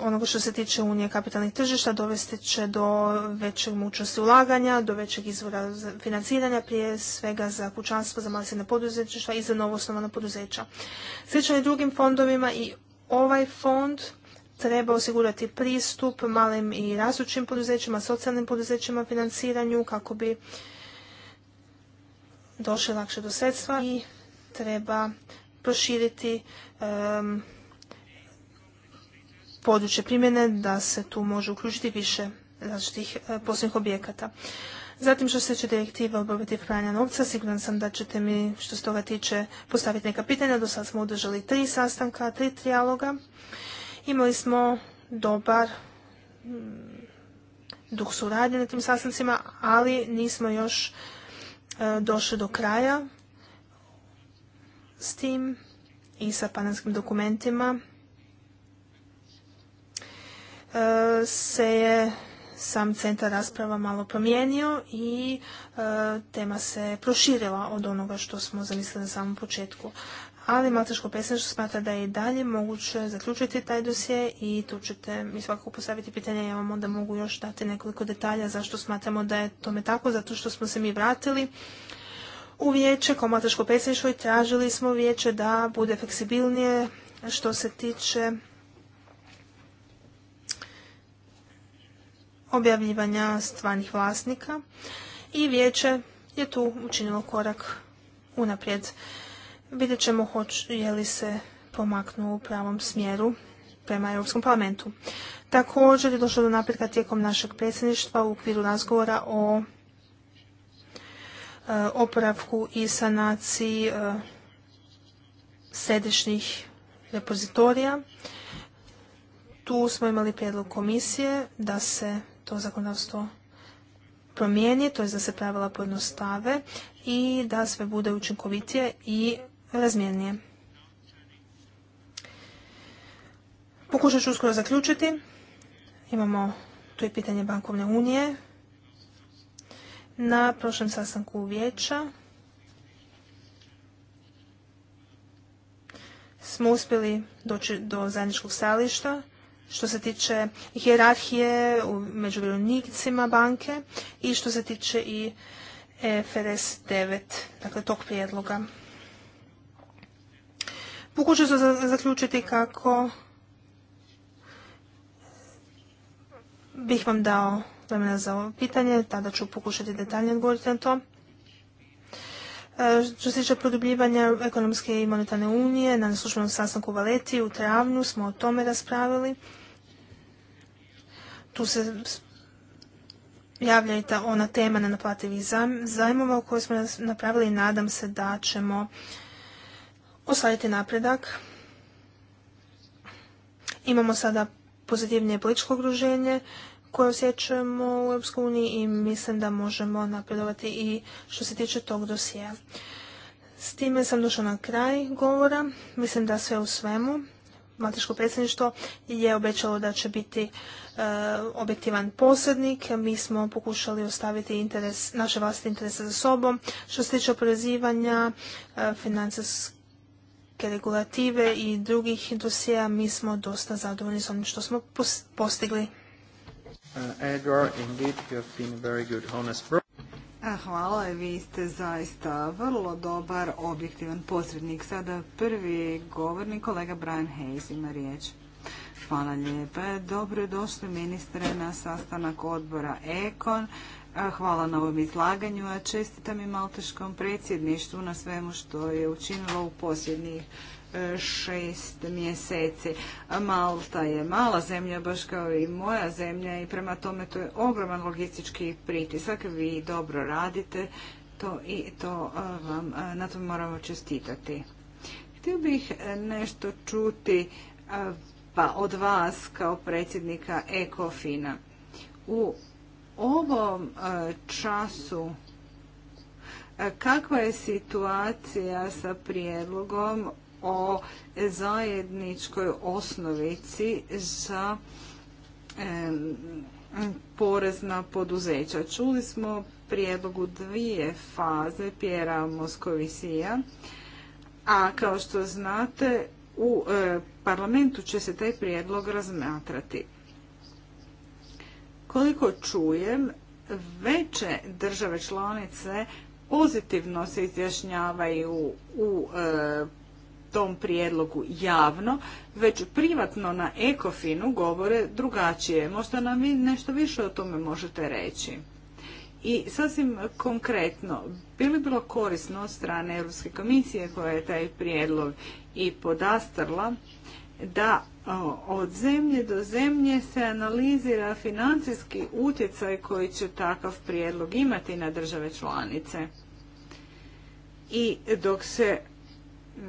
onoga što se tiče unije kapitalnih tržišta dovesti će do većeg mogućnosti ulaganja, do većeg izvora financiranja, prije svega za kućanstvo, za male poduzeća i za novo novoosnovana poduzeća. Slično i drugim fondovima i ovaj fond treba osigurati pristup malim i rastućim poduzećima, socijalnim poduzećima, financiranju kako bi došli lakše do sredstva i treba proširiti područje primjene da se tu može uključiti više različitih e, poslovnih objekata. Zatim što se tiče direktiva o borbi pranja novca, siguran sam da ćete mi što se toga tiče postaviti neka pitanja. Do sad smo održali tri sastanka, tri trijaloga Imali smo dobar mm, duh suradnje na tim sastancima, ali nismo još e, došli do kraja s tim i sa panamskim dokumentima e, se je sam centar rasprava malo promijenio i e, tema se proširila od onoga što smo zamislili na samom početku ali Malteško predsjedništvo smatra da je i dalje moguće zaključiti taj dosje i tu ćete mi svakako postaviti pitanje, ja vam onda mogu još dati nekoliko detalja zašto smatramo da je tome tako, zato što smo se mi vratili u vijeće kao Malteško predsjedništvo i tražili smo vijeće da bude fleksibilnije što se tiče objavljivanja stvarnih vlasnika i vijeće je tu učinilo korak unaprijed. Vidjet ćemo hoć, je li se pomaknu u pravom smjeru prema Europskom parlamentu. Također je došlo do napretka tijekom našeg predsjedništva u okviru razgovora o e, oporavku i sanaciji e, središnjih repozitorija. Tu smo imali prijedlog komisije da se to zakonodavstvo promijeni, to je da se pravila pojednostave i da sve bude učinkovitije i razmjernije. Pokušat ću uskoro zaključiti. Imamo tu i pitanje bankovne unije. Na prošlom sastanku vijeća smo uspjeli doći do zajedničkog stajališta što se tiče hjerarhije među vjerovnicima banke i što se tiče i e FRS 9, dakle tog prijedloga. Pokušao se zaključiti kako bih vam dao vremena za ovo pitanje, tada ću pokušati detaljnije odgovoriti na to. E, što se tiče produbljivanja ekonomske i monetarne unije, na službenom sastanku u Valeti u travnju smo o tome raspravili. Tu se javlja i ta ona tema nenaplativih zajmova o kojoj smo napravili i nadam se da ćemo ostvariti napredak. Imamo sada pozitivnije političko okruženje koje osjećujemo u EU i mislim da možemo napredovati i što se tiče tog dosija. S time sam došla na kraj govora. Mislim da sve u svemu Malteško predsjedništvo je obećalo da će biti e, objektivan posrednik. Mi smo pokušali ostaviti interes, naše vlastite interese za sobom. Što se tiče oporezivanja, e, zakonske regulative i drugih dosija mi smo dosta zadovoljni s onim što smo postigli. Uh, hvala, vi ste zaista vrlo dobar objektivan posrednik. Sada prvi govornik, kolega Brian Hayes ima riječ. Hvala lijepa. Dobro došli ministre na sastanak odbora EKON. Hvala na ovom izlaganju, a čestitam i Malteškom predsjedništvu na svemu što je učinilo u posljednjih e, šest mjeseci. Malta je mala zemlja, baš kao i moja zemlja i prema tome to je ogroman logistički pritisak. Vi dobro radite to i to vam na to moramo čestitati. Htio bih e, nešto čuti pa od vas kao predsjednika Ekofina. U ovom e, času e, kakva je situacija sa prijedlogom o zajedničkoj osnovici za e, porezna poduzeća. Čuli smo prijedlogu dvije faze Pjera Moskovisija, a kao što znate u parlamentu će se taj prijedlog razmatrati. Koliko čujem, veće države članice pozitivno se izjašnjavaju u e, tom prijedlogu javno, već privatno na ekofinu govore drugačije. Možda nam vi nešto više o tome možete reći. I sasvim konkretno, bi li bilo korisno od strane Europske komisije koja je taj prijedlog i podastrla da od zemlje do zemlje se analizira financijski utjecaj koji će takav prijedlog imati na države članice. I dok se mm,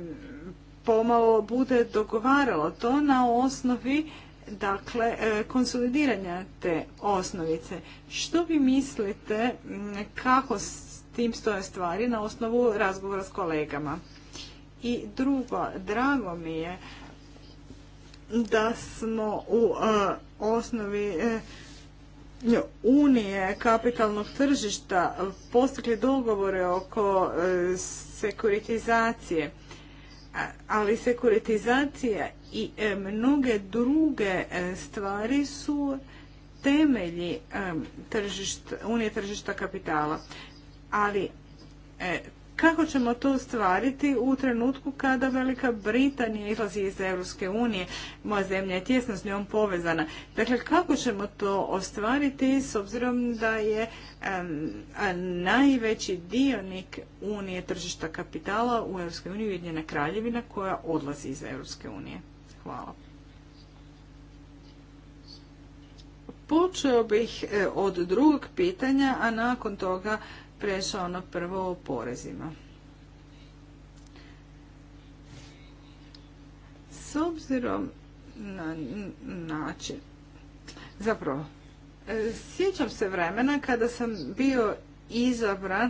pomalo bude dogovaralo to na osnovi dakle e, konsolidiranja te osnovice. Što vi mislite mm, kako s tim stoje stvari na osnovu razgovora s kolegama? I drugo, drago mi je da smo u e, osnovi e, Unije kapitalnog tržišta postigli dogovore oko e, sekuritizacije, ali sekuritizacija i mnoge druge stvari su temelji Unije tržišta kapitala. Ali kako ćemo to ostvariti u trenutku kada Velika Britanija izlazi iz Europske unije? Moja zemlja je tjesno s njom povezana. Dakle, kako ćemo to ostvariti s obzirom da je najveći dionik Unije tržišta kapitala u Europskoj uniji Ujedinjena kraljevina koja odlazi iz Europske unije? Hvala. Počeo bih e, od drugog pitanja, a nakon toga prešao prvo o porezima. S obzirom na način, zapravo, e, sjećam se vremena kada sam bio izabran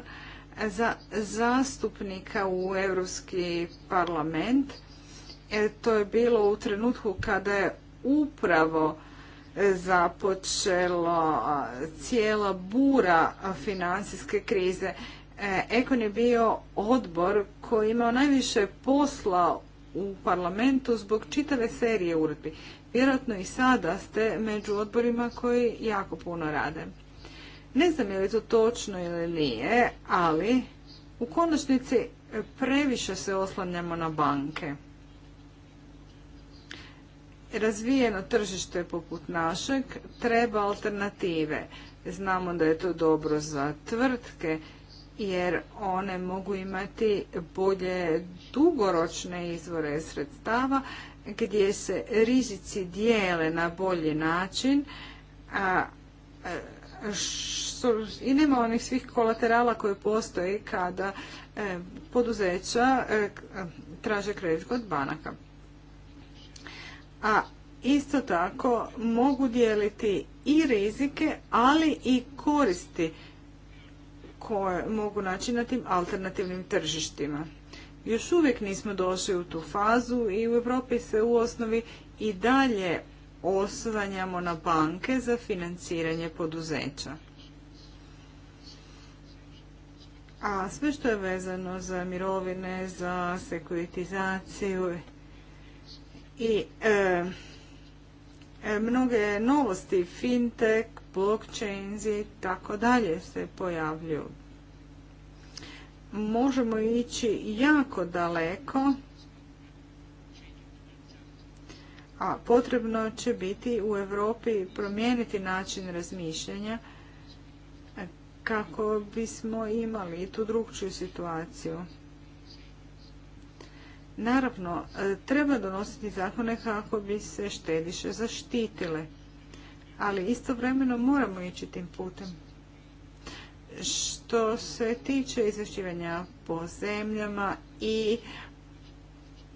za zastupnika u Europski parlament. E, to je bilo u trenutku kada je upravo započelo cijela bura financijske krize. E, Ekon je bio odbor koji je imao najviše posla u parlamentu zbog čitave serije uredbi. Vjerojatno i sada ste među odborima koji jako puno rade. Ne znam je li to točno ili nije, ali u konačnici previše se oslanjamo na banke razvijeno tržište poput našeg treba alternative. Znamo da je to dobro za tvrtke jer one mogu imati bolje dugoročne izvore sredstava gdje se rizici dijele na bolji način a, i nema onih svih kolaterala koje postoje kada e, poduzeća e, traže kredit kod banaka a isto tako mogu dijeliti i rizike, ali i koristi koje mogu naći na tim alternativnim tržištima. Još uvijek nismo došli u tu fazu i u Europi se u osnovi i dalje osvanjamo na banke za financiranje poduzeća. A sve što je vezano za mirovine, za sekuritizaciju i e, e, mnoge novosti, fintech, blockchains i tako dalje se pojavljuju. Možemo ići jako daleko, a potrebno će biti u Europi promijeniti način razmišljanja kako bismo imali tu drugčiju situaciju. Naravno, e, treba donositi zakone kako bi se štediše zaštitile, ali istovremeno moramo ići tim putem. Što se tiče izvješćivanja po zemljama i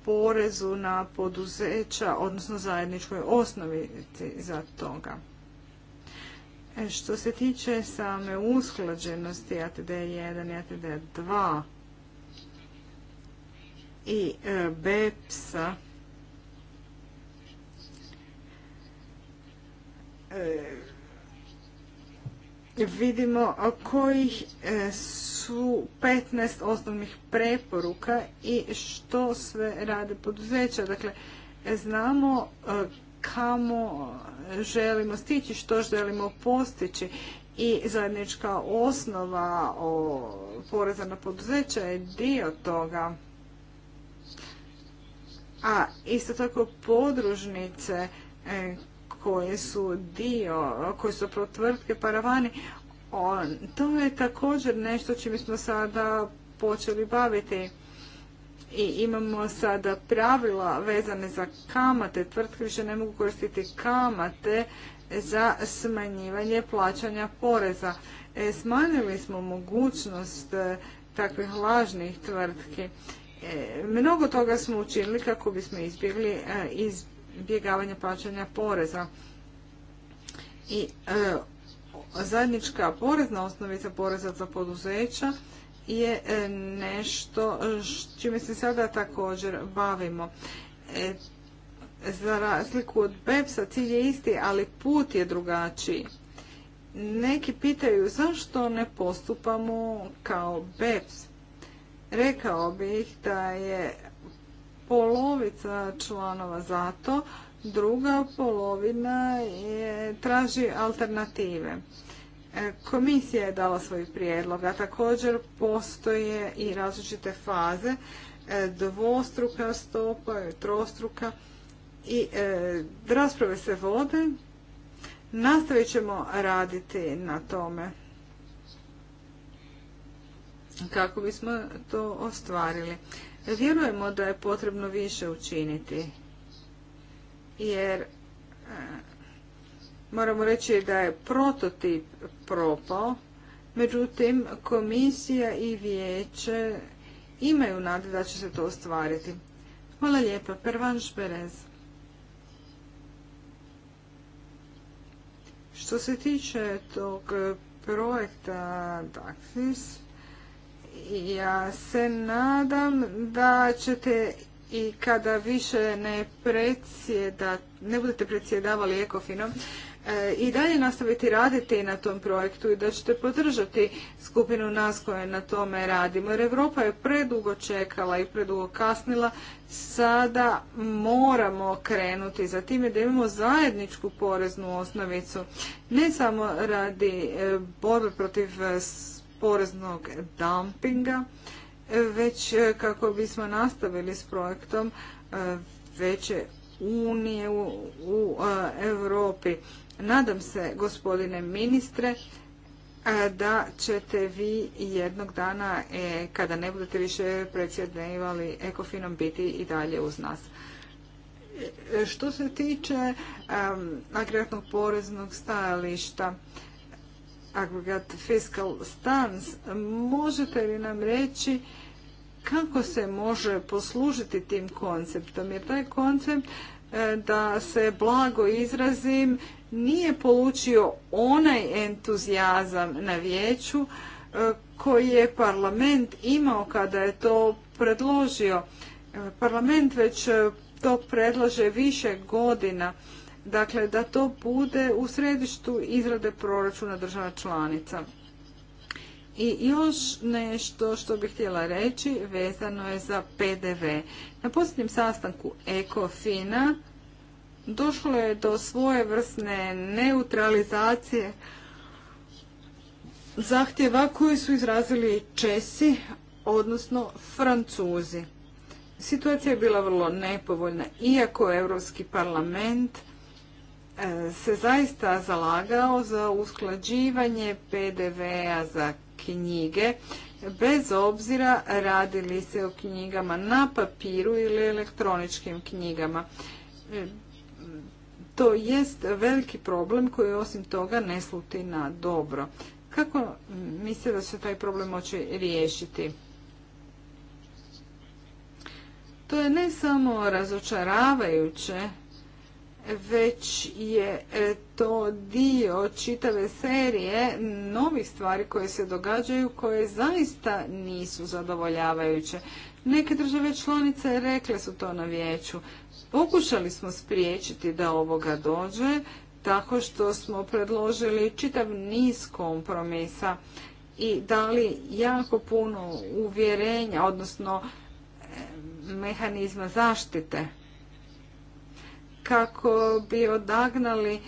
porezu na poduzeća, odnosno zajedničkoj osnovi za toga. E, što se tiče same usklađenosti ATD1 i ATD2, i e, BEPS-a e, vidimo kojih e, su 15 osnovnih preporuka i što sve rade poduzeća. Dakle, znamo kamo želimo stići, što želimo postići i zajednička osnova o poreza na poduzeća je dio toga a isto tako podružnice e, koje su dio, koje su protvrtke paravani, on, to je također nešto čime smo sada počeli baviti i imamo sada pravila vezane za kamate, tvrtke više ne mogu koristiti kamate za smanjivanje plaćanja poreza. E, smanjili smo mogućnost e, takvih lažnih tvrtki E, mnogo toga smo učinili kako bismo izbjegli e, izbjegavanje plaćanja poreza. I e, zajednička porezna osnovica poreza za poduzeća je nešto čime se sada također bavimo. za razliku od BEPS-a cilj je isti, ali put je drugačiji. Neki pitaju zašto ne postupamo kao BEPS. Rekao bih da je polovica članova za to, druga polovina traži alternative. E, komisija je dala svoj prijedlog, a također postoje i različite faze, e, dvostruka stopa, trostruka i e, rasprave se vode. Nastavit ćemo raditi na tome kako bismo to ostvarili. Vjerujemo da je potrebno više učiniti jer e, moramo reći da je prototip propao, međutim komisija i vijeće imaju nade da će se to ostvariti. Hvala lijepa, Pervan Što se tiče tog projekta DAXIS, ja se nadam da ćete i kada više ne predsjeda, ne budete predsjedavali Ekofinom, e, i dalje nastaviti raditi na tom projektu i da ćete podržati skupinu nas koje na tome radimo. Jer Europa je predugo čekala i predugo kasnila. Sada moramo krenuti za time da imamo zajedničku poreznu osnovicu. Ne samo radi e, borbe protiv poreznog dumpinga, već e, kako bismo nastavili s projektom e, veće unije u, e, Europi. Nadam se, gospodine ministre, da ćete vi jednog dana, kada ne budete više predsjednevali Ekofinom, biti i dalje uz nas. Što se tiče um, agregatnog poreznog stajališta, agregat fiscal stance, možete li nam reći kako se može poslužiti tim konceptom? Jer taj koncept, e, da se blago izrazim, nije polučio onaj entuzijazam na vijeću e, koji je parlament imao kada je to predložio. E, parlament već to predlaže više godina Dakle, da to bude u središtu izrade proračuna država članica. I još nešto što bih htjela reći vezano je za PDV. Na posljednjem sastanku ECOFINA došlo je do svojevrsne neutralizacije zahtjeva koji su izrazili Česi, odnosno Francuzi. Situacija je bila vrlo nepovoljna, iako Europski parlament se zaista zalagao za usklađivanje PDV-a za knjige, bez obzira li se o knjigama na papiru ili elektroničkim knjigama. To jest veliki problem koji osim toga ne sluti na dobro. Kako misle da se taj problem moće riješiti? To je ne samo razočaravajuće već je e, to dio čitave serije novih stvari koje se događaju koje zaista nisu zadovoljavajuće. Neke države članice rekle su to na vijeću. Pokušali smo spriječiti da ovoga dođe tako što smo predložili čitav niz kompromisa i dali jako puno uvjerenja, odnosno e, mehanizma zaštite kako bi odagnali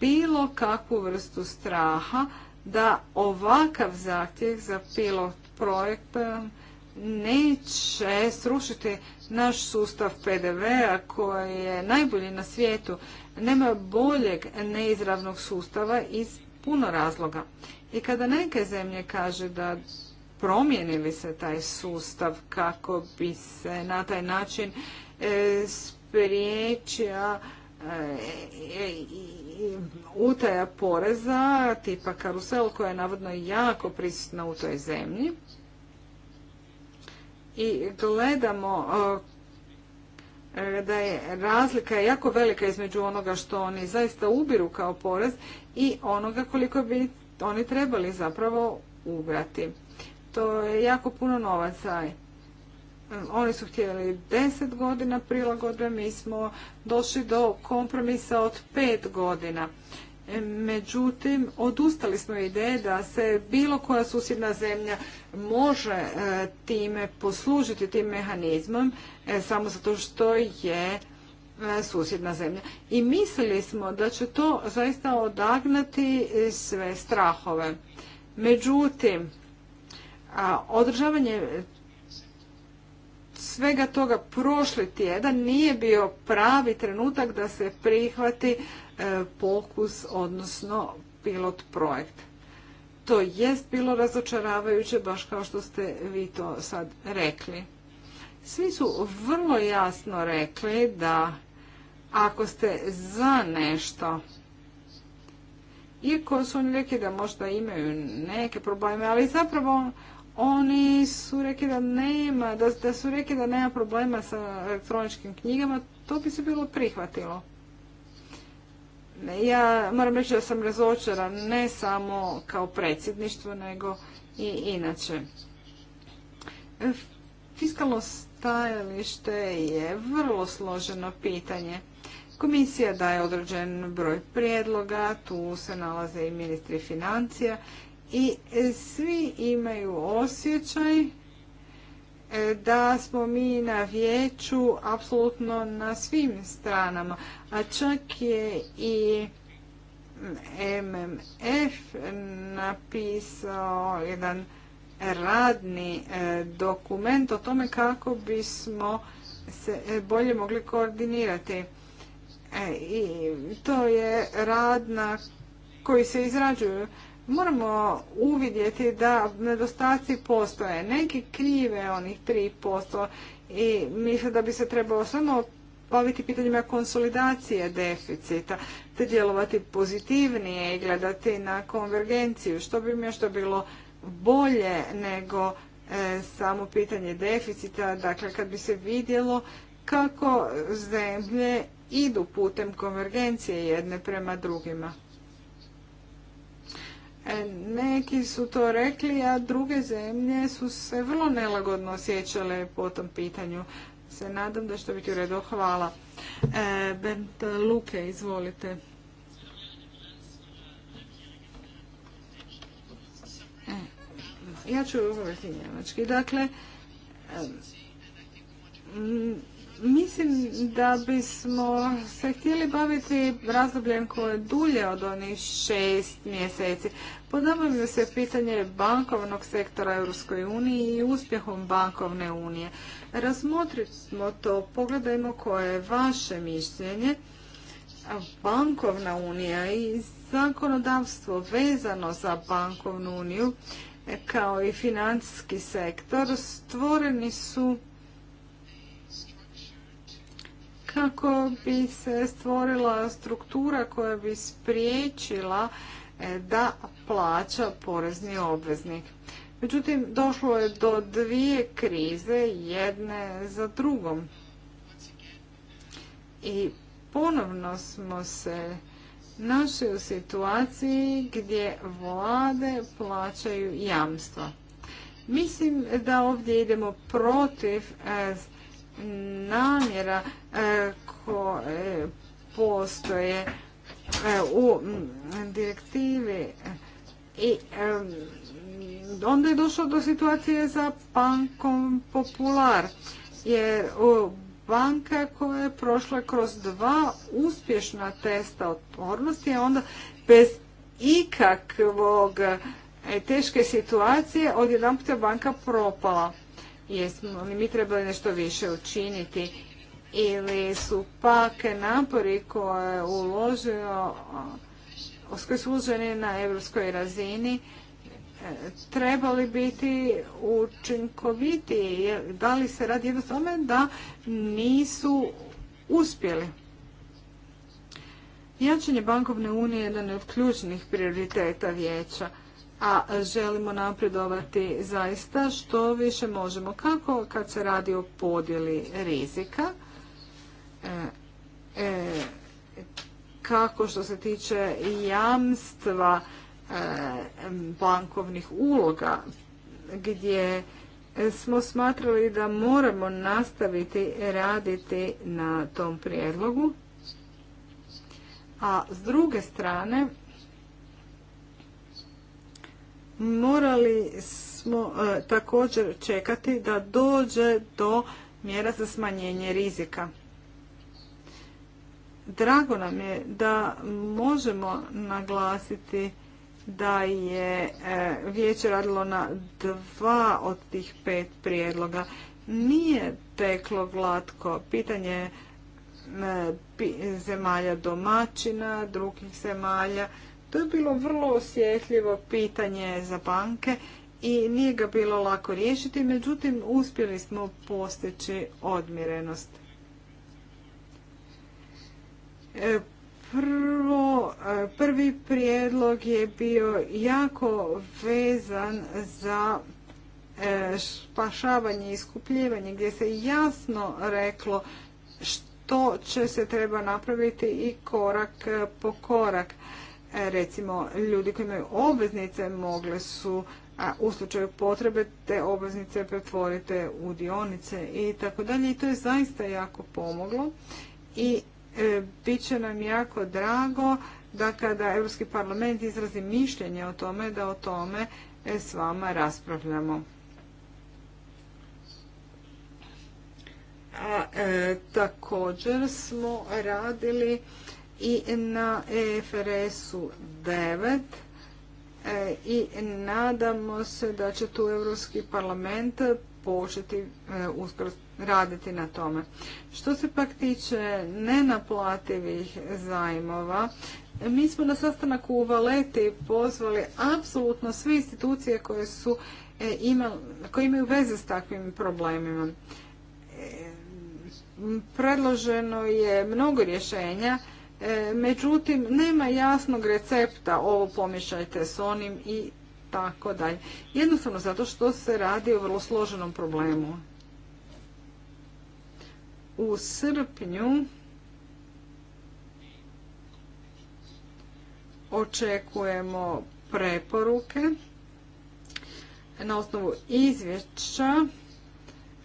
bilo kakvu vrstu straha da ovakav zahtjev za pilot projekt um, neće srušiti naš sustav PDV-a koji je najbolji na svijetu. Nema boljeg neizravnog sustava iz puno razloga. I kada neke zemlje kaže da promijenili se taj sustav kako bi se na taj način e, spriječio e, e, e, utaja poreza tipa karusel koja je navodno jako prisutna u toj zemlji. I gledamo da je razlika jako velika između onoga što oni zaista ubiru kao porez i onoga koliko bi oni trebali zapravo ubrati. To je jako puno novaca oni su htjeli deset godina prilagodbe, mi smo došli do kompromisa od pet godina. E, međutim, odustali smo ideje da se bilo koja susjedna zemlja može e, time poslužiti tim mehanizmom e, samo zato što je susjedna zemlja. I mislili smo da će to zaista odagnati sve strahove. Međutim, održavanje svega toga prošli tjedan nije bio pravi trenutak da se prihvati e, pokus, odnosno pilot projekt. To jest bilo razočaravajuće, baš kao što ste vi to sad rekli. Svi su vrlo jasno rekli da ako ste za nešto, iako su oni rekli da možda imaju neke probleme, ali zapravo oni su rekli da nema, da, da su rekli da nema problema sa elektroničkim knjigama, to bi se bilo prihvatilo. Ja moram reći da sam razočaran ne samo kao predsjedništvo, nego i inače. E, fiskalno stajalište je vrlo složeno pitanje. Komisija daje određen broj prijedloga, tu se nalaze i ministri financija i e, svi imaju osjećaj e, da smo mi na vijeću apsolutno na svim stranama, a čak je i MMF napisao jedan radni e, dokument o tome kako bismo se bolje mogli koordinirati. I to je rad na koji se izrađuju Moramo uvidjeti da nedostaci postoje. Neki krive onih 3% i mislim da bi se trebalo samo baviti pitanjima konsolidacije deficita, te djelovati pozitivnije i gledati na konvergenciju, što bi mi još bilo bolje nego e, samo pitanje deficita, dakle kad bi se vidjelo kako zemlje idu putem konvergencije jedne prema drugima. E, neki su to rekli, a druge zemlje su se vrlo nelagodno osjećale po tom pitanju. Se nadam da što to biti u redu. Hvala. E, Bent Luke, izvolite. E, ja ću govoriti njemački. Dakle, Mislim da bismo se htjeli baviti razdobljem koje je dulje od onih šest mjeseci. mi se pitanje bankovnog sektora Europskoj uniji i uspjehom bankovne unije. Razmotrimo to, pogledajmo koje je vaše mišljenje. Bankovna unija i zakonodavstvo vezano za bankovnu uniju kao i financijski sektor stvoreni su kako bi se stvorila struktura koja bi spriječila e, da plaća porezni obveznik. Međutim, došlo je do dvije krize, jedne za drugom. I ponovno smo se našli u situaciji gdje vlade plaćaju jamstva. Mislim da ovdje idemo protiv e, namjera e, koje postoje e, u direktivi i e, onda je došlo do situacije za bankom popular jer banka koja je prošla kroz dva uspješna testa otpornosti je onda bez ikakvog teške situacije odjedanput je banka propala. Jesmo li mi trebali nešto više učiniti? Ili su pak napori koje uložio, koji su na evropskoj razini, e, trebali biti učinkoviti. Da li se radi jedno tome da nisu uspjeli? Jačanje bankovne unije je jedan od ključnih prioriteta vijeća a želimo napredovati zaista što više možemo. Kako kad se radi o podjeli rizika, e, e, kako što se tiče jamstva e, bankovnih uloga, gdje smo smatrali da moramo nastaviti raditi na tom prijedlogu, a s druge strane morali smo e, također čekati da dođe do mjera za smanjenje rizika. Drago nam je da možemo naglasiti da je e, vijeće radilo na dva od tih pet prijedloga. Nije teklo glatko. Pitanje e, zemalja domaćina, drugih zemalja, to je bilo vrlo osjetljivo pitanje za banke i nije ga bilo lako riješiti, međutim uspjeli smo postići odmjerenost. E, prvo, e, prvi prijedlog je bio jako vezan za e, spašavanje i iskupljivanje gdje se jasno reklo što će se treba napraviti i korak po korak recimo ljudi koji imaju obveznice mogle su u slučaju potrebe te obveznice pretvorite u dionice i tako dalje i to je zaista jako pomoglo i e, bit će nam jako drago da kada Europski parlament izrazi mišljenje o tome da o tome e, s vama raspravljamo. A e, također smo radili i na EFRS-u 9 e, i nadamo se da će tu Europski parlament početi e, uskoro raditi na tome. Što se pak tiče nenaplativih zajmova, mi smo na sastanak u Valeti pozvali apsolutno sve institucije koje su e, koje imaju veze s takvim problemima. Predloženo je mnogo rješenja E, međutim, nema jasnog recepta, ovo pomješajte s onim i tako dalje. Jednostavno zato što se radi o vrlo složenom problemu. U srpnju očekujemo preporuke na osnovu izvješća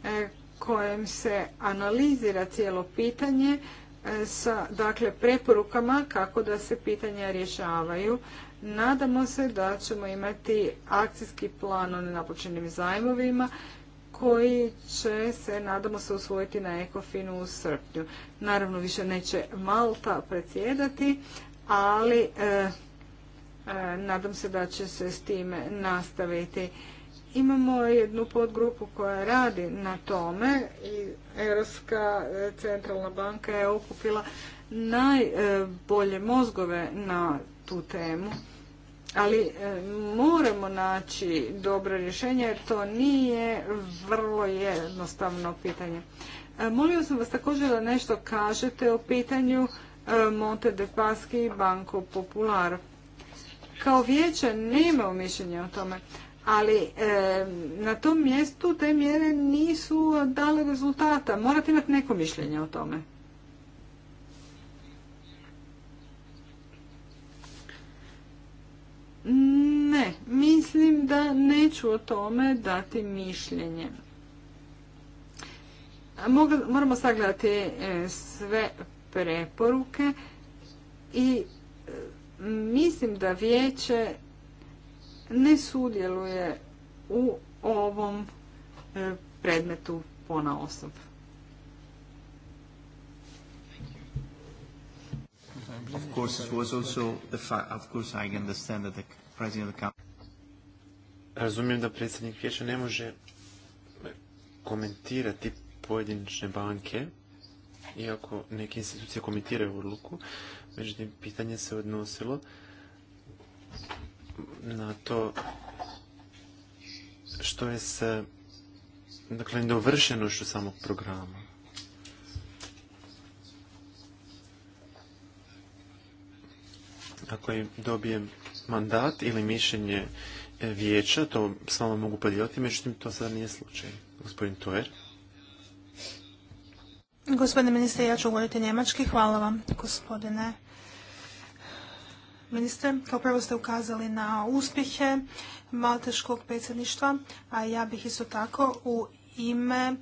e, kojem se analizira cijelo pitanje sa dakle, preporukama kako da se pitanja rješavaju. Nadamo se da ćemo imati akcijski plan o nenapočenim zajmovima koji će se, nadamo se, usvojiti na Ekofinu u srpnju. Naravno, više neće Malta predsjedati, ali eh, eh, nadam se da će se s time nastaviti. Imamo jednu podgrupu koja radi na tome i Europska e, centralna banka je okupila najbolje mozgove na tu temu. Ali e, moramo naći dobro rješenje jer to nije vrlo jednostavno pitanje. E, molio sam vas također da nešto kažete o pitanju Monte de Paschi i Banko Popular. Kao vijeće nema mišljenja o tome ali na tom mjestu te mjere nisu dale rezultata. Morate imati neko mišljenje o tome. Ne, mislim da neću o tome dati mišljenje. Moramo sagledati e, sve preporuke i e, mislim da vijeće ne sudjeluje u ovom e, predmetu pona osob. Of Razumijem da predsjednik vijeća ne može e, komentirati pojedinične banke, iako neke institucije komentiraju odluku, međutim, pitanje se odnosilo na to što je se dakle, nedovršenošću samog programa. Ako im dobijem mandat ili mišljenje e, vijeća, to s vama mogu podijeliti, međutim to sada nije slučaj. Gospodin Toer. Gospodine ministre, ja ću govoriti njemački. Hvala vam, gospodine Ministre, kao prvo ste ukazali na uspjehe Malteškog predsjedništva, a ja bih isto tako u ime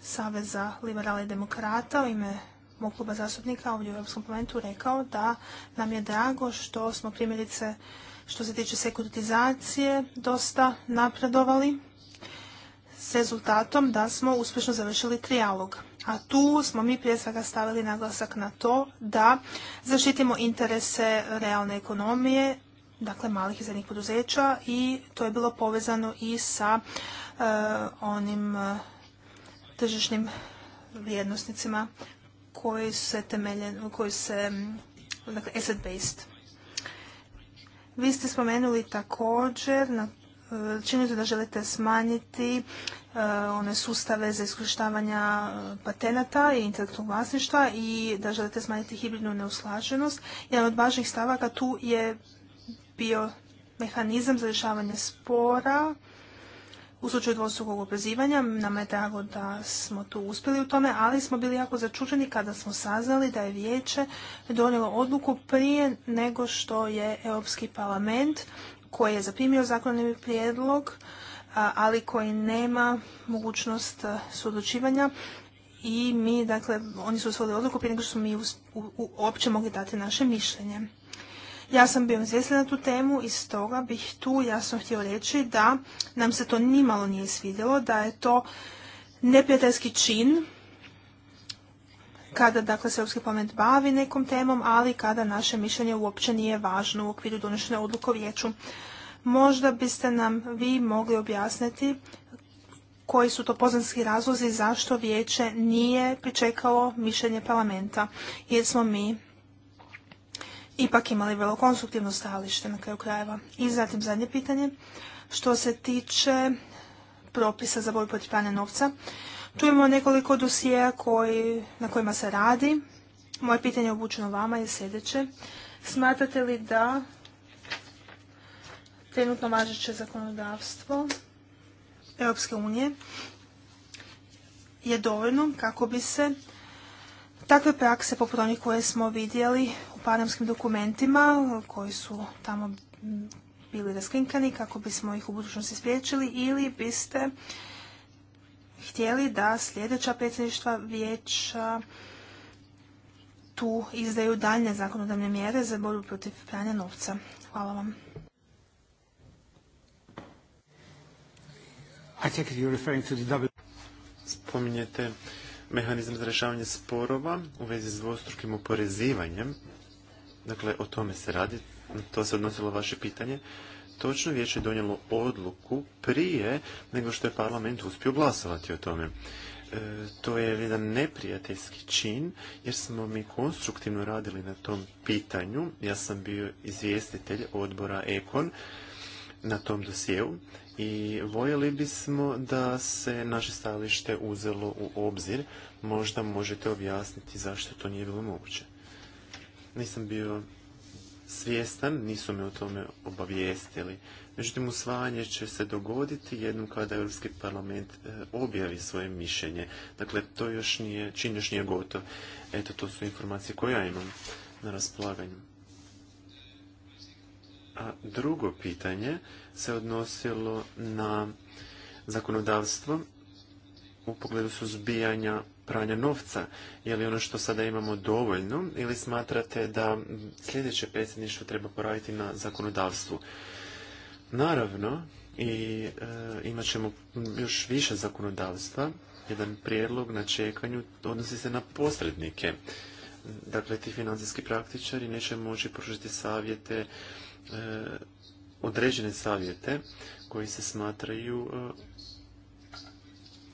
Saveza liberala i demokrata, u ime mog kluba zastupnika ovdje u Europskom parlamentu rekao da nam je drago što smo primjerice što se tiče sekuritizacije dosta napredovali s rezultatom da smo uspješno završili trijalog. A tu smo mi prije svega stavili naglasak na to da zaštitimo interese realne ekonomije, dakle malih i srednjih poduzeća i to je bilo povezano i sa e, onim e, tržišnim vrijednosnicima koji se temeljen, koji se dakle, asset based. Vi ste spomenuli također na činite da želite smanjiti e, one sustave za iskorištavanja e, patenata i intelektualnog vlasništva i da želite smanjiti hibridnu neuslaženost. Jedan od važnih stavaka tu je bio mehanizam za rješavanje spora u slučaju dvostrukog oprezivanja. Nama je drago da smo tu uspjeli u tome, ali smo bili jako začuđeni kada smo saznali da je vijeće donijelo odluku prije nego što je Europski parlament koji je zaprimio zakonni prijedlog, ali koji nema mogućnost suodlučivanja i mi, dakle, oni su usvojili odluku prije nego što smo mi uopće mogli dati naše mišljenje. Ja sam bio izvjestila na tu temu i stoga bih tu jasno htio reći da nam se to nimalo nije svidjelo, da je to neprijateljski čin kada dakle se Europski parlament bavi nekom temom, ali kada naše mišljenje uopće nije važno u okviru donošenja odluka o vijeću. Možda biste nam vi mogli objasniti koji su to poznanski razlozi zašto vijeće nije pričekalo mišljenje parlamenta, jer smo mi ipak imali vrlo konstruktivno stajalište na kraju krajeva. I zatim zadnje pitanje, što se tiče propisa za borbu protiv pranja novca, Čujemo nekoliko dosijeja koji, na kojima se radi. Moje pitanje obučeno vama je sljedeće. Smatrate li da trenutno važeće zakonodavstvo Europske unije je dovoljno kako bi se takve prakse poput onih koje smo vidjeli u panamskim dokumentima koji su tamo bili raskrinkani kako bismo ih u budućnosti spriječili ili biste htjeli da sljedeća predsjedništva vijeća tu izdaju daljne zakonodavne mjere za borbu protiv pranja novca. Hvala vam. Spominjete mehanizam za rješavanje sporova u vezi s dvostrukim oporezivanjem. Dakle, o tome se radi. To se odnosilo vaše pitanje točno vijeće donijelo odluku prije nego što je parlament uspio glasovati o tome. E, to je jedan neprijateljski čin jer smo mi konstruktivno radili na tom pitanju. Ja sam bio izvjestitelj odbora Ekon na tom dosjeu i voljeli bismo da se naše stajalište uzelo u obzir. Možda možete objasniti zašto to nije bilo moguće. Nisam bio svjestan, nisu me o tome obavijestili. Međutim, usvajanje će se dogoditi jednom kada Europski parlament e, objavi svoje mišljenje. Dakle, to još nije, čin još nije gotov. Eto, to su informacije koje ja imam na raspolaganju. A drugo pitanje se odnosilo na zakonodavstvo u pogledu suzbijanja pranja novca. Je li ono što sada imamo dovoljno ili smatrate da sljedeće predsjedništvo treba poraditi na zakonodavstvu? Naravno, i e, imat ćemo još više zakonodavstva. Jedan prijedlog na čekanju odnosi se na posrednike. Dakle, ti financijski praktičari neće moći pružiti savjete, e, određene savjete koji se smatraju e,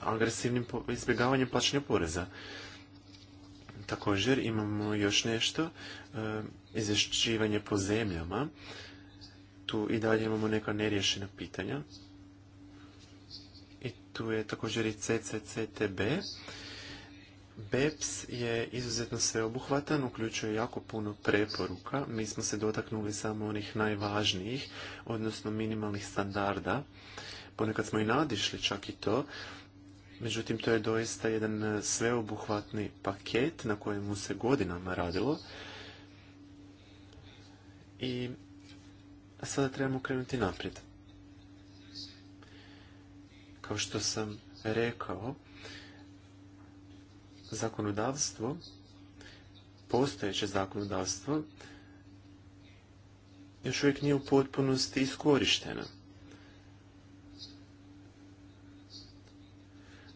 agresivnim izbjegavanjem plaćanja poreza. Također imamo još nešto, e, izvješćivanje po zemljama. Tu i dalje imamo neka nerješena pitanja. I tu je također i CCCTB. BEPS je izuzetno sveobuhvatan, uključuje jako puno preporuka. Mi smo se dotaknuli samo onih najvažnijih, odnosno minimalnih standarda. Ponekad smo i nadišli čak i to, Međutim, to je doista jedan e, sveobuhvatni paket na kojemu se godinama radilo. I sada trebamo krenuti naprijed. Kao što sam rekao, zakonodavstvo, postojeće zakonodavstvo, još uvijek nije u potpunosti iskorišteno.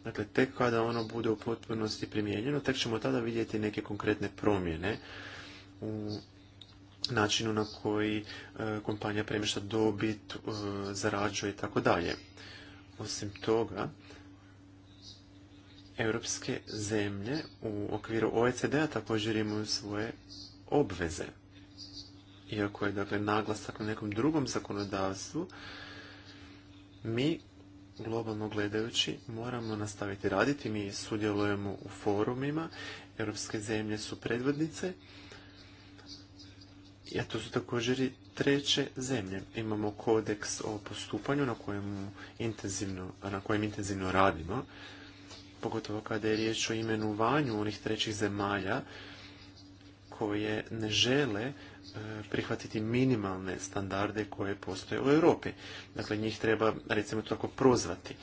Dakle, tek kada ono bude u potpunosti primijenjeno, tek ćemo tada vidjeti neke konkretne promjene u načinu na koji e, kompanija premješta dobit, e, zarađuje i tako dalje. Osim toga, europske zemlje u okviru OECD-a također imaju svoje obveze. Iako je dakle naglasak na nekom drugom zakonodavstvu, mi globalno gledajući moramo nastaviti raditi. Mi sudjelujemo u forumima, europske zemlje su predvodnice, a to su također i treće zemlje. Imamo kodeks o postupanju na kojem intenzivno, na kojem radimo, pogotovo kada je riječ o imenovanju onih trećih zemalja koje ne žele E, prihvatiti minimalne standarde koje postoje u Europi. Dakle, njih treba, recimo, tako prozvati.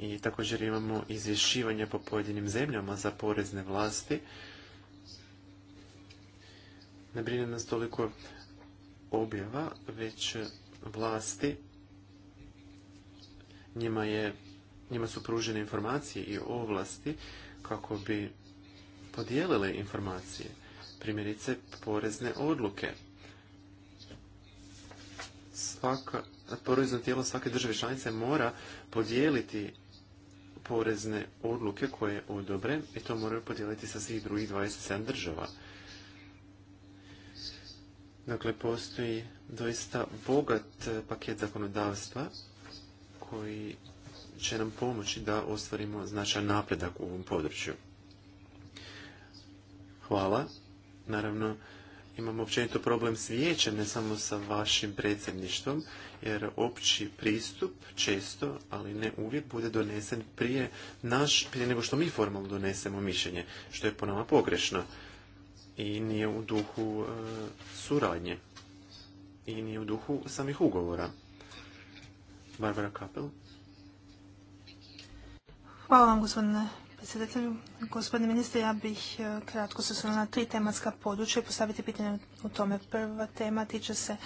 I također imamo izvješivanje po pojedinim zemljama za porezne vlasti. Ne brine nas toliko objava, već vlasti njima, je, njima su pružene informacije i ovlasti kako bi podijelile informacije primjerice porezne odluke. Svaka, porezno tijelo svake države članice mora podijeliti porezne odluke koje odobre i to moraju podijeliti sa svih drugih 27 država. Dakle, postoji doista bogat paket zakonodavstva koji će nam pomoći da ostvarimo značajan napredak u ovom području. Hvala. Naravno, imamo općenito problem s vijećem, ne samo sa vašim predsjedništvom, jer opći pristup često, ali ne uvijek, bude donesen prije, naš, prije nego što mi formalno donesemo mišljenje, što je po nama pogrešno i nije u duhu e, suradnje i nije u duhu samih ugovora. Barbara Kapel. Hvala vam, gospodine predsjedatelju. Gospodine ministre, ja bih e, kratko se na tri tematska područja i postaviti pitanje u tome. Prva tema tiče se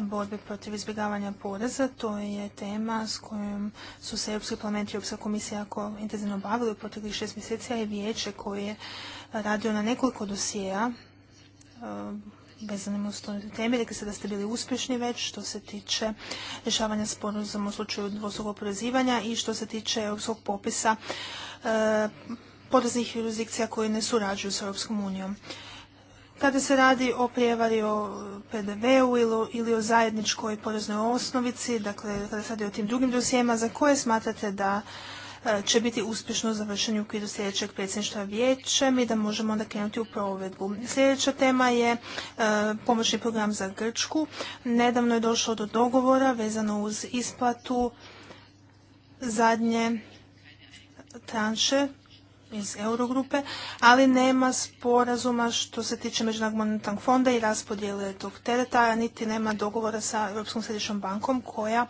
borbe protiv izbjegavanja poreza. To je tema s kojom su se Europski parlament i Europska komisija jako intenzivno bavili u proteklih šest mjeseci, a i vijeće koje je radio na nekoliko dosijeja e, vezanim uz to temi. Rekli ste da ste bili uspješni već što se tiče rješavanja sporazuma u slučaju dvostog oporezivanja i što se tiče europskog popisa e, poreznih jurisdikcija koje ne surađuju s Europskom unijom. Kada se radi o prijevari o PDV-u ili o zajedničkoj poreznoj osnovici, dakle kada se radi o tim drugim dosijema, za koje smatrate da E, će biti uspješno završeni u okviru sljedećeg predsjedništva vijeće i da možemo onda krenuti u provedbu. Sljedeća tema je e, pomoćni program za Grčku. Nedavno je došlo do dogovora vezano uz isplatu zadnje tranše iz Eurogrupe, ali nema sporazuma što se tiče Međunarodnog monetarnog fonda i raspodjele tog tereta, niti nema dogovora sa Europskom središnjom bankom koja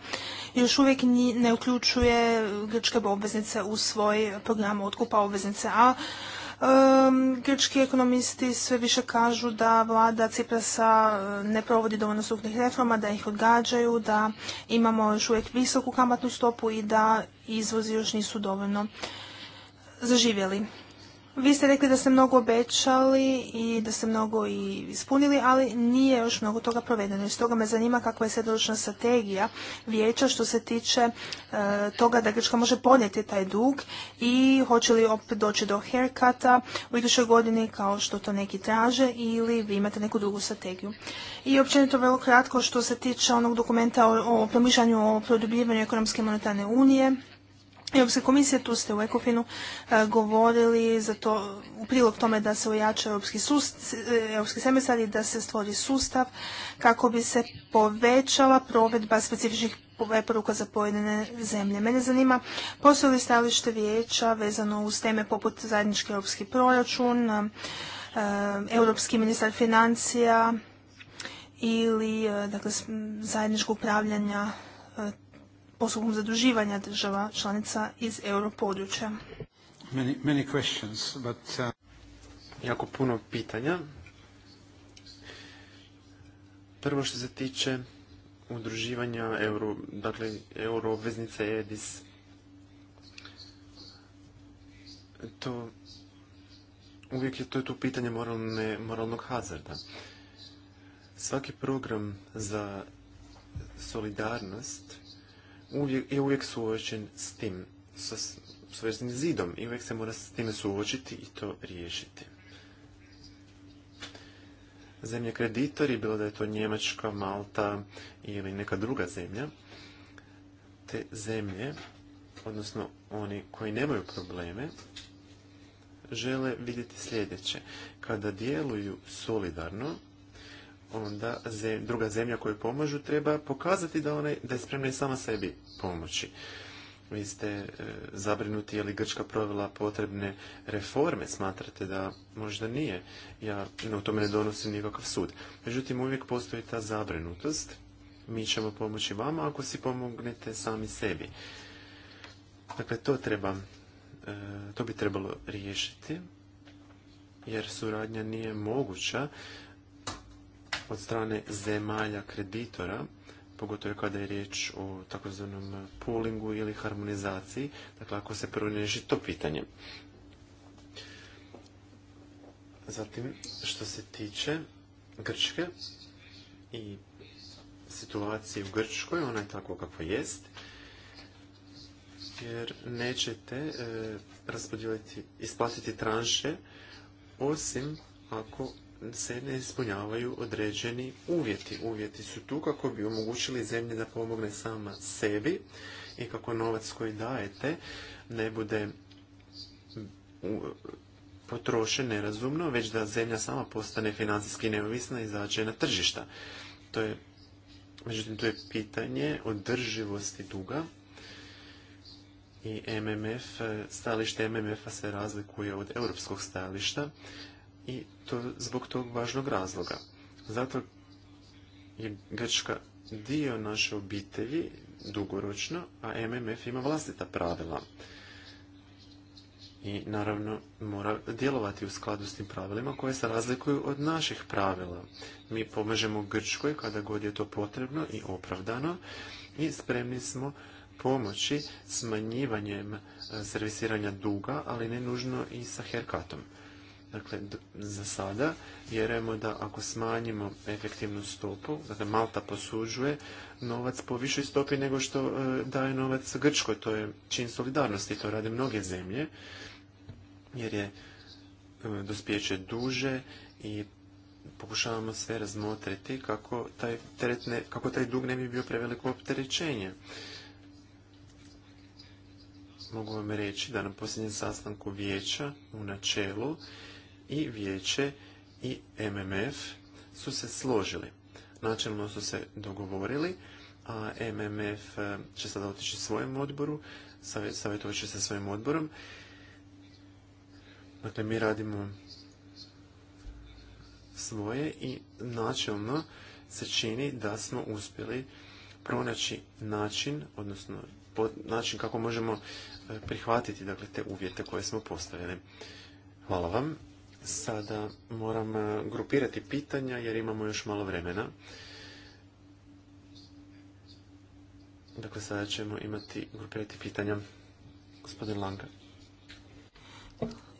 još uvijek ne uključuje grčke obveznice u svoj program otkupa obveznice. A grčki ekonomisti sve više kažu da vlada Ciprasa ne provodi dovoljno strukturnih reforma, da ih odgađaju, da imamo još uvijek visoku kamatnu stopu i da izvozi još nisu dovoljno zaživjeli. Vi ste rekli da ste mnogo obećali i da ste mnogo i ispunili, ali nije još mnogo toga provedeno. I stoga me zanima kakva je sredoročna strategija vijeća što se tiče e, toga da Grčka može podnijeti taj dug i hoće li opet doći do haircuta u idućoj godini kao što to neki traže ili vi imate neku drugu strategiju. I općenito vrlo kratko što se tiče onog dokumenta o, o promišljanju o produbljivanju ekonomske monetarne unije Europske komisije, tu ste u Ekofinu e, govorili za to, u prilog tome da se ojača europski, e, europski semestar i da se stvori sustav kako bi se povećala provedba specifičnih preporuka za pojedine zemlje. Mene zanima, postoji li stajalište vijeća vezano uz teme poput zajednički europski proračun, e, europski ministar financija ili dakle, zajedničko upravljanja postupom zaduživanja država članica iz europodručja. Many, many uh, Jako puno pitanja. Prvo što se tiče udruživanja euro, dakle, obveznice EDIS. To uvijek je to, je pitanje moralne, moralnog hazarda. Svaki program za solidarnost uvijek, je suočen s tim, sa zidom i uvijek se mora s time suočiti i to riješiti. Zemlje kreditori, bilo da je to Njemačka, Malta ili neka druga zemlja, te zemlje, odnosno oni koji nemaju probleme, žele vidjeti sljedeće. Kada djeluju solidarno, onda druga zemlja koju pomažu treba pokazati da, ona, da je spremna i sama sebi pomoći. Vi ste e, zabrinuti je li Grčka provela potrebne reforme, smatrate da možda nije. Ja u tome ne donosim nikakav sud. Međutim, uvijek postoji ta zabrinutost. Mi ćemo pomoći vama ako si pomognete sami sebi. Dakle, to treba, e, to bi trebalo riješiti, jer suradnja nije moguća od strane zemalja kreditora, pogotovo kada je riječ o takozvanom poolingu ili harmonizaciji, dakle ako se prvo to pitanje. Zatim, što se tiče Grčke i situacije u Grčkoj, ona je tako kakva jest, jer nećete e, isplatiti tranše, osim ako se ne ispunjavaju određeni uvjeti. Uvjeti su tu kako bi omogućili zemlji da pomogne sama sebi i kako novac koji dajete ne bude potrošen nerazumno, već da zemlja sama postane financijski neovisna i izađe na tržišta. To je, međutim, to je pitanje održivosti duga i MMF, stajalište MMF-a se razlikuje od europskog stajališta i to zbog tog važnog razloga. Zato je Grčka dio naše obitelji dugoročno, a MMF ima vlastita pravila. I naravno mora djelovati u skladu s tim pravilima koje se razlikuju od naših pravila. Mi pomažemo Grčkoj kada god je to potrebno i opravdano i spremni smo pomoći smanjivanjem servisiranja duga, ali ne nužno i sa herkatom. Dakle, za sada vjerujemo da ako smanjimo efektivnu stopu, dakle Malta posuđuje novac po višoj stopi nego što e, daje novac Grčkoj, to je čin solidarnosti, to rade mnoge zemlje, jer je e, dospjeće duže i pokušavamo sve razmotriti kako taj, kako taj dug ne bi bio preveliko opterećenje. Mogu vam reći da na posljednjem sastanku vijeća u načelu i vijeće i MMF su se složili. Načelno su se dogovorili, a MMF e, će sada otići svojem odboru, savjetovat će se svojim odborom. Dakle, mi radimo svoje i načelno se čini da smo uspjeli pronaći način, odnosno način kako možemo e, prihvatiti dakle, te uvjete koje smo postavili. Hvala vam. Sada moram e, grupirati pitanja jer imamo još malo vremena. Dakle, sada ćemo imati grupirati pitanja. Gospodin Langa.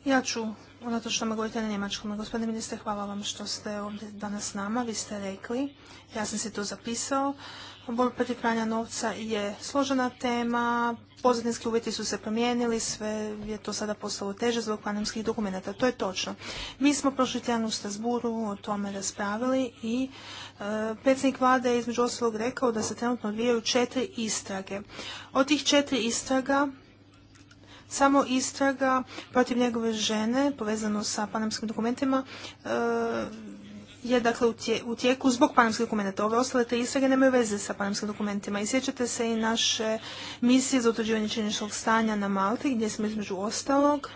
Ja ću, unatoč što me govorite na njemačkom, gospodine ministre, hvala vam što ste ovdje danas s nama. Vi ste rekli, ja sam se to zapisao, Borba protiv pranja novca je složena tema, pozadinski uvjeti su se promijenili, sve je to sada postalo teže zbog panemskih dokumenta. To je točno. Mi smo prošli tjedan u Strasburu o tome raspravili i e, predsjednik vlade je između ostalog rekao da se trenutno odvijaju četiri istrage. Od tih četiri istraga samo istraga protiv njegove žene povezano sa panamskim dokumentima e, je dakle u tijeku zbog panamskih dokumenta. Ove ostale te istrage nemaju veze sa panamskim dokumentima. I sjećate se i naše misije za utvrđivanje činjeničnog stanja na Malti gdje smo između ostalog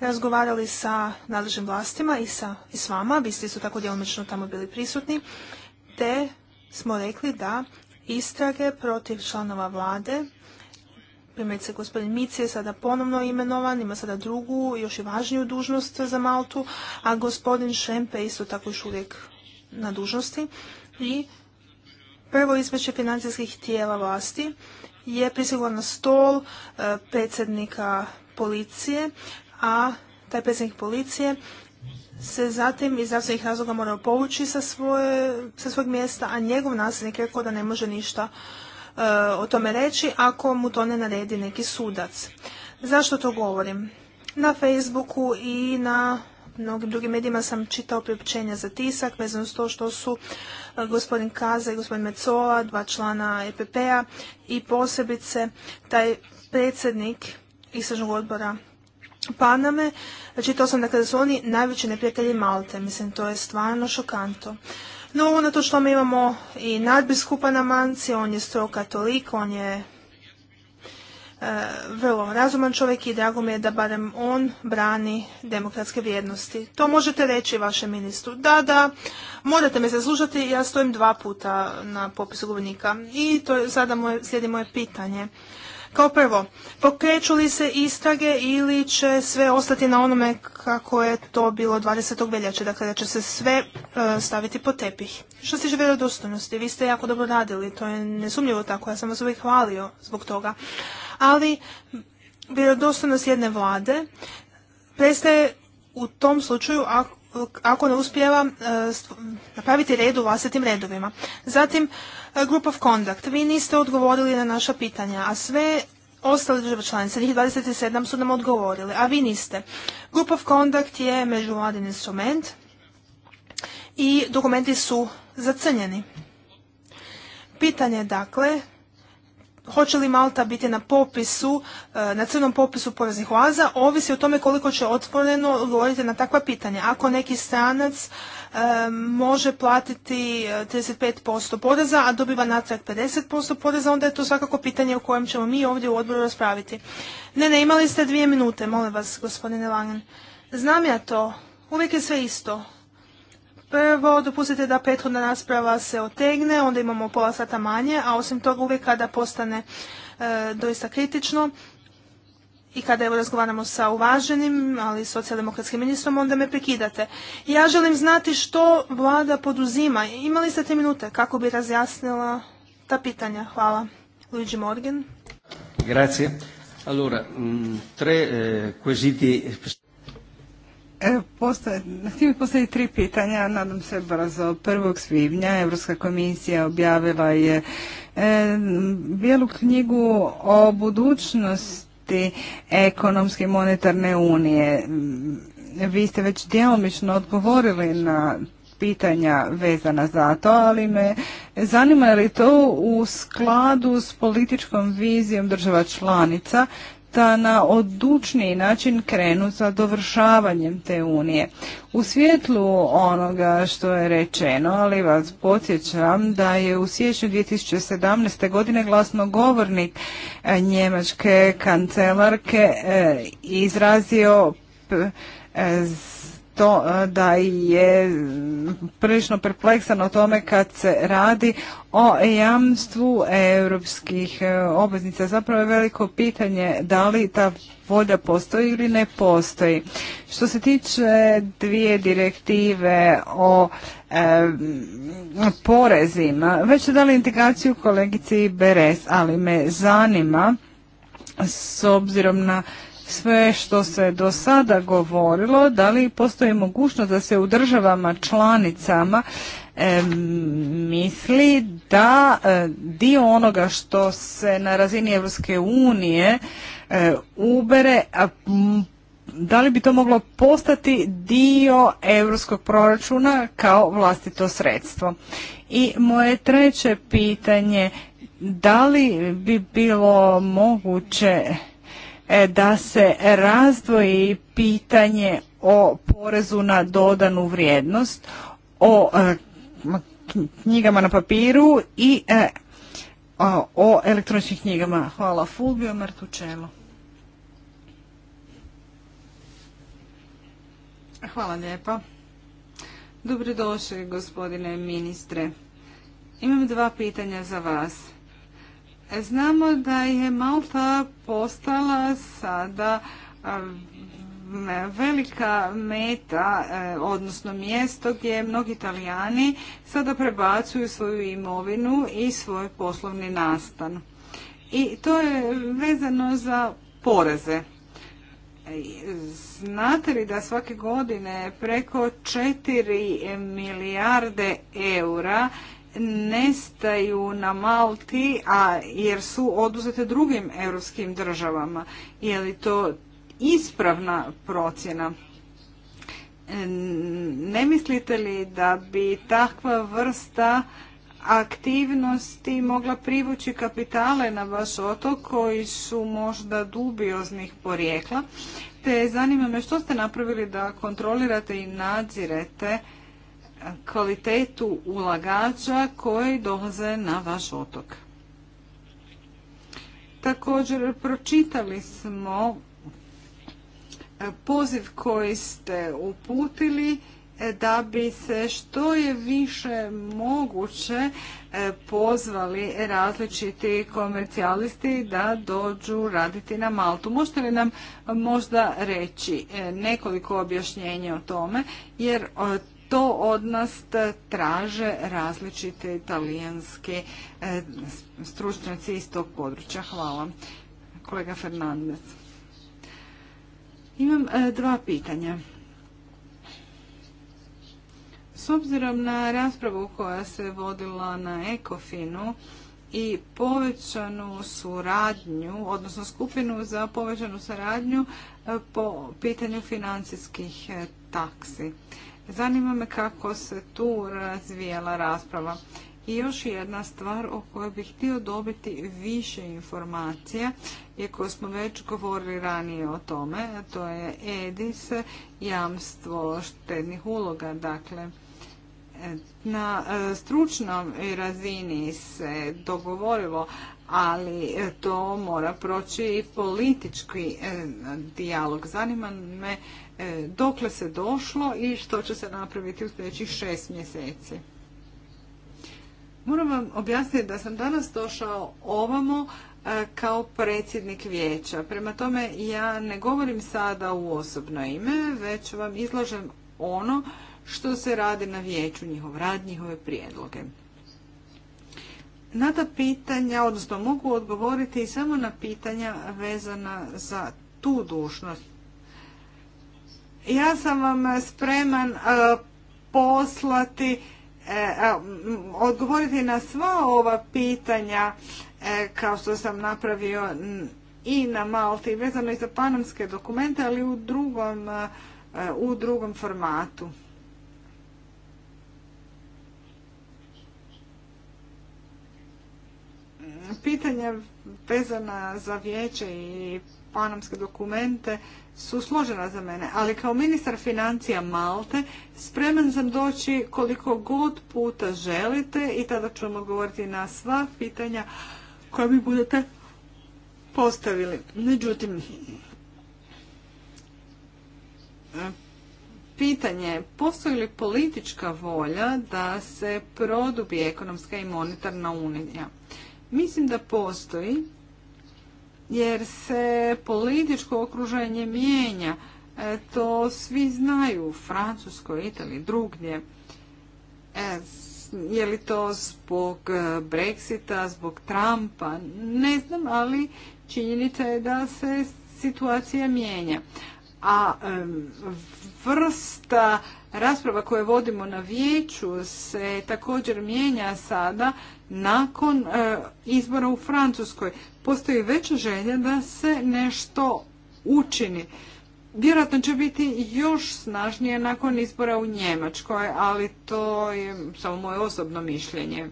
razgovarali sa nadležnim vlastima i, sa, i s vama, vi ste isto tako djelomično tamo bili prisutni, te smo rekli da istrage protiv članova vlade Primjerice, gospodin Mici je sada ponovno imenovan, ima sada drugu, još i važniju dužnost za Maltu, a gospodin Šempe isto tako još uvijek na dužnosti. I prvo izveće financijskih tijela vlasti je prisiglo na stol e, predsjednika policije, a taj predsjednik policije se zatim iz zdravstvenih razloga morao povući sa, svoje, sa svog mjesta, a njegov nasljednik rekao da ne može ništa Eh, o tome reći ako mu to ne naredi neki sudac. Zašto to govorim? Na Facebooku i na mnogim drugim medijima sam čitao priopćenja za tisak vezano s to što su eh, gospodin Kaza i gospodin Mecola, dva člana EPP-a i posebice taj predsjednik istražnog odbora Paname. Čitao sam dakle da su oni najveći neprijatelji Malte. Mislim, to je stvarno šokanto. No, unatoč tome imamo i nadbiskupa na manci, on je strog katolik, on je e, vrlo razuman čovjek i drago mi je da barem on brani demokratske vrijednosti. To možete reći vašem ministru. Da, da, morate me zaslužati, ja stojim dva puta na popisu govornika. I to je sada moje, slijedi moje pitanje. Kao prvo, pokreću li se istrage ili će sve ostati na onome kako je to bilo 20. veljače, dakle da će se sve e, staviti po tepih. Što se tiče vjerodostojnosti, vi ste jako dobro radili, to je nesumljivo tako, ja sam vas uvijek hvalio zbog toga. Ali vjerodostojnost jedne vlade prestaje u tom slučaju ako ako ne uspijeva e, napraviti red u vlastitim redovima. Zatim, e, Group of Conduct. Vi niste odgovorili na naša pitanja, a sve ostale države članice, njih 27 su nam odgovorili, a vi niste. Group of Conduct je međuvladin instrument i dokumenti su zacrnjeni. Pitanje dakle hoće li Malta biti na popisu, e, na crnom popisu poreznih oaza, ovisi o tome koliko će otvoreno odgovoriti na takva pitanja. Ako neki stranac e, može platiti 35% e, poreza, a dobiva natrag 50% poreza, onda je to svakako pitanje o kojem ćemo mi ovdje u odboru raspraviti. Ne, ne, imali ste dvije minute, molim vas, gospodine Langen. Znam ja to, uvijek je sve isto. Prvo, dopustite da prethodna rasprava se otegne, onda imamo pola sata manje, a osim toga uvijek kada postane e, doista kritično i kada evo razgovaramo sa uvaženim, ali socijaldemokratskim ministrom, onda me prekidate. Ja želim znati što vlada poduzima. Imali ste te minute kako bi razjasnila ta pitanja. Hvala. Luigi Morgan. Grazie. Allora, mm, tre eh, quesiti Htio bih postaviti tri pitanja, nadam se brzo. Prvog svibnja Europska komisija objavila je e, bijelu knjigu o budućnosti ekonomske i monetarne unije. Vi ste već djelomično odgovorili na pitanja vezana za to, ali me zanima je li to u skladu s političkom vizijom država članica da na odlučniji način krenu sa dovršavanjem te unije. U svjetlu onoga što je rečeno, ali vas podsjećam da je u siječnju 2017. godine glasnogovornik e, njemačke kancelarke e, izrazio e, to e, da je prilično perpleksan o tome kad se radi o jamstvu europskih e, obveznica. Zapravo je veliko pitanje da li ta volja postoji ili ne postoji. Što se tiče dvije direktive o e, porezima, već je dali integraciju kolegici Beres, ali me zanima s obzirom na sve što se do sada govorilo, da li postoji mogućnost da se u državama članicama misli da e, dio onoga što se na razini Europske unije e, ubere, a, da li bi to moglo postati dio europskog proračuna kao vlastito sredstvo? I moje treće pitanje, da li bi bilo moguće E, da se razdvoji pitanje o porezu na dodanu vrijednost, o e, knjigama na papiru i e, o elektroničkim knjigama. Hvala Fulbio Martučelo. Hvala lijepa. Dobrodošli, gospodine ministre. Imam dva pitanja za vas. Znamo da je Malta postala sada mm, velika meta, e, odnosno mjesto gdje mnogi Italijani sada prebacuju svoju imovinu i svoj poslovni nastan. I to je vezano za poreze. E, znate li da svake godine preko 4 milijarde eura nestaju na Malti, a jer su oduzete drugim europskim državama. Je li to ispravna procjena? Ne mislite li da bi takva vrsta aktivnosti mogla privući kapitale na vaš otok koji su možda dubioznih porijekla? Te zanima me što ste napravili da kontrolirate i nadzirete kvalitetu ulagača koji dolaze na vaš otok. Također pročitali smo poziv koji ste uputili e, da bi se što je više moguće e, pozvali različiti komercijalisti da dođu raditi na Maltu. Možete li nam možda reći e, nekoliko objašnjenja o tome, jer to od nas traže različite italijanske e, stručnjaci iz tog područja. Hvala. Kolega Fernandez. Imam e, dva pitanja. S obzirom na raspravu koja se vodila na Ekofinu i povećanu suradnju, odnosno skupinu za povećanu suradnju e, po pitanju financijskih taksi. Zanima me kako se tu razvijela rasprava. I još jedna stvar o kojoj bih htio dobiti više informacija, je koju smo već govorili ranije o tome, to je EDIS, jamstvo štednih uloga. Dakle, na e, stručnom razini se dogovorilo, ali to mora proći i politički e, dijalog. Zanima me E, dokle se došlo i što će se napraviti u sljedećih šest mjeseci. Moram vam objasniti da sam danas došao ovamo e, kao predsjednik vijeća. Prema tome ja ne govorim sada u osobno ime, već vam izlažem ono što se radi na vijeću, njihov rad, njihove prijedloge. Na ta pitanja, odnosno mogu odgovoriti samo na pitanja vezana za tu dužnost. Ja sam vam e, spreman e, poslati, e, odgovoriti na sva ova pitanja kao što sam napravio i na Malti, vezano i za panamske dokumente, ali u drugom, u drugom formatu. Pitanja vezana za vijeće i panamske dokumente su složena za mene, ali kao ministar financija Malte spreman sam doći koliko god puta želite i tada ću vam odgovoriti na sva pitanja koja mi budete postavili. Međutim, pitanje postoji li politička volja da se produbi ekonomska i monetarna unija? Mislim da postoji jer se političko okruženje mijenja. E, to svi znaju u Francuskoj, Italiji, drugdje. E, je li to zbog e, Brexita, zbog Trumpa? Ne znam, ali činjenica je da se situacija mijenja. A vrsta rasprava koje vodimo na vijeću se također mijenja sada nakon e, izbora u Francuskoj. Postoji veća želja da se nešto učini. Vjerojatno će biti još snažnije nakon izbora u Njemačkoj, ali to je samo moje osobno mišljenje.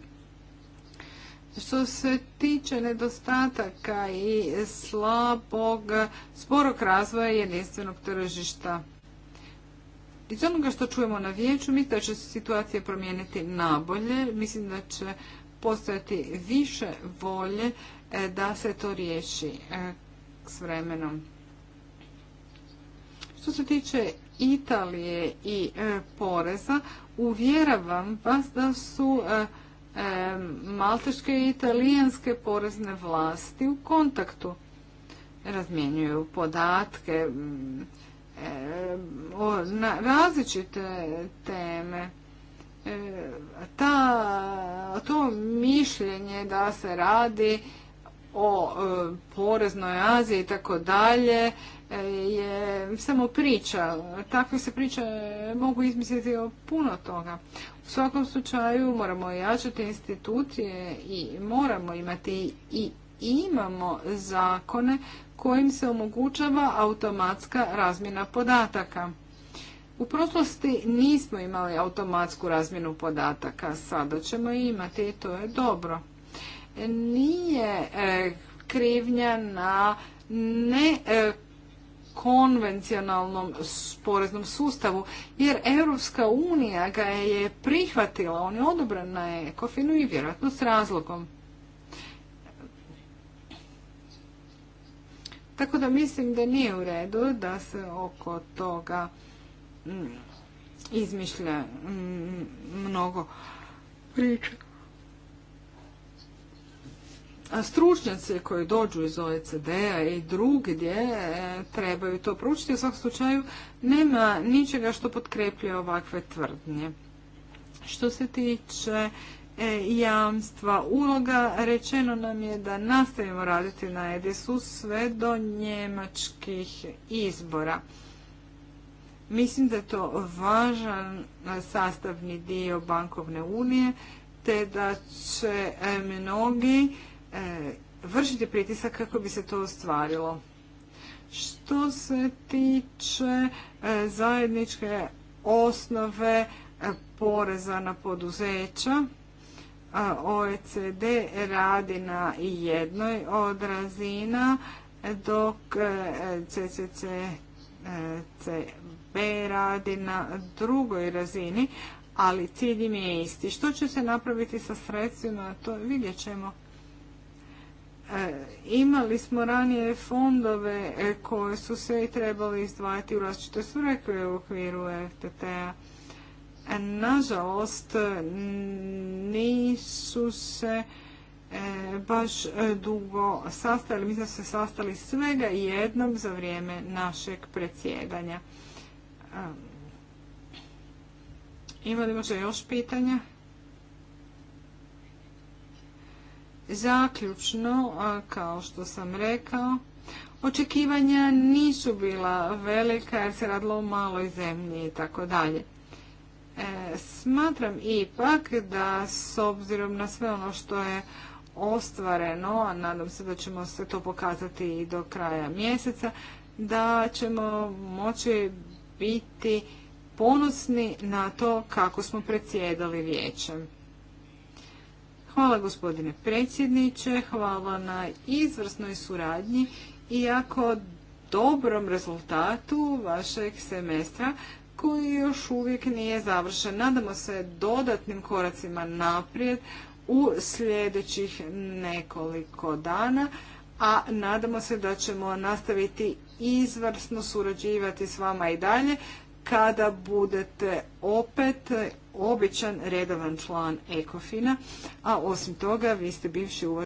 Što se tiče nedostataka i slabog, sporog razvoja jedinstvenog tržišta. Iz onoga što čujemo na vijeću, mislim da će se situacija promijeniti nabolje. Mislim da će postojati više volje e, da se to riješi e, s vremenom. Što se tiče Italije i e, poreza, uvjeravam vas da su malteške i italijanske porezne vlasti u kontaktu. Razmjenjuju podatke na različite teme. E, ta, to mišljenje da se radi o e, poreznoj Aziji i tako dalje e, je samo priča. Takve se priče mogu izmisliti o puno toga. U svakom slučaju moramo ojačati institucije i moramo imati i imamo zakone kojim se omogućava automatska razmjena podataka. U prošlosti nismo imali automatsku razmjenu podataka, sada ćemo imati i to je dobro. Nije e, krivnja na ne e, konvencionalnom poreznom sustavu, jer Europska unija ga je prihvatila, on je odobren na Ekofinu i vjerojatno s razlogom. Tako da mislim da nije u redu da se oko toga izmišlja mm, mnogo priča. A stručnjaci koji dođu iz OECD-a i gdje e, trebaju to proučiti. U svakom slučaju nema ničega što potkrepljuje ovakve tvrdnje. Što se tiče e, jamstva uloga, rečeno nam je da nastavimo raditi na EDIS-u sve do njemačkih izbora. Mislim da je to važan sastavni dio bankovne unije, te da će e, mnogi e, vršiti pritisak kako bi se to ostvarilo. Što se tiče e, zajedničke osnove poreza na poduzeća, OECD radi na jednoj od razina, dok CCC B radi na drugoj razini, ali cilj im je isti. Što će se napraviti sa sredstvima, to vidjet ćemo. E, imali smo ranije fondove e, koje su se i trebali izdvajati u različite svrhe u okviru FTT-a. E, nažalost, nisu se baš dugo sastali. Mi smo se sastali svega jednom za vrijeme našeg predsjedanja. Ima li možda još pitanja? Zaključno, kao što sam rekao, očekivanja nisu bila velika jer se radilo o maloj zemlji i tako dalje. E, smatram ipak da s obzirom na sve ono što je ostvareno, a nadam se da ćemo se to pokazati i do kraja mjeseca, da ćemo moći biti ponosni na to kako smo predsjedali vijećem. Hvala gospodine predsjedniče, hvala na izvrsnoj suradnji i jako dobrom rezultatu vašeg semestra koji još uvijek nije završen. Nadamo se dodatnim koracima naprijed u sljedećih nekoliko dana, a nadamo se da ćemo nastaviti izvrsno surađivati s vama i dalje kada budete opet običan redovan član Ekofina, a osim toga vi ste bivši